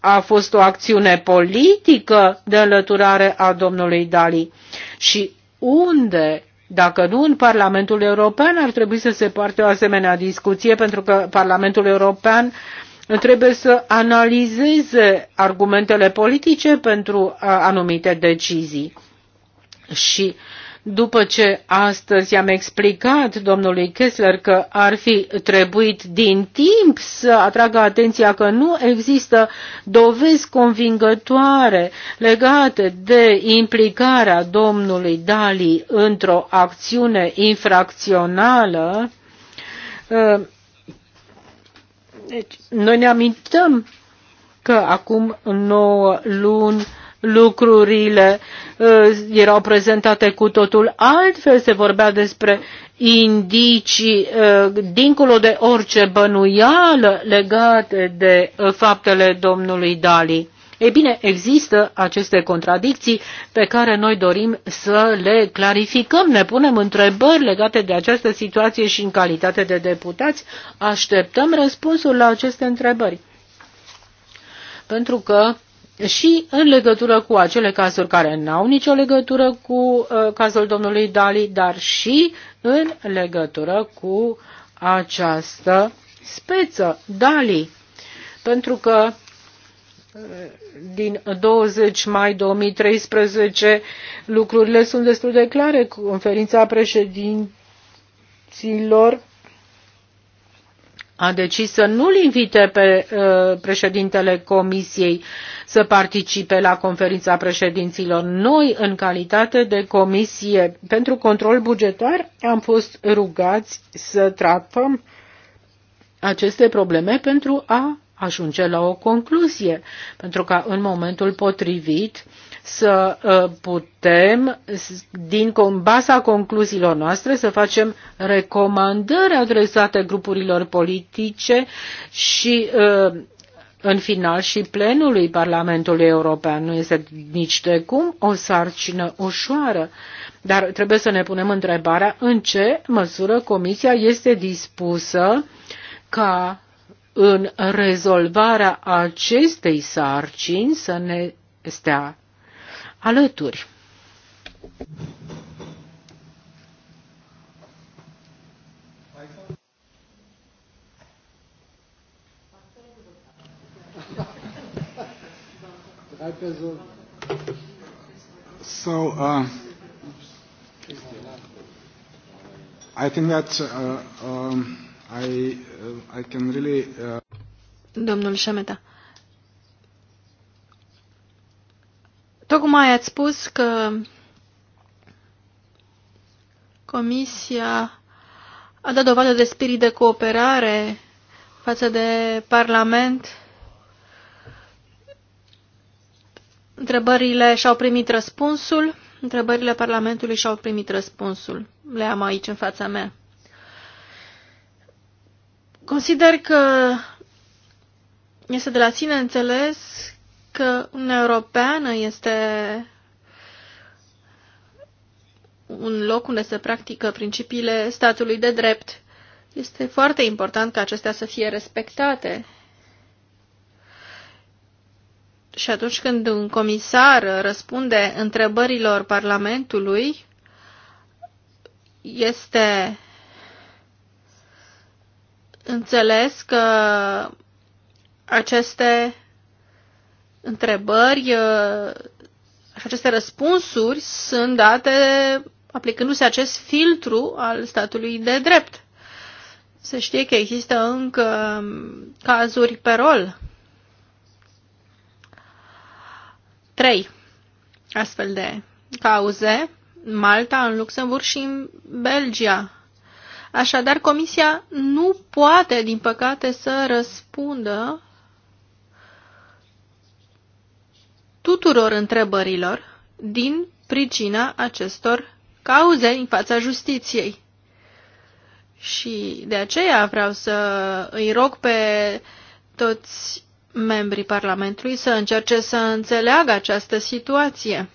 a fost o acțiune politică de înlăturare a domnului Dali și unde dacă nu, în Parlamentul European ar trebui să se poarte o asemenea discuție, pentru că Parlamentul European trebuie să analizeze argumentele politice pentru anumite decizii. Și uh, după ce astăzi am explicat domnului Kessler că ar fi trebuit din timp să atragă atenția că nu există dovezi convingătoare legate de implicarea domnului Dali într-o acțiune infracțională, eh, deci, noi ne amintăm că acum 9 luni lucrurile uh, erau prezentate cu totul altfel, se vorbea despre indicii uh, dincolo de orice bănuială legate de uh, faptele domnului Dali. Ei bine, există aceste contradicții pe care noi dorim să le clarificăm. Ne punem întrebări legate de această situație și în calitate de deputați așteptăm răspunsul la aceste întrebări. Pentru că și în legătură cu acele cazuri care n-au nicio legătură cu uh, cazul domnului Dali, dar și în legătură cu această speță Dali. Pentru că uh, din 20 mai 2013 lucrurile sunt destul de clare. Conferința președinților a decis să nu-l invite pe uh, președintele Comisiei să participe la conferința președinților. Noi, în calitate de Comisie pentru Control Bugetar, am fost rugați să tratăm aceste probleme pentru a ajunge la o concluzie, pentru ca în momentul potrivit uh, să uh, putem, din baza concluziilor noastre, să facem recomandări adresate grupurilor politice și uh, în final și plenului Parlamentului European. Nu este nici de cum o sarcină ușoară, dar trebuie să ne punem întrebarea în ce măsură Comisia este dispusă ca în rezolvarea acestei sarcini să ne stea alături. So, uh, I think that uh, um, I, uh, I can really. Uh... Domnul Șameta. Tocmai ați spus că Comisia a dat dovadă de spirit de cooperare față de Parlament. Întrebările și-au primit răspunsul. Întrebările Parlamentului și-au primit răspunsul. Le am aici în fața mea. Consider că este de la sine înțeles că Uniunea Europeană este un loc unde se practică principiile statului de drept. Este foarte important ca acestea să fie respectate. Și atunci când un comisar răspunde întrebărilor Parlamentului, este înțeles că aceste întrebări uh, și aceste răspunsuri sunt date aplicându-se acest filtru al statului de drept. Se știe că există încă um, cazuri pe rol. 3. Astfel de cauze în Malta, în Luxemburg și în Belgia. Așadar, Comisia nu poate, din păcate, să răspundă tuturor întrebărilor din pricina acestor cauze în fața justiției. Și de aceea vreau să îi rog pe toți membrii Parlamentului să încerce să înțeleagă această situație.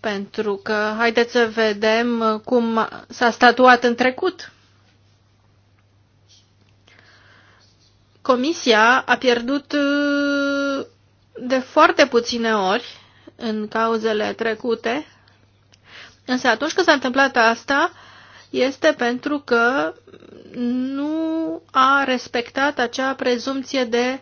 Pentru că haideți să vedem cum s-a statuat în trecut. Comisia a pierdut de foarte puține ori în cauzele trecute, însă atunci când s-a întâmplat asta, este pentru că nu a respectat acea prezumție de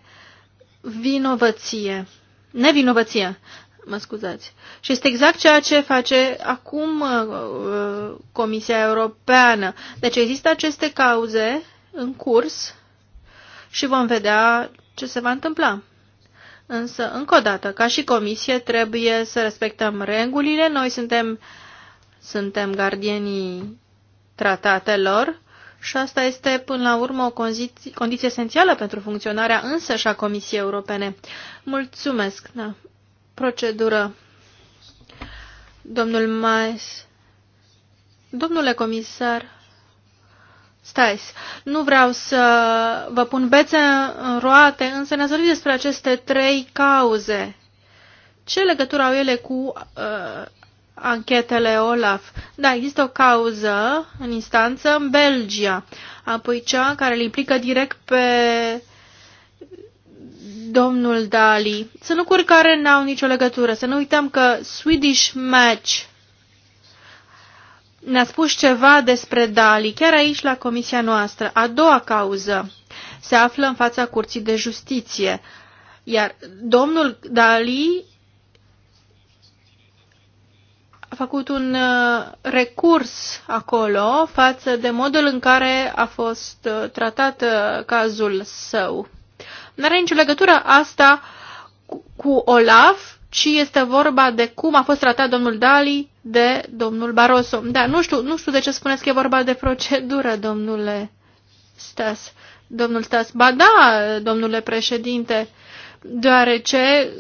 vinovăție. Nevinovăție, mă scuzați. Și este exact ceea ce face acum uh, uh, Comisia Europeană. Deci există aceste cauze în curs și vom vedea ce se va întâmpla. Însă, încă o dată, ca și comisie, trebuie să respectăm regulile. Noi suntem, suntem gardienii tratatelor și asta este, până la urmă, o condiție, condiție esențială pentru funcționarea însă și a Comisiei Europene. Mulțumesc. Da. Procedură. Domnul Maes. Domnule comisar, Stai, nu vreau să vă pun bețe în roate, însă ne-ați vorbit despre aceste trei cauze. Ce legătură au ele cu uh, anchetele Olaf? Da, există o cauză în instanță în Belgia, apoi cea care îl implică direct pe domnul Dali. Sunt lucruri care n-au nicio legătură. Să nu uităm că Swedish Match ne-a spus ceva despre Dali, chiar aici la comisia noastră. A doua cauză se află în fața Curții de Justiție, iar domnul Dali a făcut un uh, recurs acolo față de modul în care a fost uh, tratat uh, cazul său. Nu are nicio legătură asta cu Olaf, ci este vorba de cum a fost tratat domnul Dali de domnul Barroso. Da, nu știu, nu știu de ce spuneți că e vorba de procedură, domnule Stas. Domnul Stas, ba da, domnule președinte, deoarece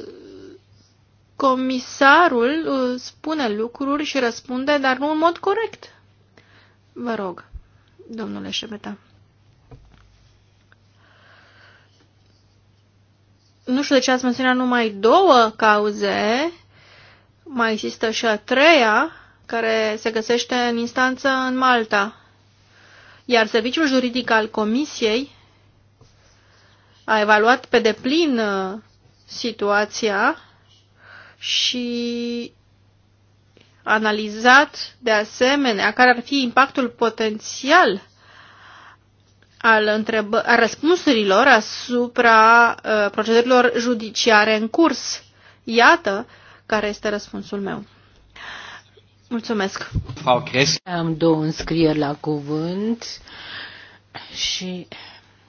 comisarul uh, spune lucruri și răspunde, dar nu în mod corect. Vă rog, domnule Șebeta. nu știu de ce ați menționat numai două cauze, mai există și a treia, care se găsește în instanță în Malta. Iar serviciul juridic al Comisiei a evaluat pe deplin uh, situația și analizat de asemenea care ar fi impactul potențial al, întreb- a răspunsurilor asupra uh, procedurilor judiciare în curs. Iată care este răspunsul meu. Mulțumesc. Am două înscrieri la cuvânt și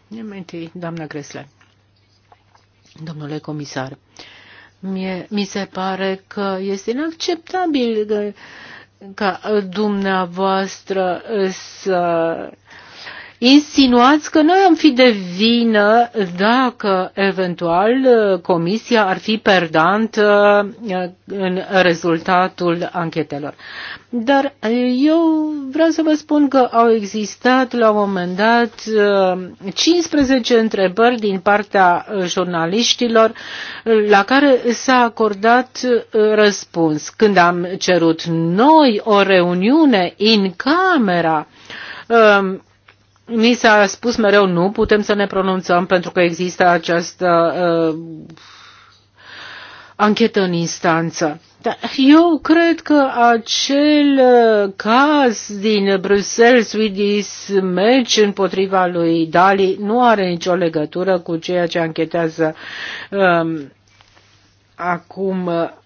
mai doamna Gresle, domnule comisar, mie, mi se pare că este inacceptabil că, ca dumneavoastră să uh, insinuați că noi am fi de vină dacă eventual comisia ar fi perdantă uh, în rezultatul anchetelor. Dar eu vreau să vă spun că au existat la un moment dat 15 uh, întrebări din partea jurnaliștilor uh, la care s-a acordat răspuns. Când am cerut noi o reuniune în camera, um, mi s-a spus mereu nu putem să ne pronunțăm pentru că există această uh, anchetă în instanță. Dar eu cred că acel uh, caz din Bruxelles Swedish Match împotriva lui Dali nu are nicio legătură cu ceea ce anchetează um, acum uh,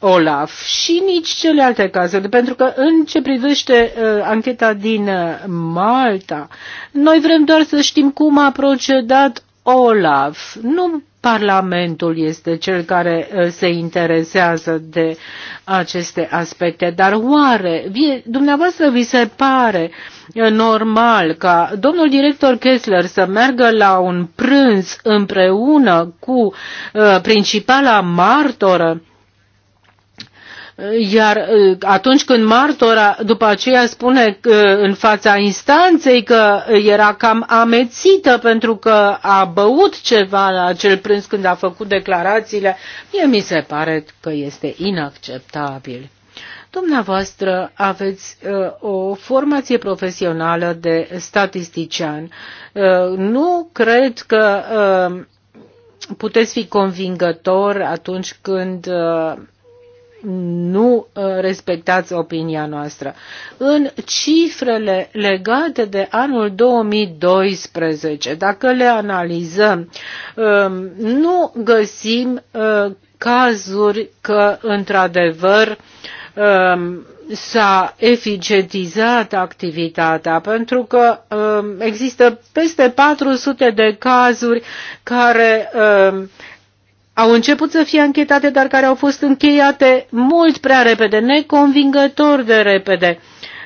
Olaf și nici celelalte cazuri, pentru că în ce privește uh, ancheta din uh, Malta, noi vrem doar să știm cum a procedat Olaf. Nu Parlamentul este cel care uh, se interesează de aceste aspecte. Dar oare, vie, dumneavoastră vi se pare uh, normal ca domnul director Kessler să meargă la un prânz împreună cu uh, principala martoră iar uh, atunci când martora după aceea spune uh, în fața instanței că era cam amețită pentru că a băut ceva la acel prânz când a făcut declarațiile, mie mi se pare că este inacceptabil. Dumneavoastră aveți uh, o formație profesională de statistician. Uh, nu cred că uh, puteți fi convingător atunci când uh, nu uh, respectați opinia noastră. În cifrele legate de anul 2012, dacă le analizăm, um, nu găsim uh, cazuri că, într-adevăr, um, s-a eficientizat activitatea, pentru că um, există peste 400 de cazuri care au început să fie anchetate, dar care au fost încheiate mult prea repede, neconvingător de repede.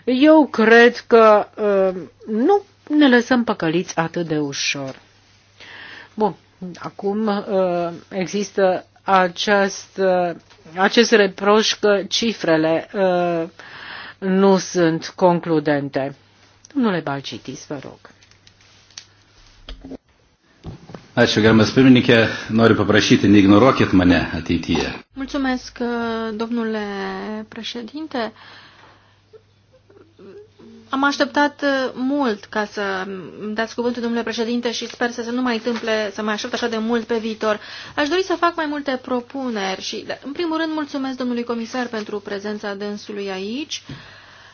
Eu cred că uh, nu ne lăsăm păcăliți atât de ușor. Bun, acum uh, există acest, uh, acest reproș că cifrele uh, nu sunt concludente. Domnule Balcitis, vă rog. Ačiū, gerbiamas pirmininkė, noriu paprašyti, neignoruokit mane ateityje. Mulțumesc, uh, domnule președinte. Am așteptat uh, mult ca să dați cuvântul, domnule președinte, și sper să se nu mai întâmple, să mai aștept așa de mult pe viitor. Aș dori să fac mai multe propuneri și, în primul rând, mulțumesc domnului comisar pentru prezența dânsului aici,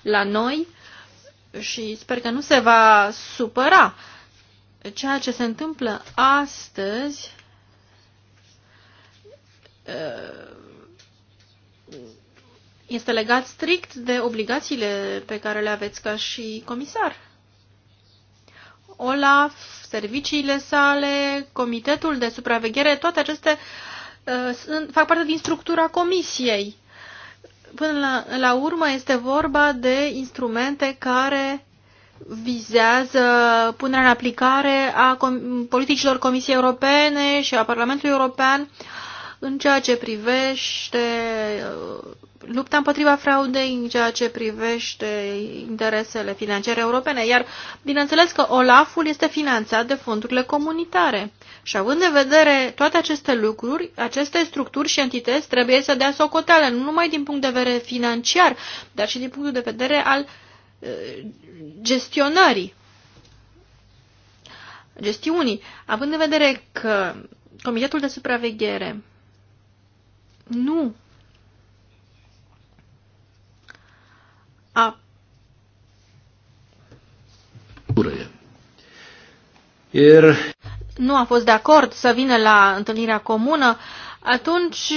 la noi, și sper că nu se va supăra ceea ce se întâmplă astăzi uh, este legat strict de obligațiile pe care le aveți ca și comisar. OLAF, serviciile sale, comitetul de supraveghere, toate acestea uh, sunt, fac parte din structura comisiei. Până la, la urmă este vorba de instrumente care vizează punerea în aplicare a politicilor Comisiei Europene și a Parlamentului European în ceea ce privește uh, lupta împotriva fraudei, în ceea ce privește interesele financiare europene. Iar bineînțeles că OLAF-ul este finanțat de fondurile comunitare. Și având în vedere toate aceste lucruri, aceste structuri și entități trebuie să dea socoteală, nu numai din punct de vedere financiar, dar și din punctul de vedere al uh, Uh, gestionării, gestiunii, având în vedere că Comitetul de Supraveghere nu a Ir... nu a fost de acord să vină la întâlnirea comună, uh, atunci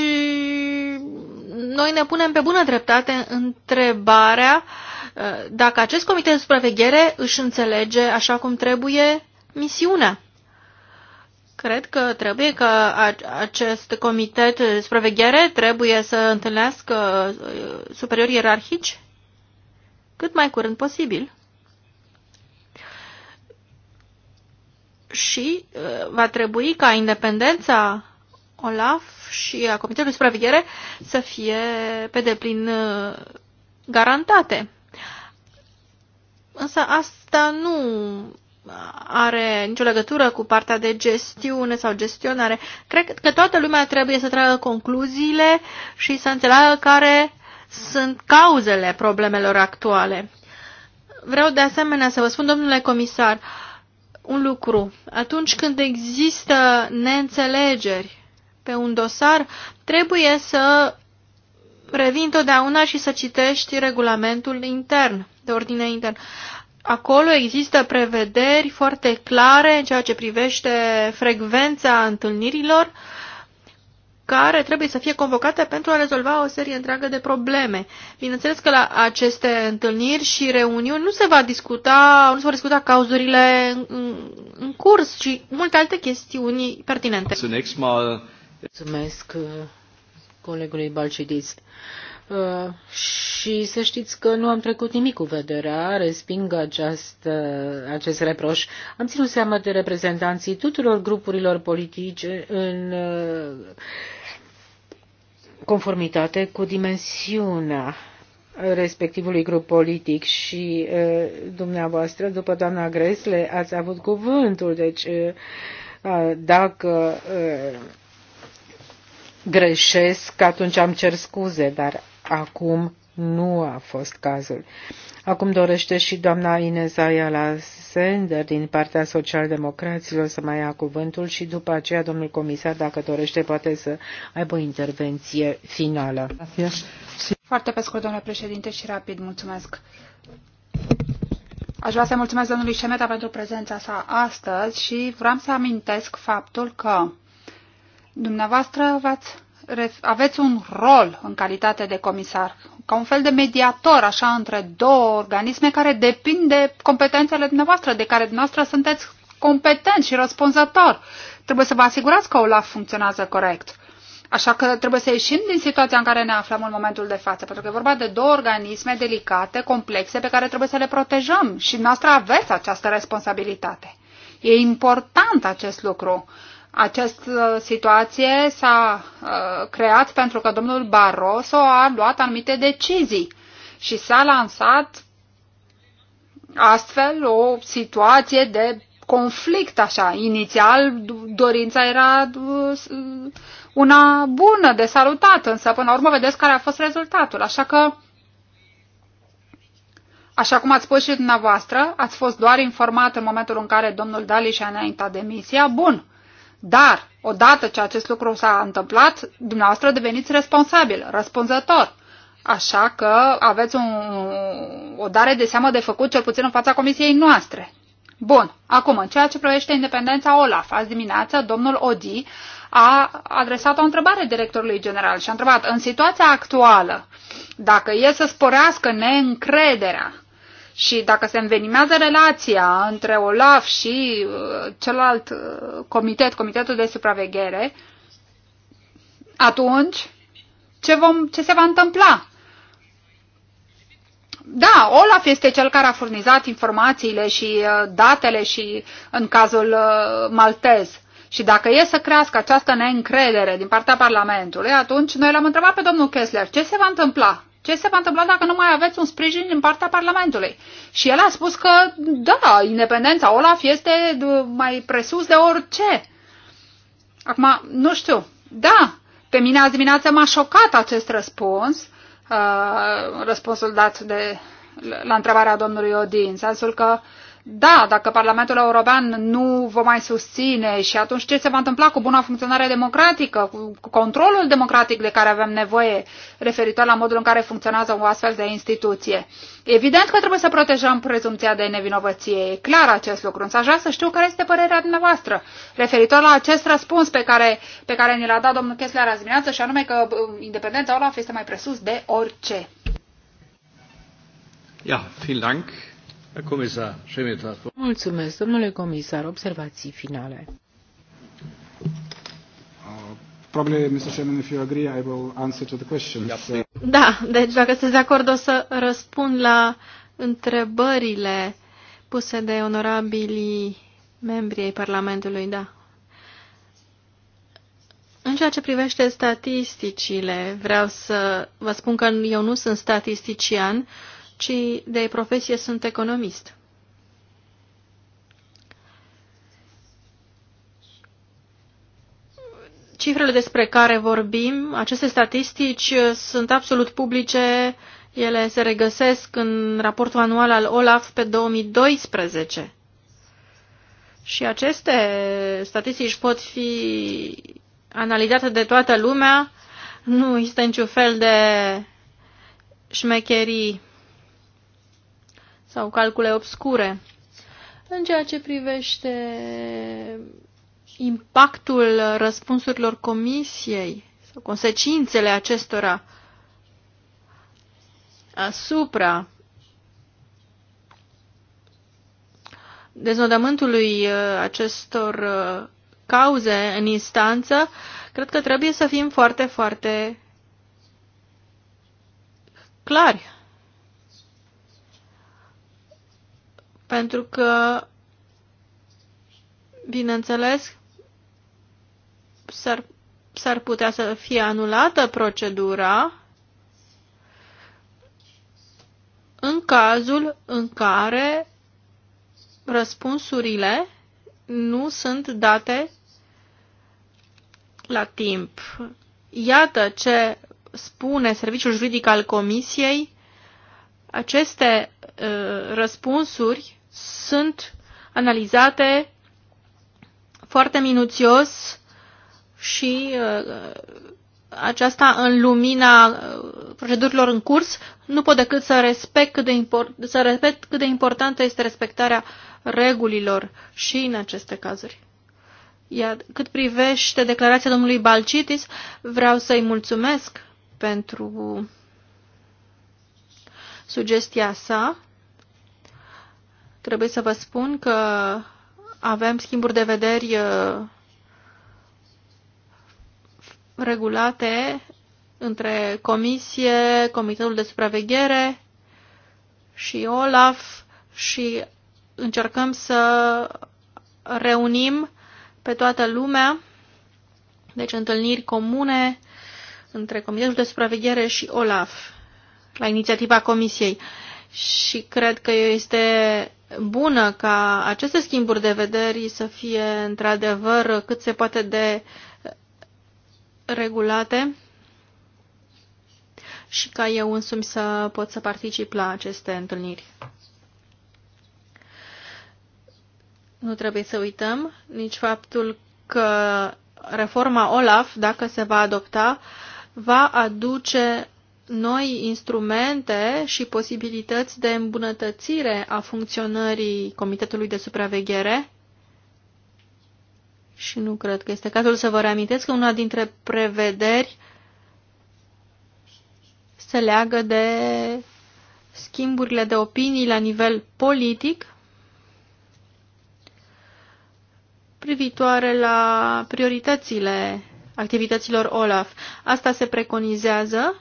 noi ne punem pe bună dreptate întrebarea uh, dacă acest comitet de supraveghere își înțelege așa cum trebuie misiunea. Cred că trebuie că acest comitet de supraveghere trebuie să întâlnească uh, superiori ierarhici cât mai curând posibil. Și uh, va trebui ca independența OLAF și a Comitetului de Supraveghere să fie pe deplin uh, garantate. Însă asta nu are nicio legătură cu partea de gestiune sau gestionare. Cred că toată lumea trebuie să tragă concluziile și să înțeleagă care sunt cauzele problemelor actuale. Vreau de asemenea să vă spun, domnule comisar, un lucru. Atunci când există neînțelegeri pe un dosar, trebuie să revin totdeauna și să citești regulamentul intern, de ordine intern. Acolo există prevederi foarte clare în ceea ce privește frecvența întâlnirilor care trebuie să fie convocate pentru a rezolva o serie întreagă de probleme. Bineînțeles că la aceste întâlniri și reuniuni nu se va discuta, nu se vor discuta cauzurile în, în curs, ci multe alte chestiuni pertinente. Mulțumesc uh, colegului Balcidis. Uh, și să știți că nu am trecut nimic cu vederea, resping acest, acest reproș. Am ținut seama de reprezentanții tuturor grupurilor politice în uh, conformitate cu dimensiunea respectivului grup politic și dumneavoastră, după doamna Gresle, ați avut cuvântul, deci dacă greșesc, atunci am cer scuze, dar acum nu a fost cazul. Acum dorește și doamna Inez Ayala Sender din partea socialdemocraților să mai ia cuvântul și după aceea domnul comisar, dacă dorește, poate să aibă o intervenție finală. Foarte pe scurt, domnule președinte, și rapid, mulțumesc. Aș vrea să mulțumesc domnului Șemeta pentru prezența sa astăzi și vreau să amintesc faptul că Dumneavoastră aveți, aveți un rol în calitate de comisar, ca un fel de mediator, așa, între două organisme care depind de competențele dumneavoastră, de care dumneavoastră sunteți competent și răspunzător. Trebuie să vă asigurați că OLAF funcționează corect. Așa că trebuie să ieșim din situația în care ne aflăm în momentul de față, pentru că e vorba de două organisme delicate, complexe, pe care trebuie să le protejăm și noastră aveți această responsabilitate. E important acest lucru. Această situație s-a uh, creat pentru că domnul Barroso a luat anumite decizii și s-a lansat astfel o situație de conflict așa. Inițial dorința era uh, una bună, de salutat, însă până la urmă vedeți care a fost rezultatul. Așa că, așa cum ați spus și dumneavoastră, ați fost doar informat în momentul în care domnul Dali și-a înaintat demisia. Bun, dar, odată ce acest lucru s-a întâmplat, dumneavoastră deveniți responsabil, răspunzător. Așa că aveți un, o dare de seamă de făcut, cel puțin în fața comisiei noastre. Bun, acum, în ceea ce privește independența OLAF, azi dimineață, domnul Odi a adresat o întrebare directorului general și a întrebat, în situația actuală, dacă e să sporească neîncrederea și dacă se învenimează relația între OLAF și uh, celălalt uh, comitet, comitetul de supraveghere, atunci ce, vom, ce se va întâmpla? Da, Olaf este cel care a furnizat informațiile și uh, datele și în cazul maltez. Și dacă e să crească această neîncredere din partea Parlamentului, atunci noi l-am întrebat pe domnul Kessler ce se va întâmpla ce se va întâmpla dacă nu mai aveți un sprijin din partea Parlamentului? Și el a spus că, da, independența Olaf este mai presus de orice. Acum, nu știu. Da, pe mine azi dimineață m-a șocat acest răspuns, uh, răspunsul dat de, la întrebarea domnului Odin, în sensul că uh, da, dacă Parlamentul European nu vă mai susține și atunci ce se va întâmpla cu buna funcționare democratică, cu controlul democratic de care avem nevoie referitor la modul în care funcționează o astfel de instituție? Evident că trebuie să protejăm prezumția de nevinovăție, e clar acest lucru, însă aș vrea să știu care este părerea dumneavoastră referitor la acest răspuns pe care, pe care ni l-a dat domnul Kessler azi dimineață și anume că independența Olaf este mai presus de orice. Ja, vielen Dank. Comisar Mulțumesc, domnule comisar. Observații finale. Da, deci dacă sunteți de acord o să răspund la întrebările puse de onorabilii membrii ai Parlamentului, da. În ceea ce privește statisticile, vreau să vă spun că eu nu sunt statistician, ci de profesie sunt economist. Cifrele despre care vorbim, aceste statistici uh, sunt absolut publice, ele se regăsesc în raportul anual al OLAF pe 2012. Și aceste statistici pot fi analizate de toată lumea, nu există niciun fel de șmecherii sau calcule obscure. În ceea ce privește impactul răspunsurilor comisiei sau consecințele acestora asupra deznodământului uh, acestor uh, cauze în instanță, cred că trebuie să fim foarte, foarte clari pentru că, bineînțeles, s-ar, s-ar putea să fie anulată procedura în cazul în care răspunsurile nu sunt date la timp. Iată ce spune serviciul juridic al Comisiei. Aceste uh, răspunsuri sunt analizate foarte minuțios și uh, aceasta în lumina uh, procedurilor în curs, nu pot decât să, respect cât de import, să respect cât de importantă este respectarea regulilor și în aceste cazuri. Iar cât privește declarația domnului Balcitis, vreau să-i mulțumesc pentru sugestia sa Trebuie să vă spun că avem schimburi de vederi uh, regulate între Comisie, Comitetul de Supraveghere și OLAF și încercăm să reunim pe toată lumea, deci întâlniri comune între Comitetul de Supraveghere și OLAF la inițiativa Comisiei. Și cred că este bună ca aceste schimburi de vederi să fie într-adevăr cât se poate de regulate și ca eu însumi să pot să particip la aceste întâlniri. Nu trebuie să uităm nici faptul că reforma OLAF, dacă se va adopta, va aduce noi instrumente și posibilități de îmbunătățire a funcționării Comitetului de Supraveghere și nu cred că este cazul să vă reamintesc că una dintre prevederi se leagă de schimburile de opinii la nivel politic privitoare la prioritățile activităților OLAF. Asta se preconizează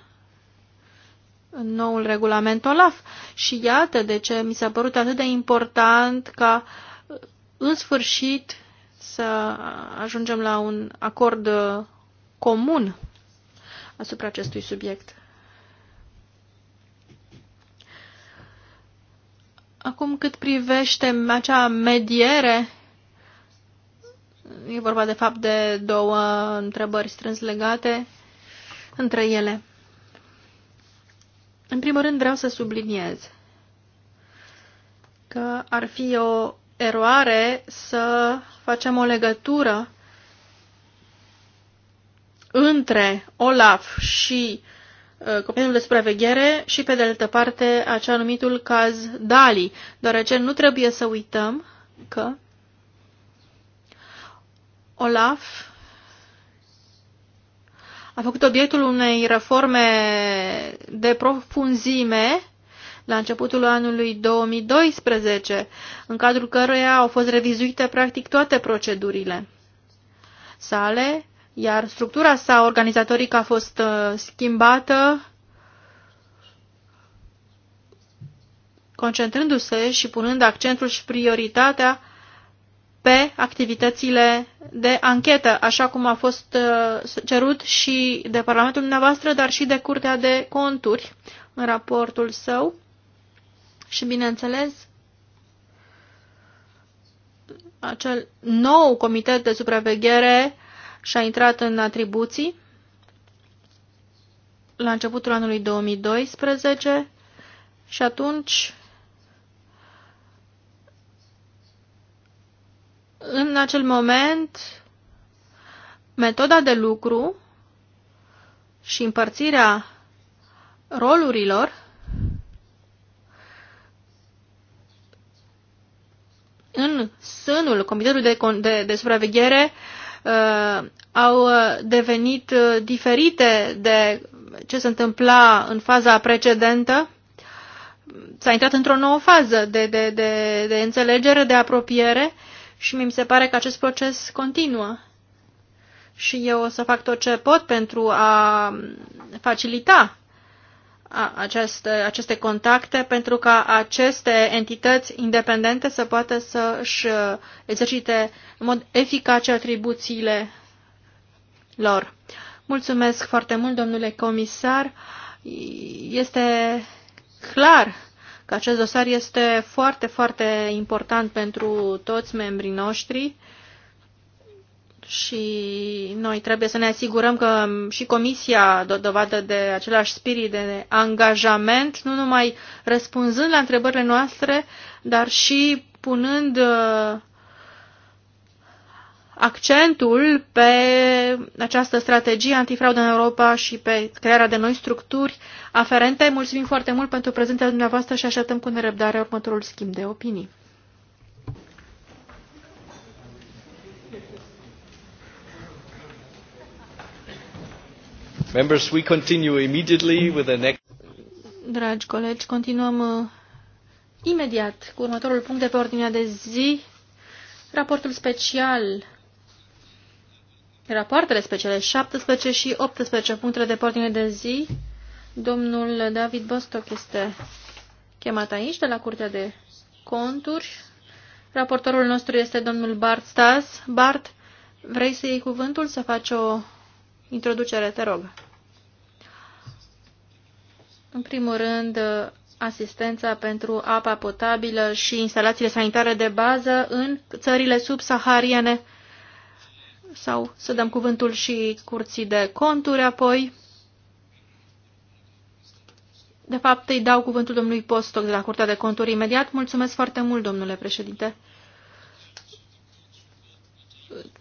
în noul regulament OLAF. Și iată de ce mi s-a părut atât de important ca în sfârșit să ajungem la un acord uh, comun asupra acestui subiect. Acum cât privește acea mediere, e vorba de fapt de două întrebări strâns legate între ele. În primul rând vreau să subliniez că ar fi o eroare să facem o legătură între OLAF și uh, copilul de Supraveghere și, pe de altă parte, acea numitul caz Dali, deoarece nu trebuie să uităm că OLAF a făcut obiectul unei reforme de profunzime la începutul anului 2012, în cadrul căruia au fost revizuite practic toate procedurile sale, iar structura sa organizatorică a fost uh, schimbată, concentrându-se și punând accentul și prioritatea pe activitățile de anchetă, așa cum a fost uh, cerut și de Parlamentul dumneavoastră, dar și de Curtea de Conturi în raportul său. Și bineînțeles, acel nou comitet de supraveghere și-a intrat în atribuții la începutul anului 2012 și atunci În acel moment, metoda de lucru și împărțirea rolurilor în sânul Comitetului de, de, de Supraveghere uh, au devenit uh, diferite de ce se întâmpla în faza precedentă. S-a intrat într-o nouă fază de, de, de, de înțelegere, de apropiere și mi se pare că acest proces continuă. Și eu o să fac tot ce pot pentru a facilita aceste, aceste contacte pentru ca aceste entități independente să poată să își uh, exercite în mod eficace atribuțiile lor. Mulțumesc foarte mult, domnule comisar. Este clar că acest dosar este foarte, foarte important pentru toți membrii noștri și noi trebuie să ne asigurăm că și Comisia dă dovadă de același spirit de angajament, nu numai răspunzând la întrebările noastre, dar și punând uh, accentul pe această strategie antifraudă în Europa și pe crearea de noi structuri aferente. Mulțumim foarte mult pentru prezența dumneavoastră și așteptăm cu nerăbdare următorul schimb de opinii. Members, we continue immediately with the next... Dragi colegi, continuăm uh, imediat cu următorul punct de pe ordinea de zi, raportul special rapoartele speciale 17 și 18 punctele de ordine de zi. Domnul David Bostock este chemat aici de la Curtea de Conturi. Raportorul nostru este domnul Bart Stas. Bart, vrei să iei cuvântul, să faci o introducere, te rog. În primul rând, asistența pentru apa potabilă și instalațiile sanitare de bază în țările subsahariene sau să dăm cuvântul și curții de conturi apoi. De fapt, îi dau cuvântul domnului Postoc de la Curtea de Conturi imediat. Mulțumesc foarte mult, domnule președinte.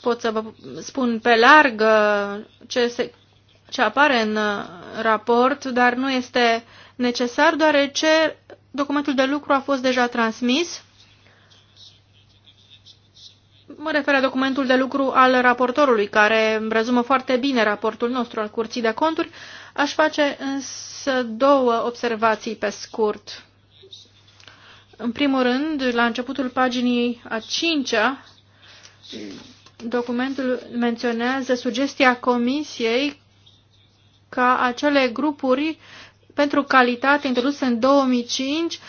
Pot să vă spun pe larg uh, ce, se, ce apare în uh, raport, dar nu este necesar, deoarece documentul de lucru a fost deja transmis Mă refer la documentul de lucru al raportorului, care rezumă foarte bine raportul nostru al Curții de Conturi. Aș face însă două observații pe scurt. În primul rând, la începutul paginii a cincea, documentul menționează sugestia Comisiei ca acele grupuri pentru calitate introduse în 2005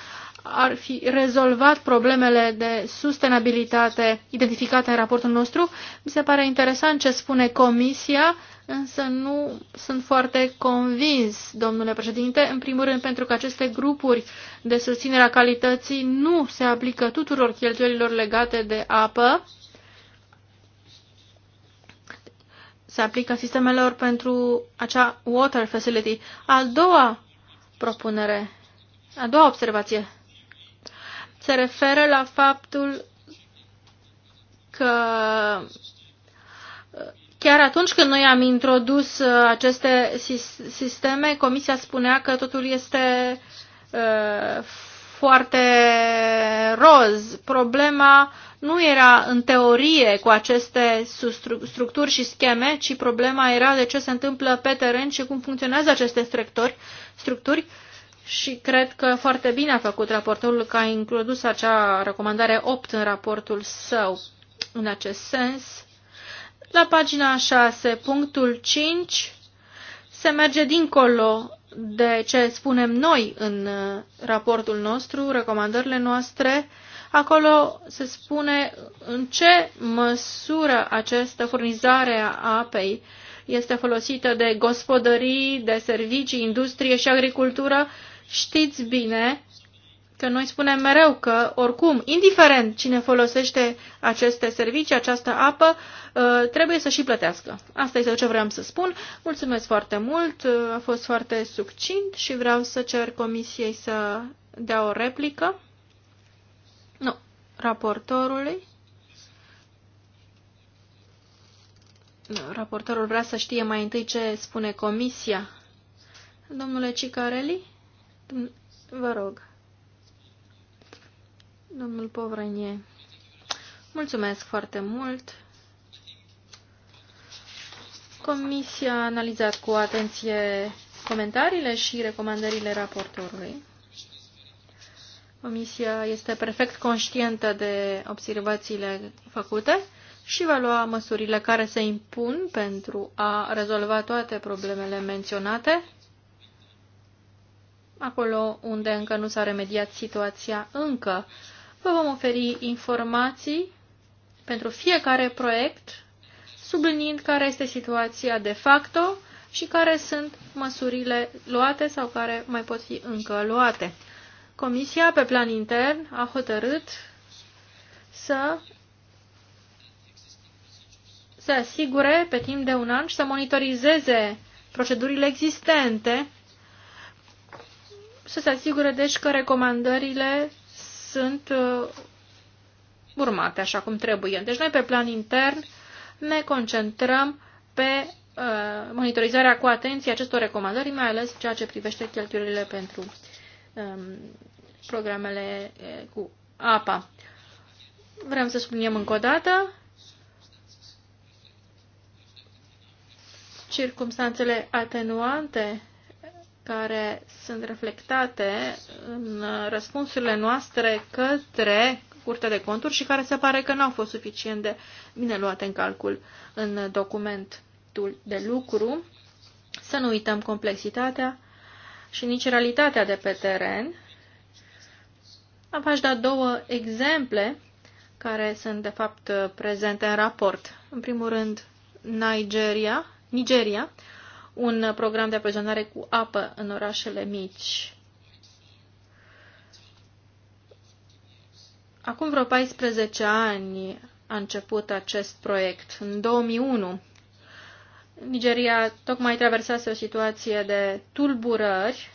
ar fi rezolvat problemele de sustenabilitate identificate în raportul nostru. Mi se pare interesant ce spune Comisia, însă nu sunt foarte convins, domnule președinte, în primul rând pentru că aceste grupuri de susținere a calității nu se aplică tuturor cheltuielilor legate de apă. Se aplică sistemelor pentru acea water facility. Al doua propunere a doua observație se referă la faptul că chiar atunci când noi am introdus uh, aceste sisteme, Comisia spunea că totul este uh, foarte roz. Problema nu era în teorie cu aceste structuri și scheme, ci problema era de ce se întâmplă pe teren și cum funcționează aceste structuri. structuri și cred că foarte bine a făcut raportorul că a introdus acea recomandare 8 în raportul său. În acest sens, la pagina 6, punctul 5, se merge dincolo de ce spunem noi în uh, raportul nostru, recomandările noastre. Acolo se spune în ce măsură această furnizare a apei este folosită de gospodării, de servicii, industrie și agricultură Știți bine că noi spunem mereu că, oricum, indiferent cine folosește aceste servicii, această apă, uh, trebuie să și plătească. Asta este ce vreau să spun. Mulțumesc foarte mult, uh, a fost foarte succint și vreau să cer comisiei să dea o replică. Nu, raportorului. Raportorul vrea să știe mai întâi ce spune comisia. Domnule Cicarelli? Vă rog. Domnul Povrănie, mulțumesc foarte mult. Comisia a analizat cu atenție comentariile și recomandările raportorului. Comisia este perfect conștientă de observațiile făcute și va lua măsurile care se impun pentru a rezolva toate problemele menționate acolo unde încă nu s-a remediat situația încă. Vă vom oferi informații pentru fiecare proiect, subliniind care este situația de facto și care sunt măsurile luate sau care mai pot fi încă luate. Comisia, pe plan intern, a hotărât să se asigure pe timp de un an și să monitorizeze procedurile existente să se asigure, deci, că recomandările sunt uh, urmate așa cum trebuie. Deci noi, pe plan intern, ne concentrăm pe uh, monitorizarea cu atenție acestor recomandări, mai ales ceea ce privește cheltuielile pentru um, programele cu apa. Vrem să subliniem încă o dată circumstanțele atenuante care sunt reflectate în răspunsurile noastre către Curtea de Conturi și care se pare că nu au fost suficient de bine luate în calcul în documentul de lucru. Să nu uităm complexitatea și nici realitatea de pe teren. V-aș da două exemple care sunt de fapt prezente în raport. În primul rând, Nigeria, Nigeria un program de aprovizionare cu apă în orașele mici. Acum vreo 14 ani a început acest proiect, în 2001. Nigeria tocmai traversase o situație de tulburări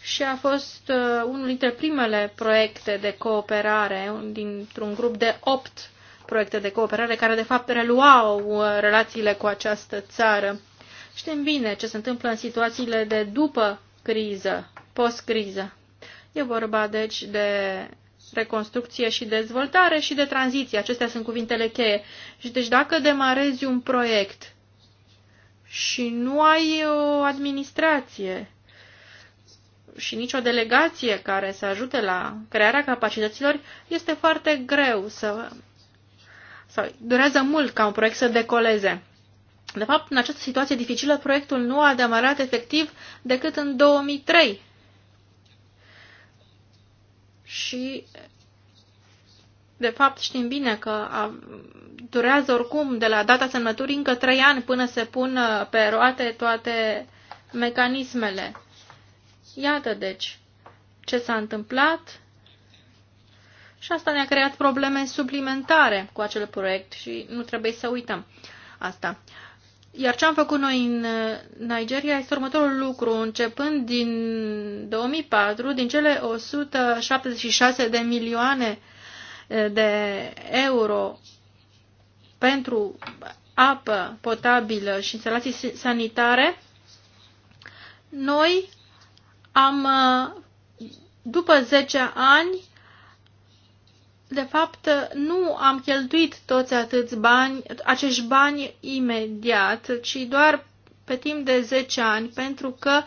și a fost uh, unul dintre primele proiecte de cooperare dintr-un grup de opt proiecte de cooperare care de fapt reluau uh, relațiile cu această țară. Știm bine ce se întâmplă în situațiile de după criză, post-criză. E vorba, deci, de reconstrucție și dezvoltare și de tranziție. Acestea sunt cuvintele cheie. Și deci dacă demarezi un proiect și nu ai o administrație și nicio delegație care să ajute la crearea capacităților, este foarte greu să... sau durează mult ca un proiect să decoleze. De fapt, în această situație dificilă, proiectul nu a demarat efectiv decât în 2003. Și, de fapt, știm bine că a, durează oricum de la data semnăturii încă trei ani până se pun uh, pe roate toate mecanismele. Iată, deci, ce s-a întâmplat și asta ne-a creat probleme suplimentare cu acel proiect și nu trebuie să uităm asta. Iar ce am făcut noi în Nigeria este următorul lucru. Începând din 2004, din cele 176 de milioane de euro pentru apă potabilă și instalații sanitare, noi am, după 10 ani, de fapt, nu am cheltuit toți atâți bani, acești bani imediat, ci doar pe timp de 10 ani, pentru că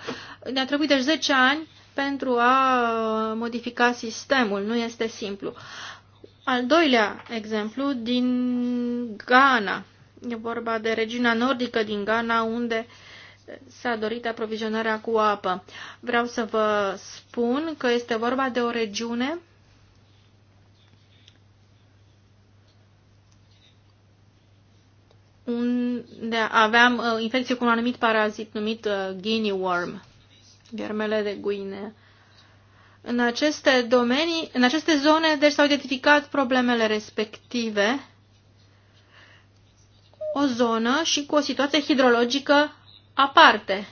ne-a trebuit deci 10 ani pentru a modifica sistemul. Nu este simplu. Al doilea exemplu, din Ghana. E vorba de regiunea nordică din Ghana, unde s-a dorit aprovizionarea cu apă. Vreau să vă spun că este vorba de o regiune unde aveam uh, infecție cu un anumit parazit numit uh, guinea worm, viermele de guine. În aceste domenii, în aceste zone, deci s-au identificat problemele respective, o zonă și cu o situație hidrologică aparte.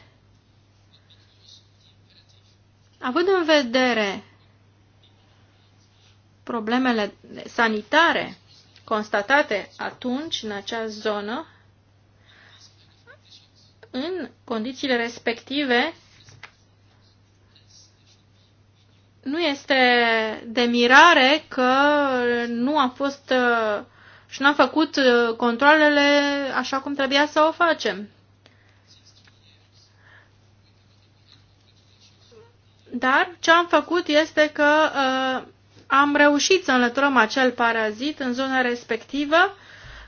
Având în vedere problemele sanitare constatate atunci în acea zonă, în condițiile respective, nu este de mirare că nu a fost și n a făcut uh, controlele așa cum trebuia să o facem. Dar ce am făcut este că uh, am reușit să înlăturăm acel parazit în zona respectivă,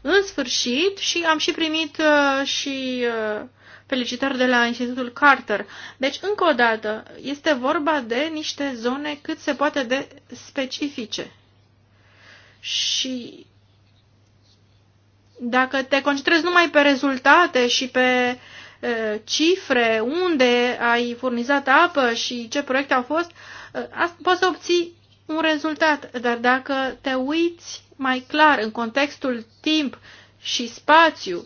în sfârșit, și am și primit uh, și uh, felicitări de la Institutul Carter. Deci, încă o dată, este vorba de niște zone cât se poate de specifice. Și dacă te concentrezi numai pe rezultate și pe uh, cifre, unde ai furnizat apă și ce proiecte au fost, uh, poți să obții un rezultat, dar dacă te uiți mai clar în contextul timp și spațiu,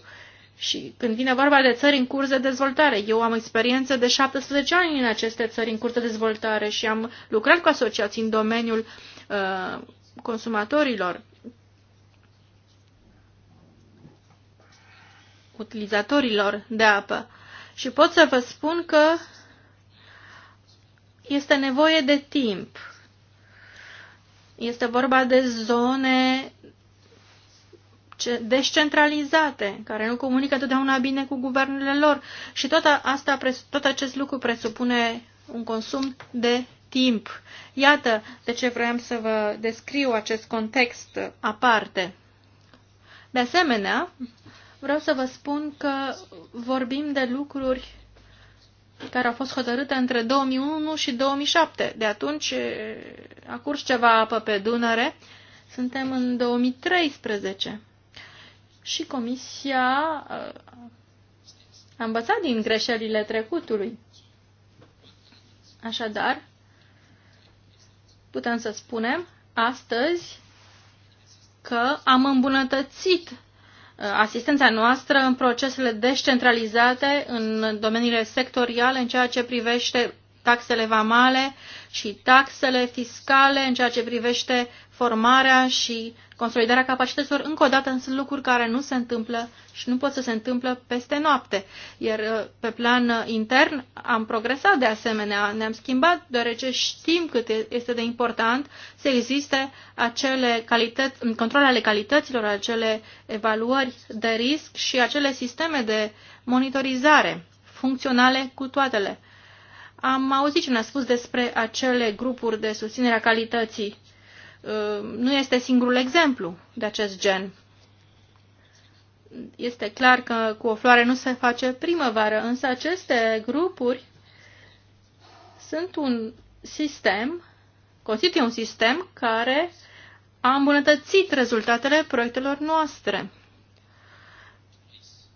și când vine vorba de țări în curs de dezvoltare, eu am experiență de 17 ani în aceste țări în curs de dezvoltare și am lucrat cu asociații în domeniul uh, consumatorilor, utilizatorilor de apă. Și pot să vă spun că este nevoie de timp este vorba de zone descentralizate, care nu comunică totdeauna bine cu guvernele lor. Și tot, asta, tot acest lucru presupune un consum de timp. Iată de ce vreau să vă descriu acest context aparte. De asemenea, vreau să vă spun că vorbim de lucruri care a fost hotărâtă între 2001 și 2007. De atunci a curs ceva apă pe Dunăre. Suntem în 2013. Și Comisia a învățat din greșelile trecutului. Așadar, putem să spunem astăzi că am îmbunătățit Uh, asistența noastră în procesele descentralizate, în domeniile sectoriale, în ceea ce privește taxele vamale și taxele fiscale, în ceea ce privește formarea și consolidarea capacităților, încă o dată, sunt lucruri care nu se întâmplă și nu pot să se întâmplă peste noapte. Iar uh, pe plan uh, intern am progresat de asemenea, ne-am schimbat, deoarece știm cât este de important să existe acele calități, control ale calităților, acele evaluări de risc și acele sisteme de monitorizare funcționale cu toatele. Am auzit ce ne-a spus despre acele grupuri de susținere a calității Uh, nu este singurul exemplu de acest gen. Este clar că cu o floare nu se face primăvară, însă aceste grupuri sunt un sistem, constituie un sistem care a îmbunătățit rezultatele proiectelor noastre.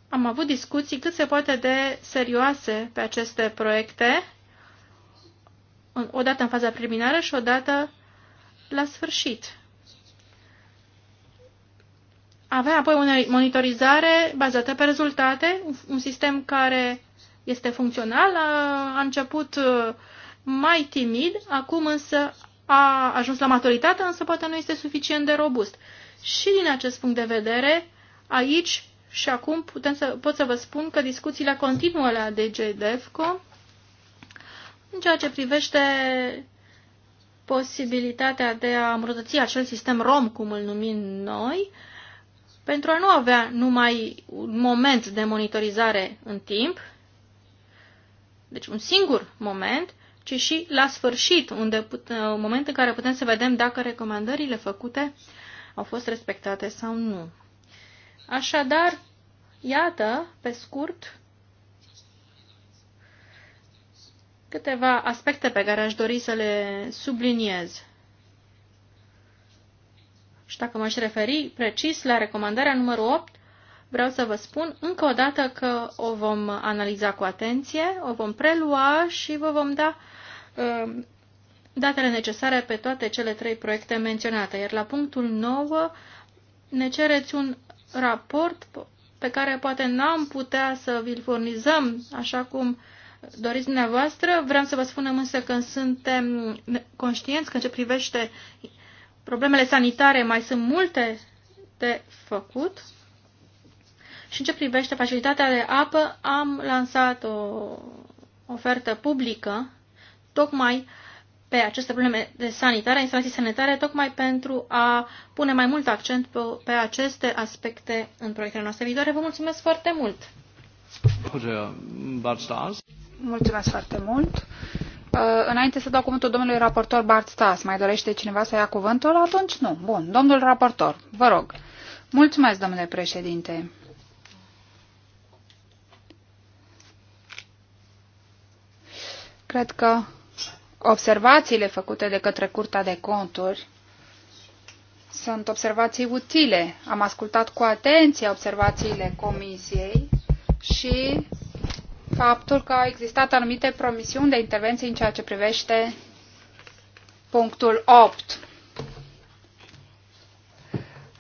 Am avut discuții cât se poate de serioase pe aceste proiecte, odată în faza preliminară și odată la sfârșit. Avem apoi o monitorizare bazată pe rezultate, un sistem care este funcțional, a început uh, mai timid, acum însă a ajuns la maturitate, însă poate nu este suficient de robust. Și din acest punct de vedere, aici și acum putem să, pot să vă spun că discuțiile continuă la DG în ceea ce privește posibilitatea de a îmbrătăți acel sistem ROM, cum îl numim noi, pentru a nu avea numai un moment de monitorizare în timp, deci un singur moment, ci și la sfârșit, unde put, un moment în care putem să vedem dacă recomandările făcute au fost respectate sau nu. Așadar, iată, pe scurt, câteva aspecte pe care aș dori să le subliniez. Și dacă m-aș referi precis la recomandarea numărul 8, vreau să vă spun încă o dată că o vom analiza cu atenție, o vom prelua și vă vom da uh, datele necesare pe toate cele trei proiecte menționate. Iar la punctul 9 ne cereți un raport pe care poate n-am putea să vi-l furnizăm așa cum doriți dumneavoastră. Vreau să vă spunem însă că suntem conștienți că în ce privește problemele sanitare mai sunt multe de făcut. Și în ce privește facilitatea de apă, am lansat o ofertă publică tocmai pe aceste probleme de sanitare, instalații sanitare, tocmai pentru a pune mai mult accent pe, pe aceste aspecte în proiectele noastre viitoare. Vă mulțumesc foarte mult! Mulțumesc foarte mult. Uh, înainte să dau cuvântul domnului raportor Bart Stas, mai dorește cineva să ia cuvântul? Atunci nu. Bun. Domnul raportor, vă rog. Mulțumesc, domnule președinte. Cred că observațiile făcute de către Curtea de Conturi sunt observații utile. Am ascultat cu atenție observațiile comisiei și faptul că au existat anumite promisiuni de intervenție în ceea ce privește punctul 8.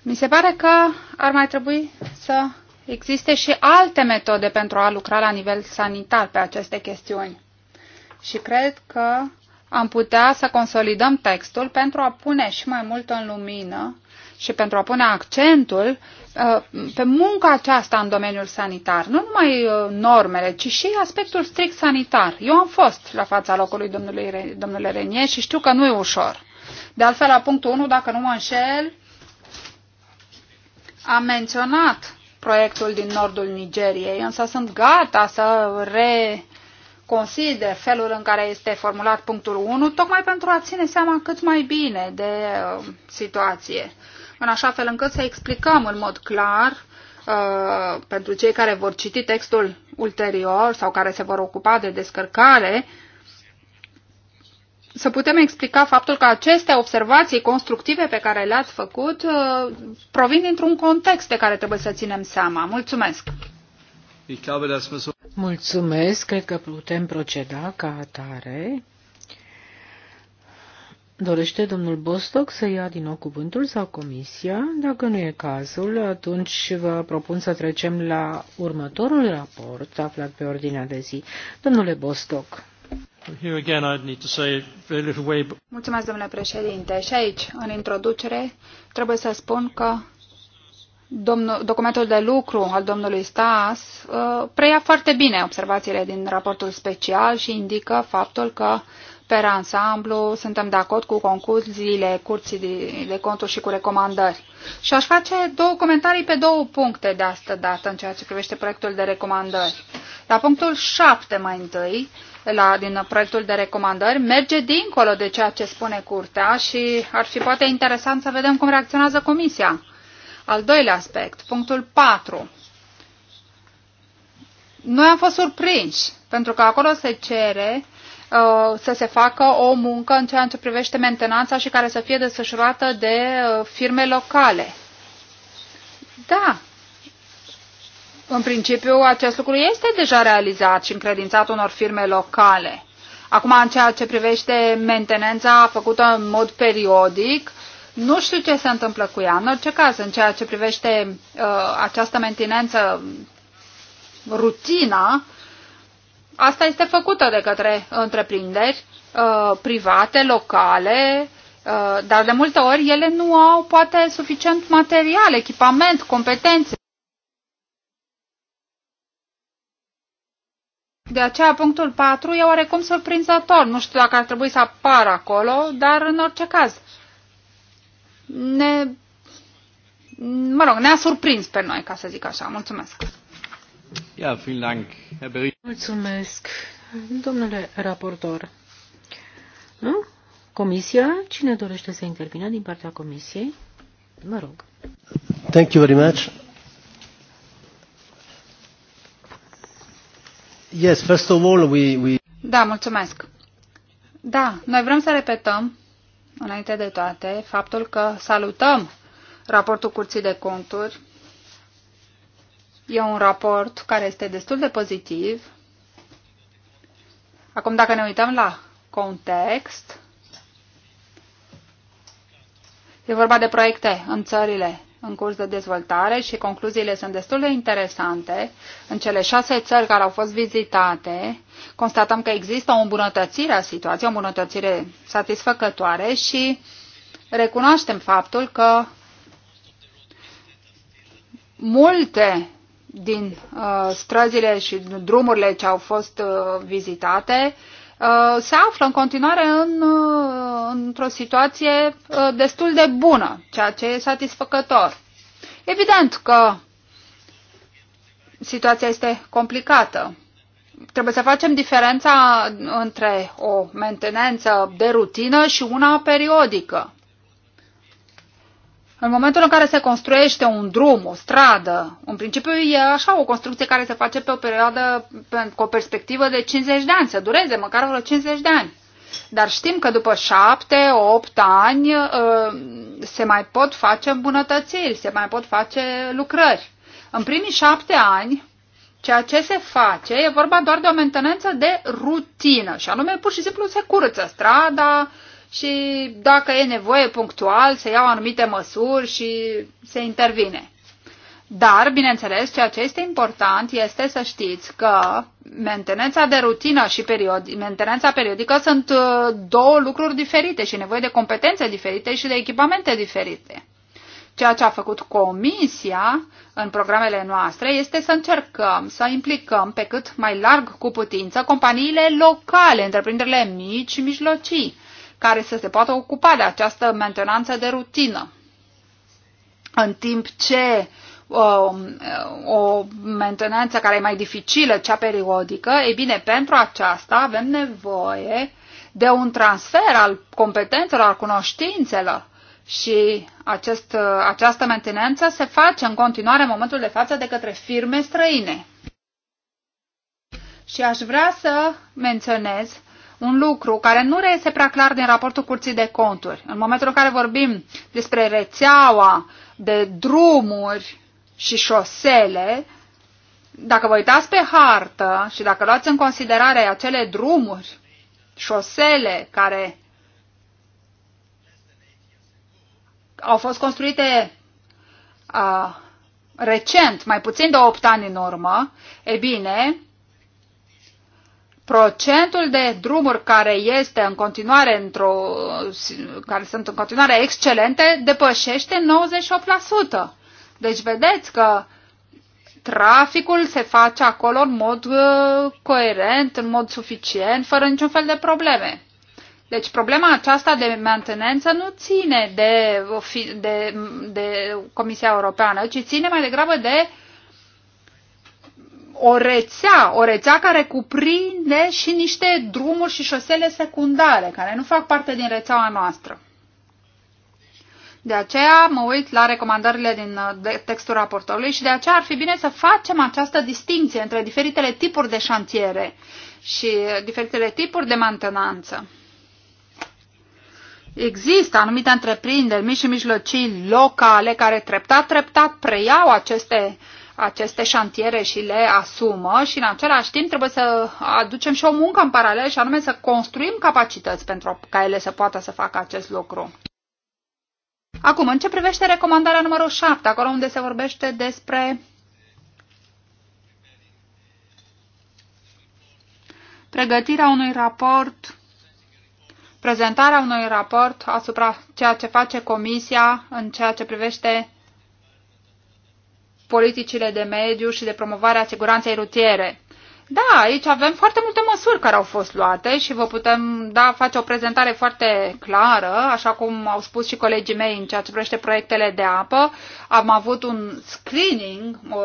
Mi se pare că ar mai trebui să existe și alte metode pentru a lucra la nivel sanitar pe aceste chestiuni. Și cred că am putea să consolidăm textul pentru a pune și mai mult în lumină și pentru a pune accentul uh, pe munca aceasta în domeniul sanitar, nu numai uh, normele, ci și aspectul strict sanitar. Eu am fost la fața locului domnului, domnule Renier și știu că nu e ușor. De altfel, la punctul 1, dacă nu mă înșel, am menționat proiectul din nordul Nigeriei, însă sunt gata să re consider felul în care este formulat punctul 1, tocmai pentru a ține seama cât mai bine de uh, situație în așa fel încât să explicăm în mod clar uh, pentru cei care vor citi textul ulterior sau care se vor ocupa de descărcare, să putem explica faptul că aceste observații constructive pe care le-ați făcut uh, provin dintr-un context de care trebuie să ținem seama. Mulțumesc! Mulțumesc, cred că putem proceda ca atare. Dorește domnul Bostock să ia din nou cuvântul sau comisia? Dacă nu e cazul, atunci vă propun să trecem la următorul raport aflat pe ordinea de zi. Domnule Bostock. Mulțumesc, domnule președinte. Și aici, în introducere, trebuie să spun că domnul, documentul de lucru al domnului Stas uh, preia foarte bine observațiile din raportul special și indică faptul că uh, Per ansamblu, suntem de acord cu concluziile curții de, de conturi și cu recomandări. Și aș face două comentarii pe două puncte de astă dată în ceea ce privește proiectul de recomandări. La punctul 7 mai întâi, la, din proiectul de recomandări, merge dincolo de ceea ce spune curtea și ar fi poate interesant să vedem cum reacționează comisia. Al doilea aspect, punctul 4. Noi am fost surprinși, pentru că acolo se cere uh, Uh, să se facă o muncă în ceea ce privește mentenanța și care să fie desfășurată de uh, firme locale. Da, în principiu acest lucru este deja realizat și încredințat unor firme locale. Acum, în ceea ce privește mentenența făcută în mod periodic, nu știu ce se întâmplă cu ea. În orice caz, în ceea ce privește uh, această mentenență rutina, asta este făcută de către întreprinderi uh, private, locale, uh, dar de multe ori ele nu au poate suficient material, echipament, competențe. De aceea punctul 4 e oarecum surprinzător. Nu știu dacă ar trebui să apară acolo, dar în orice caz. Ne, mă rog, ne-a surprins pe noi, ca să zic așa. Mulțumesc! Mulțumesc, domnule raportor. Nu? Comisia? Cine dorește să intervină din partea Comisiei? Mă rog. Thank you very much. Yes, first of all, we, we... Da, mulțumesc. Da, noi vrem să repetăm, înainte de toate, faptul că salutăm raportul Curții de Conturi E un raport care este destul de pozitiv. Acum, dacă ne uităm la context, e vorba de proiecte în țările în curs de dezvoltare și concluziile sunt destul de interesante. În cele șase țări care au fost vizitate, constatăm că există o îmbunătățire a situației, o îmbunătățire satisfăcătoare și recunoaștem faptul că multe din uh, străzile și drumurile ce au fost uh, vizitate uh, se află în continuare în, uh, într-o situație uh, destul de bună, ceea ce e satisfăcător. Evident că situația este complicată. Trebuie să facem diferența între o mentenență de rutină și una periodică. În momentul în care se construiește un drum, o stradă, în principiu e așa o construcție care se face pe o perioadă, pe, cu o perspectivă de 50 de ani, să dureze măcar vreo 50 de ani. Dar știm că după 7-8 ani uh, se mai pot face îmbunătățiri, se mai pot face lucrări. În primii 7 ani, ceea ce se face e vorba doar de o mentenență de rutină și anume pur și simplu se curăță strada, și dacă e nevoie punctual se iau anumite măsuri și se intervine. Dar, bineînțeles, ceea ce este important este să știți că mentenența de rutină și periodi, mentenența periodică sunt uh, două lucruri diferite și nevoie de competențe diferite și de echipamente diferite. Ceea ce a făcut Comisia în programele noastre este să încercăm să implicăm pe cât mai larg cu putință companiile locale, întreprinderile mici și mijlocii care să se poată ocupa de această mentenanță de rutină. În timp ce um, o, o mentenanță care e mai dificilă, cea periodică, e bine, pentru aceasta avem nevoie de un transfer al competențelor, al cunoștințelor și acest, această mentenanță se face în continuare în momentul de față de către firme străine. Și aș vrea să menționez un lucru care nu reiese prea clar din raportul Curții de Conturi. În momentul în care vorbim despre rețeaua de drumuri și șosele, dacă vă uitați pe hartă și dacă luați în considerare acele drumuri, șosele care au fost construite uh, recent, mai puțin de 8 ani în urmă, e bine, procentul de drumuri care este în continuare într-o, care sunt în continuare excelente depășește 98%. Deci vedeți că traficul se face acolo în mod uh, coerent, în mod suficient, fără niciun fel de probleme. Deci problema aceasta de mantenență nu ține de, de, de Comisia Europeană, ci ține mai degrabă de uh, o rețea, o rețea care cuprinde și niște drumuri și șosele secundare, care nu fac parte din rețeaua noastră. De aceea mă uit la recomandările din uh, textul raportorului și de aceea ar fi bine să facem această distinție între diferitele tipuri de șantiere și uh, diferitele tipuri de mantenanță. Există anumite întreprinderi mici și mijlocii locale care treptat, treptat preiau aceste uh, aceste șantiere și le asumă și în același timp trebuie să aducem și o muncă în paralel și anume să construim capacități pentru ca ele să poată să facă acest lucru. Acum, în ce privește recomandarea numărul 7, acolo unde se vorbește despre pregătirea unui raport, prezentarea unui raport asupra ceea ce face Comisia în ceea ce privește politicile de mediu și de promovare a siguranței rutiere. Da, aici avem foarte multe măsuri care au fost luate și vă putem da, face o prezentare foarte clară, așa cum au spus și colegii mei în ceea ce privește proiectele de apă. Am avut un screening uh,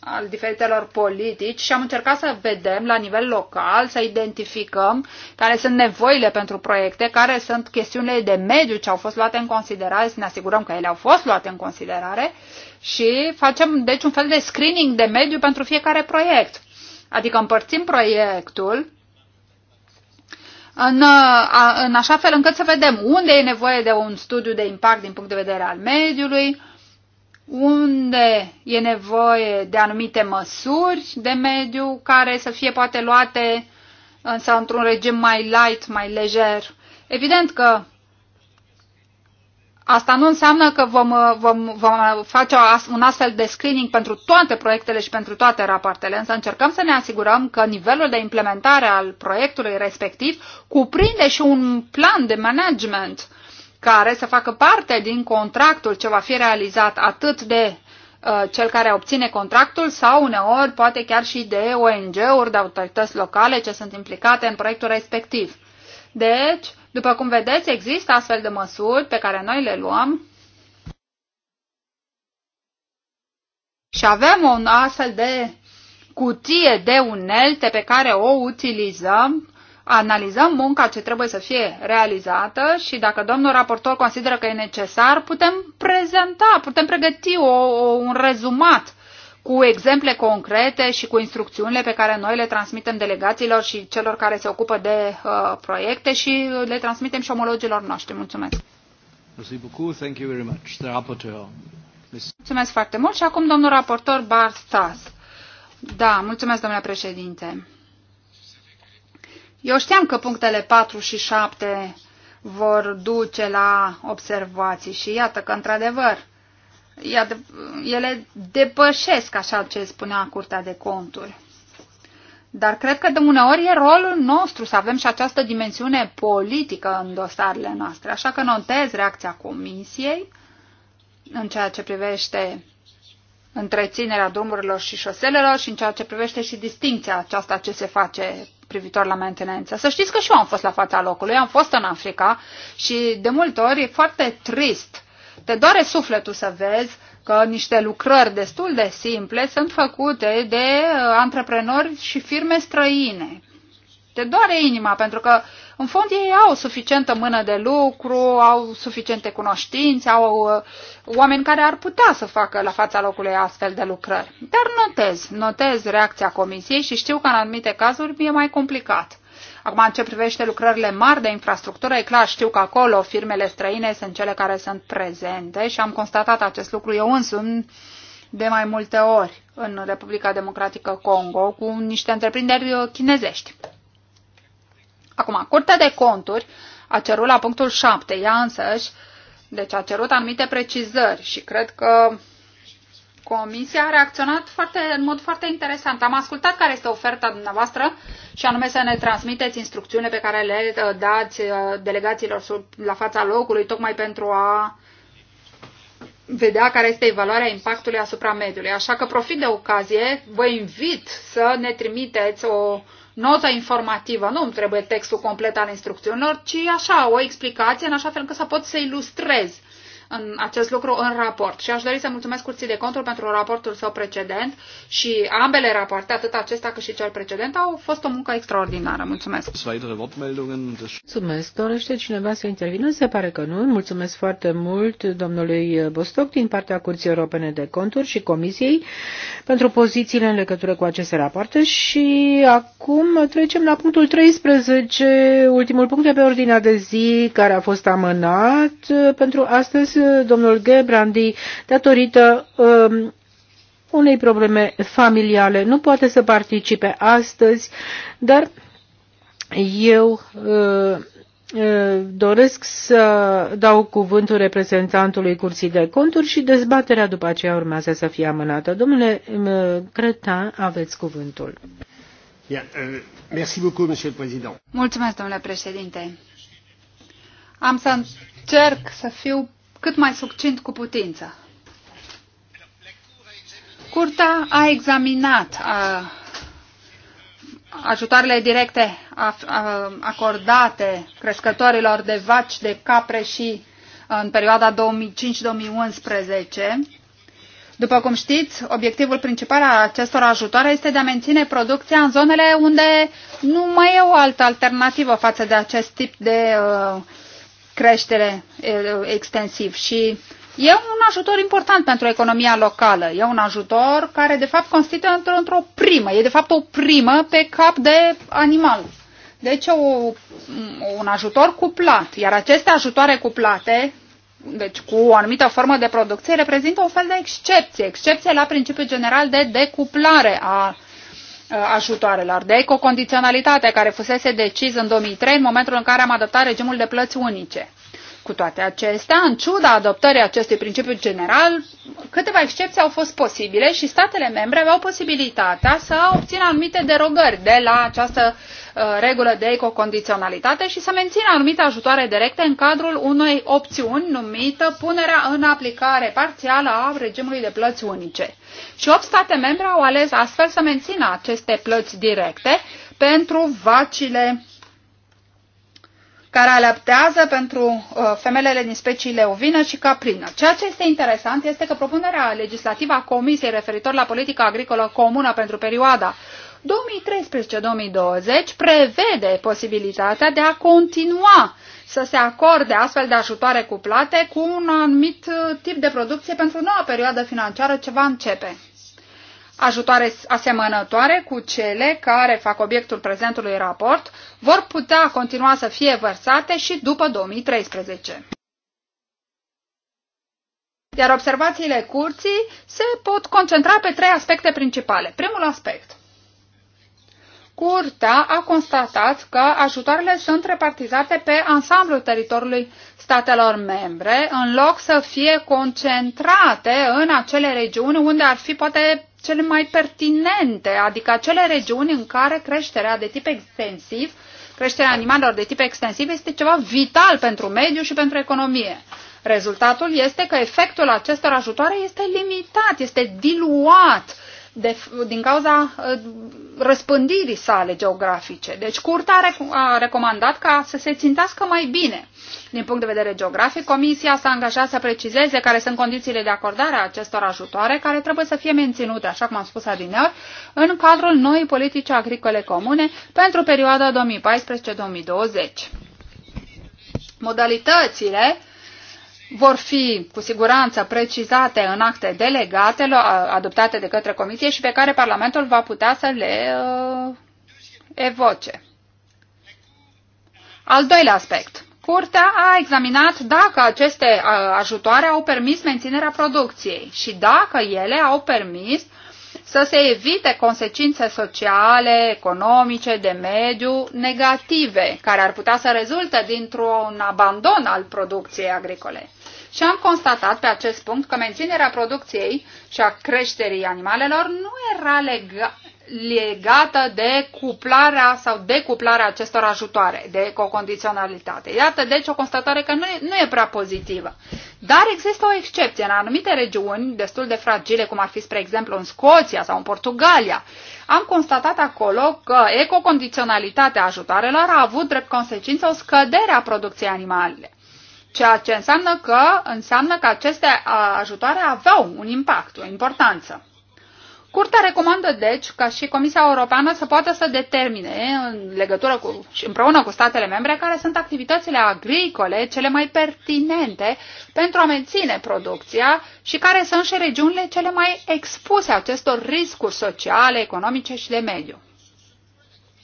al diferitelor politici și am încercat să vedem la nivel local, să identificăm care sunt nevoile pentru proiecte, care sunt chestiunile de mediu ce au fost luate în considerare, să ne asigurăm că ele au fost luate în considerare și facem deci un fel de screening de mediu pentru fiecare proiect. Adică împărțim proiectul în, în așa fel încât să vedem unde e nevoie de un studiu de impact din punct de vedere al mediului, unde e nevoie de anumite măsuri de mediu care să fie poate luate însă într-un regim mai light, mai lejer. Evident că Asta nu înseamnă că vom, uh, vom, vom uh, face un astfel de screening pentru toate proiectele și pentru toate rapoartele, însă încercăm să ne asigurăm că nivelul de implementare al proiectului respectiv cuprinde și un plan de management care să facă parte din contractul ce va fi realizat atât de uh, cel care obține contractul sau uneori poate chiar și de ONG-uri, de autorități locale ce sunt implicate în proiectul respectiv. Deci, după cum vedeți, există astfel de măsuri pe care noi le luăm și avem un astfel de cutie de unelte pe care o utilizăm, analizăm munca ce trebuie să fie realizată și dacă domnul raportor consideră că e necesar, putem prezenta, putem pregăti o, o, un rezumat cu exemple concrete și cu instrucțiunile pe care noi le transmitem delegațiilor și celor care se ocupă de uh, proiecte și le transmitem și omologilor noștri. Mulțumesc! Mulțumesc foarte mult și acum domnul raportor Barstas. Da, mulțumesc domnule președinte. Eu știam că punctele 4 și 7 vor duce la observații și iată că într-adevăr ele depășesc așa ce spunea Curtea de Conturi. Dar cred că de uneori e rolul nostru să avem și această dimensiune politică în dosarele noastre. Așa că notez reacția Comisiei în ceea ce privește întreținerea drumurilor și șoselelor și în ceea ce privește și distinția aceasta ce se face privitor la mentenență. Să știți că și eu am fost la fața locului, am fost în Africa și de multe ori e foarte trist te doare sufletul să vezi că niște lucrări destul de simple sunt făcute de uh, antreprenori și firme străine. Te doare inima, pentru că în fond ei au suficientă mână de lucru, au suficiente cunoștințe, au uh, oameni care ar putea să facă la fața locului astfel de lucrări. Dar notez, notez reacția comisiei și știu că în anumite cazuri e mai complicat. Acum, în ce privește lucrările mari de infrastructură, e clar, știu că acolo firmele străine sunt cele care sunt prezente și am constatat acest lucru eu însumi de mai multe ori în Republica Democratică Congo cu niște întreprinderi chinezești. Acum, Curtea de Conturi a cerut la punctul 7, ea însăși, deci a cerut anumite precizări și cred că Comisia a reacționat foarte, în mod foarte interesant. Am ascultat care este oferta dumneavoastră și anume să ne transmiteți instrucțiune pe care le uh, dați uh, delegațiilor la fața locului, tocmai pentru a vedea care este evaluarea impactului asupra mediului. Așa că profit de ocazie, vă invit să ne trimiteți o notă informativă. Nu îmi trebuie textul complet al instrucțiunilor, ci așa, o explicație în așa fel că să pot să ilustrez în acest lucru în raport. Și aș dori să mulțumesc Curții de Conturi pentru raportul său precedent și ambele rapoarte, atât acesta cât și cel precedent, au fost o muncă extraordinară. Mulțumesc! Mulțumesc! Dorește cineva să intervină? Se pare că nu. Mulțumesc foarte mult domnului Bostoc din partea Curții Europene de Conturi și Comisiei pentru pozițiile în legătură cu aceste rapoarte și acum trecem la punctul 13, ultimul punct de pe ordinea de zi care a fost amânat pentru astăzi domnul Gebrandi datorită um, unei probleme familiale. Nu poate să participe astăzi, dar eu uh, uh, doresc să dau cuvântul reprezentantului Curții de Conturi și dezbaterea după aceea urmează să fie amânată. Domnule um, Cretan, aveți cuvântul. Euh, Mulțumesc, domnule președinte. Am să încerc să fiu cât mai succint cu putință. Curtea a examinat a, ajutoarele directe a, a, acordate crescătorilor de vaci, de capre și a, în perioada 2005-2011. După cum știți, obiectivul principal al acestor ajutoare este de a menține producția în zonele unde nu mai e o altă alternativă față de acest tip de uh, creștere extensiv și e un ajutor important pentru economia locală. E un ajutor care de fapt constituie într-o, într primă. E de fapt o primă pe cap de animal. Deci o, un ajutor cuplat. Iar aceste ajutoare cuplate, deci cu o anumită formă de producție, reprezintă un fel de excepție. Excepție la principiul general de decuplare a Uh, ajutoarelor. De condiționalitate care fusese decisă în 2003 în momentul în care am adoptat regimul de plăți unice. Cu toate acestea, în ciuda adoptării acestui principiu general, câteva excepții au fost posibile și statele membre aveau posibilitatea să obțină anumite derogări de la această Uh, regulă de ecocondiționalitate și să mențină anumite ajutoare directe în cadrul unei opțiuni numită punerea în aplicare parțială a regimului de plăți unice. Și 8 state membre au ales astfel să mențină aceste plăți directe pentru vacile care alăptează pentru uh, femelele din speciile ovină și caprină. Ceea ce este interesant este că propunerea legislativă a Comisiei referitor la politica agricolă comună pentru perioada 2013-2020 prevede posibilitatea de a continua să se acorde astfel de ajutoare cuplate cu un anumit uh, tip de producție pentru noua perioadă financiară ce va începe. Ajutoare asemănătoare cu cele care fac obiectul prezentului raport vor putea continua să fie vărsate și după 2013 iar observațiile curții se pot concentra pe trei aspecte principale. Primul aspect. Curtea a constatat că ajutoarele sunt repartizate pe ansamblul teritoriului statelor membre, în loc să fie concentrate în acele regiuni unde ar fi poate cele mai pertinente, adică acele regiuni în care creșterea de tip extensiv, creșterea animalelor de tip extensiv este ceva vital pentru mediu și pentru economie. Rezultatul este că efectul acestor ajutoare este limitat, este diluat de, din cauza uh, răspândirii sale geografice. Deci curtea a recomandat ca să se țintească mai bine din punct de vedere geografic. Comisia s-a angajat să precizeze care sunt condițiile de acordare a acestor ajutoare, care trebuie să fie menținute, așa cum am spus adineori, în cadrul noii politici agricole comune pentru perioada 2014-2020. Modalitățile vor fi cu siguranță precizate în acte delegate adoptate de către Comisie și pe care Parlamentul va putea să le uh, evoce. Al doilea aspect. Curtea a examinat dacă aceste uh, ajutoare au permis menținerea producției și dacă ele au permis să se evite consecințe sociale, economice, de mediu negative, care ar putea să rezulte dintr-un abandon al producției agricole. Și am constatat pe acest punct că menținerea producției și a creșterii animalelor nu era lega legată de cuplarea sau decuplarea acestor ajutoare, de ecocondiționalitate. Iată, deci, o constatare că nu e, nu e prea pozitivă. Dar există o excepție în anumite regiuni destul de fragile, cum ar fi, spre exemplu, în Scoția sau în Portugalia. Am constatat acolo că ecocondiționalitatea ajutoarelor a avut drept consecință o scădere a producției animale. Ceea ce înseamnă că, înseamnă că aceste ajutoare aveau un impact, o importanță. Curtea recomandă, deci, ca și Comisia Europeană să poată să determine, în legătură cu, împreună cu statele membre, care sunt activitățile agricole cele mai pertinente pentru a menține producția și care sunt și regiunile cele mai expuse acestor riscuri sociale, economice și de mediu.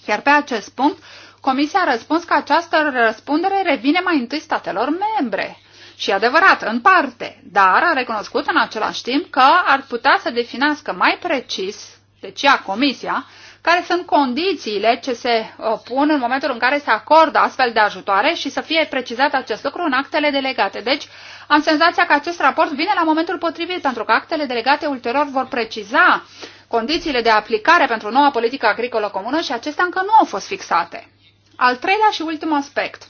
Iar pe acest punct, Comisia a răspuns că această răspundere revine mai întâi statelor membre. Și adevărat, în parte, dar a recunoscut în același timp că ar putea să definească mai precis, deci ea, Comisia, care sunt condițiile ce se uh, pun în momentul în care se acordă astfel de ajutoare și să fie precizat acest lucru în actele delegate. Deci, am senzația că acest raport vine la momentul potrivit, pentru că actele delegate ulterior vor preciza condițiile de aplicare pentru noua politică agricolă comună și acestea încă nu au fost fixate. Al treilea și ultim aspect.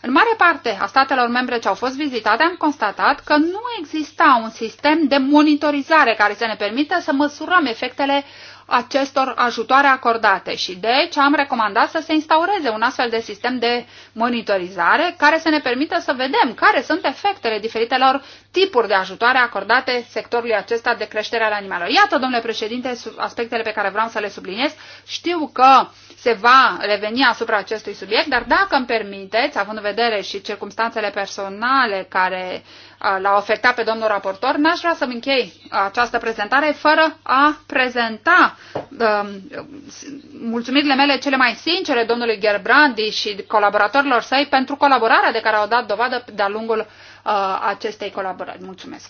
În mare parte a statelor membre ce au fost vizitate am constatat că nu exista un sistem de monitorizare care să ne permită să măsurăm efectele acestor ajutoare acordate și deci am recomandat să se instaureze un astfel de sistem de monitorizare care să ne permită să vedem care sunt efectele diferitelor tipuri de ajutoare acordate sectorului acesta de creștere al animalelor. Iată, domnule președinte, aspectele pe care vreau să le subliniez. Știu că uh, se va reveni asupra acestui subiect, dar dacă îmi permiteți, având în vedere și circumstanțele personale care l-au afectat pe domnul raportor, n-aș vrea să-mi închei această prezentare fără a prezenta um, mulțumirile mele cele mai sincere domnului Gerbrandi și colaboratorilor săi pentru colaborarea de care au dat dovadă de-a lungul uh, acestei colaborări. Mulțumesc!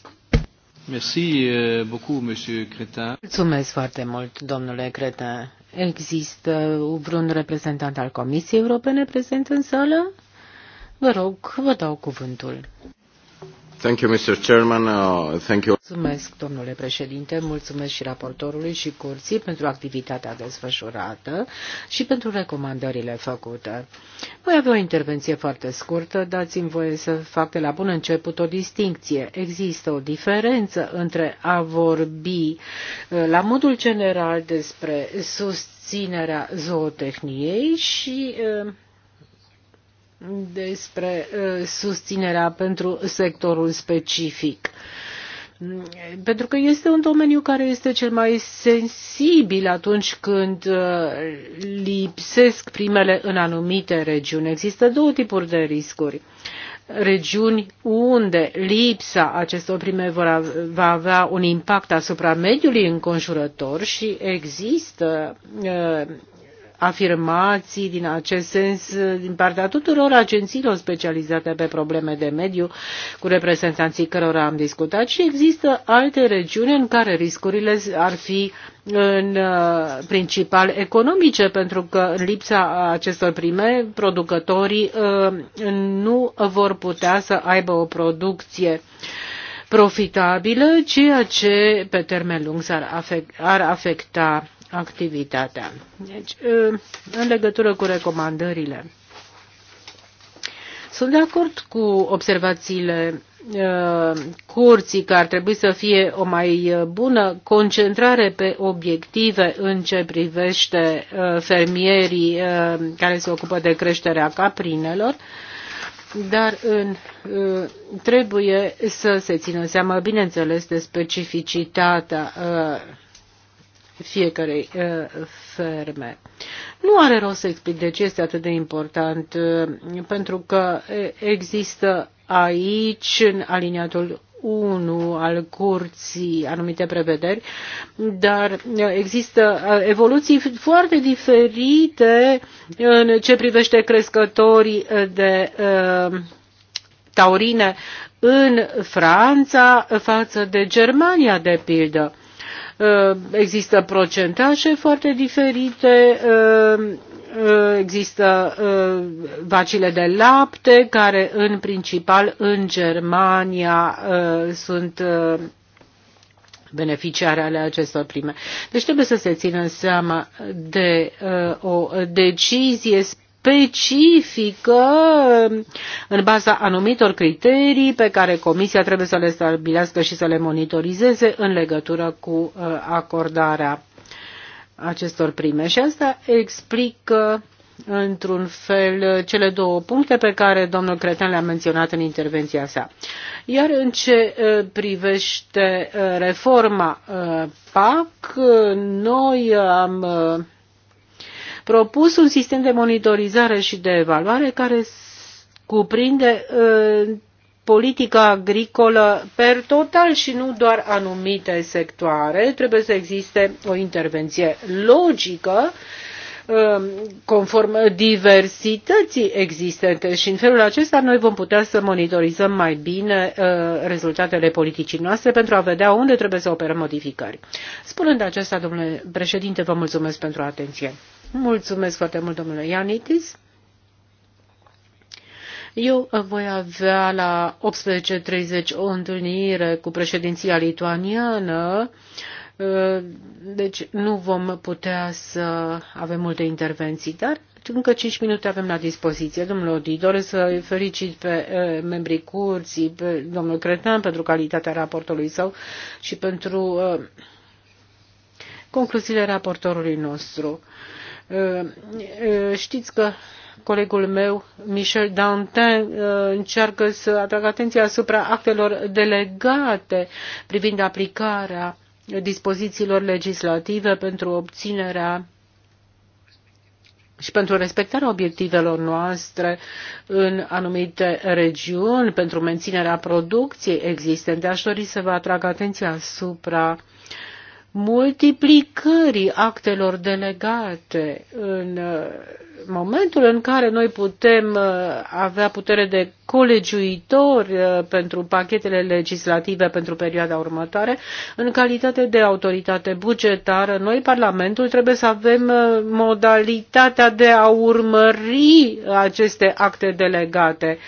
Merci euh, beaucoup, Monsieur Cretin. Mulțumesc foarte mult, domnule Cretin. Există vreun reprezentant al Comisiei Europene prezent în sală? Vă rog, vă dau cuvântul. Uh, mulțumesc, domnule președinte, mulțumesc și raportorului și curții pentru activitatea desfășurată și pentru recomandările făcute. Voi avea o intervenție foarte scurtă, dați-mi voie să fac de la bun început o distincție. Există o diferență între a vorbi uh, la modul general despre susținerea zootehniei și uh, despre uh, susținerea pentru sectorul specific. Pentru că este un domeniu care este cel mai sensibil atunci când uh, lipsesc primele în anumite regiuni. Există două tipuri de riscuri regiuni unde lipsa acestor prime va avea un impact asupra mediului înconjurător și există uh, afirmații din acest sens uh, din partea tuturor agențiilor specializate pe probleme de mediu, cu reprezentanții cărora am discutat și există alte regiuni în care riscurile ar fi în uh, principal economice, pentru că în lipsa acestor prime, producătorii uh, nu vor putea să aibă o producție profitabilă, ceea ce pe termen lung ar afecta activitatea. Deci, ă, în legătură cu recomandările, sunt de acord cu observațiile ă, curții că ar trebui să fie o mai bună concentrare pe obiective în ce privește ă, fermierii care se ocupă de creșterea caprinelor, dar în, trebuie să se țină seama, bineînțeles, de specificitatea fiecarei uh, ferme. Nu are rost să explic de ce este atât de important, uh, pentru că există aici, în aliniatul 1 al curții anumite prevederi, dar uh, există evoluții foarte diferite în ce privește crescătorii de taurine în Franța față de Germania, de pildă. Uh, există procentaje foarte diferite, uh, uh, există vacile de lapte care în principal în Germania sunt beneficiare ale acestor prime. Deci trebuie să se țină seama de uh, o decizie specifică în baza anumitor criterii pe care Comisia trebuie să le stabilească și să le monitorizeze în legătură cu uh, acordarea acestor prime. Și asta explică într-un fel cele două puncte pe care domnul Cretan le-a menționat în intervenția sa. Iar în ce uh, privește uh, reforma PAC, noi am propus un sistem de monitorizare și de evaluare care cuprinde uh, politica agricolă per total și nu doar anumite sectoare. Trebuie să existe o intervenție logică um, conform diversității existente și în felul acesta noi vom putea să monitorizăm mai bine uh, rezultatele politicii noastre pentru a vedea unde trebuie să operăm modificări. Spunând acesta, domnule președinte, vă mulțumesc pentru atenție. Mulțumesc foarte mult, domnule Ianitis. Eu voi avea la 18.30 o întâlnire cu președinția lituaniană, deci nu vom putea să avem multe intervenții, dar încă 5 minute avem la dispoziție. Domnul Odi, doresc să felicit pe eh, membrii curții, pe domnul Cretan pentru calitatea raportului său și pentru eh, concluziile raportorului nostru. Uh, uh, știți că colegul meu, Michel Dantin, uh, încearcă să atragă atenția asupra actelor delegate privind aplicarea dispozițiilor legislative pentru obținerea și pentru respectarea obiectivelor noastre în anumite regiuni, pentru menținerea producției existente. Aș dori să vă atrag atenția asupra multiplicării actelor delegate în momentul în care noi putem uh, avea putere de colegiuitor uh, pentru pachetele legislative pentru perioada următoare, în calitate de autoritate bugetară, noi, Parlamentul, trebuie să avem uh, modalitatea de a urmări aceste acte delegate,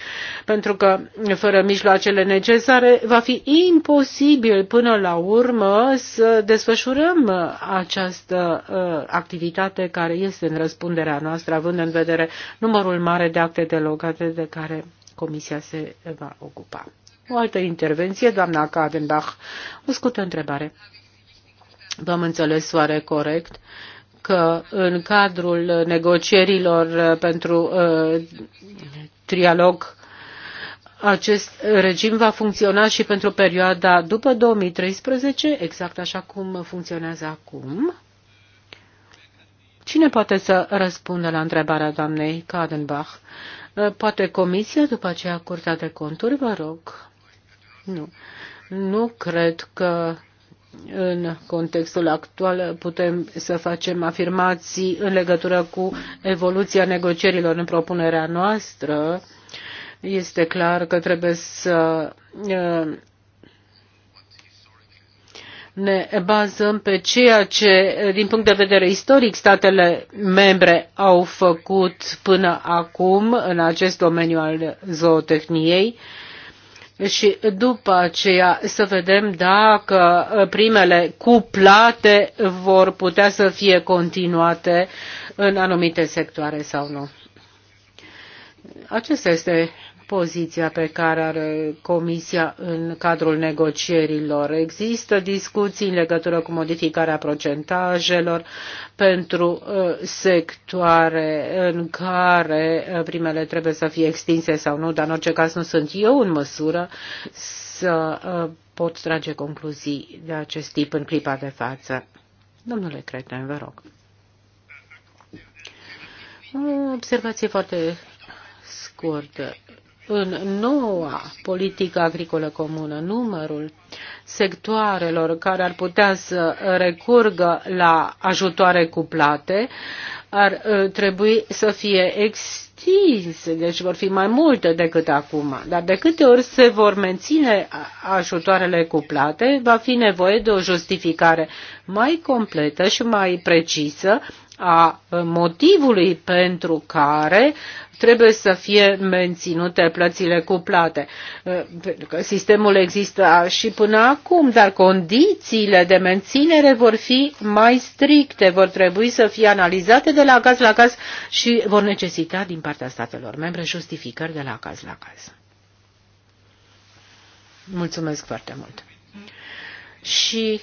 pentru că fără mijloacele necesare va fi imposibil până la urmă să desfășurăm această activitate care este în răspunderea noastră având în vedere numărul mare de acte delogate de care Comisia se va ocupa. O altă intervenție, doamna Kadenbach, o scurtă întrebare. V-am înțeles oare corect că în cadrul negocierilor pentru uh, trialog acest regim va funcționa și pentru perioada după 2013, exact așa cum funcționează acum? Cine poate să răspundă la întrebarea doamnei Kadenbach? Uh, poate comisia, după aceea Curtea de Conturi, vă rog? Nu. Nu cred că în contextul actual putem să facem afirmații în legătură cu evoluția negocierilor în propunerea noastră. Este clar că trebuie să uh, ne bazăm pe ceea ce, din punct de vedere istoric, statele membre au făcut până acum în acest domeniu al zootehniei și după aceea să vedem dacă primele cuplate vor putea să fie continuate în anumite sectoare sau nu. Acesta este poziția pe care are Comisia în cadrul negocierilor. Există discuții în legătură cu modificarea procentajelor pentru uh, sectoare în care uh, primele trebuie să fie extinse sau nu, dar în orice caz nu sunt eu în măsură să uh, pot trage concluzii de acest tip în clipa de față. Domnule Creten, vă rog. O observație foarte scurtă în noua politică agricolă comună numărul sectoarelor care ar putea să recurgă la ajutoare cuplate ar uh, trebui să fie extinse, deci vor fi mai multe decât acum. Dar de câte ori se vor menține ajutoarele cuplate, va fi nevoie de o justificare mai completă și mai precisă a motivului pentru care trebuie să fie menținute plățile cuplate. Uh, pentru că sistemul există și până acum, dar condițiile de menținere vor fi mai stricte, vor trebui să fie analizate de la caz la caz și vor necesita din partea statelor membre justificări de la caz la caz. Mulțumesc foarte mult. Și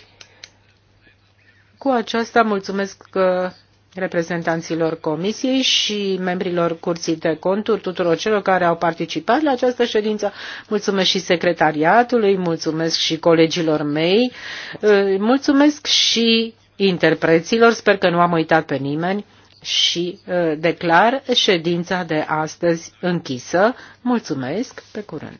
cu aceasta mulțumesc că uh, reprezentanților Comisiei și membrilor Curții de Conturi, tuturor celor care au participat la această ședință. Mulțumesc și secretariatului, mulțumesc și colegilor mei, mulțumesc și interpreților, sper că nu am uitat pe nimeni și declar ședința de astăzi închisă. Mulțumesc, pe curând!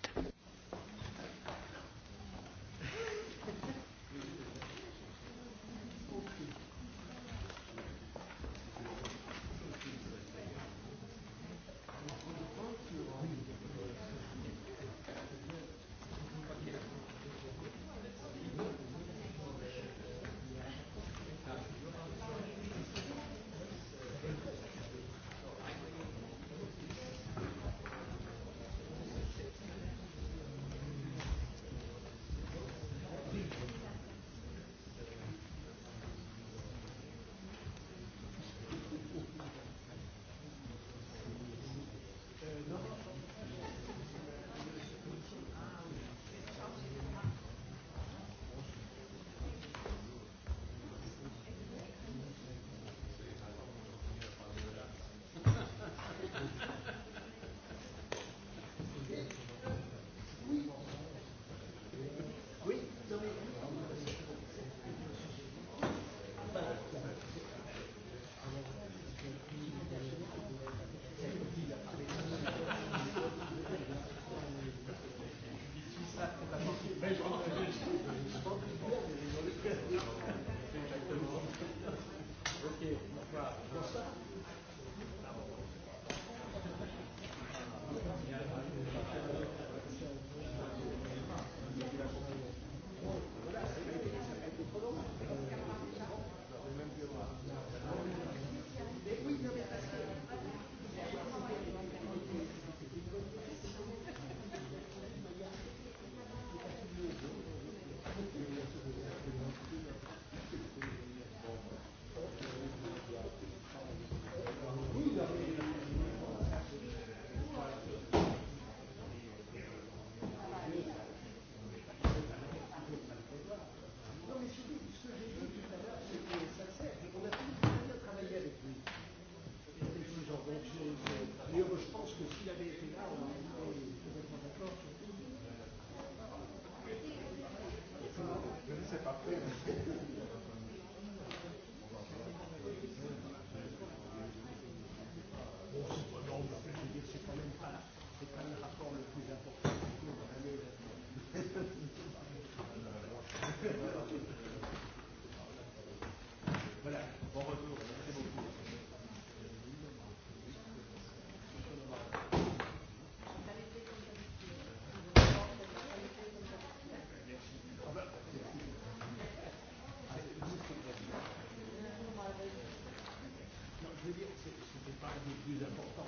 plus important.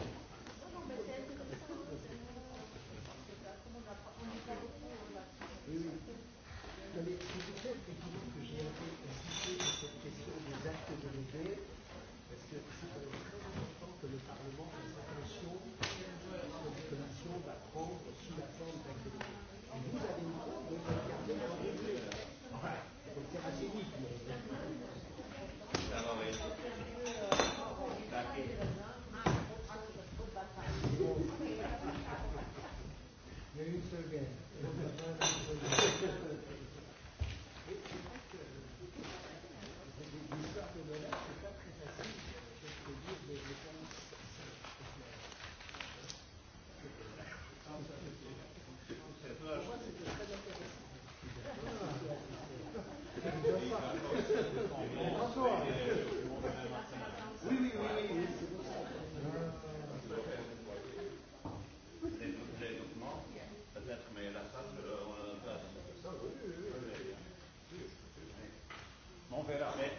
on verra. Mais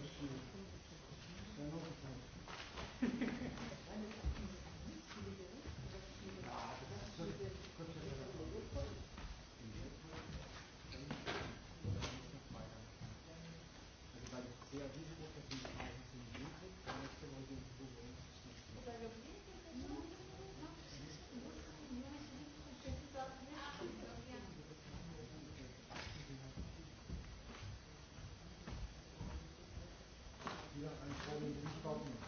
Mulțumesc. problem.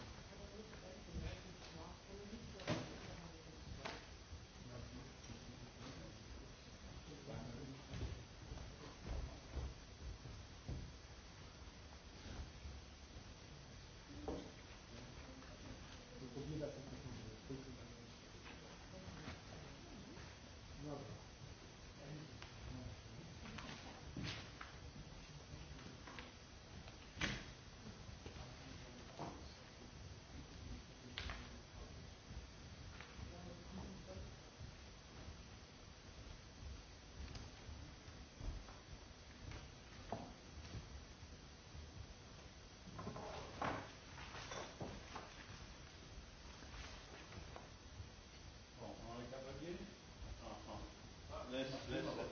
Let's, let's, let's.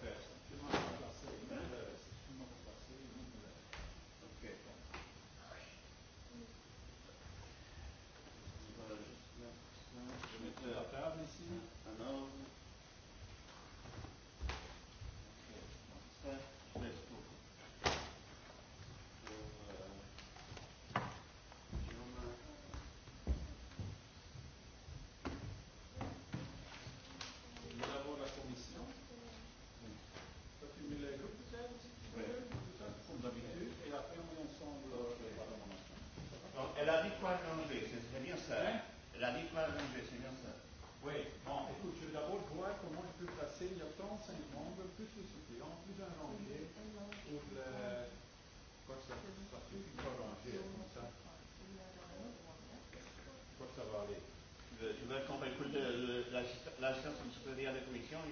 elle um a dit quoi en anglais, c'est bien ça, hein Elle a dit quoi en anglais, c'est bien ça. Oui, bon, écoute, je vais d'abord voir comment je peux placer, il y a 35 membres, plus le suppléant, plus un rangé, pour le... Quoi que ça, ça fait une fois rangé, comme ça. Quoi que ça va aller. Tu veux qu'on écoute l'assistance supérieure de la commission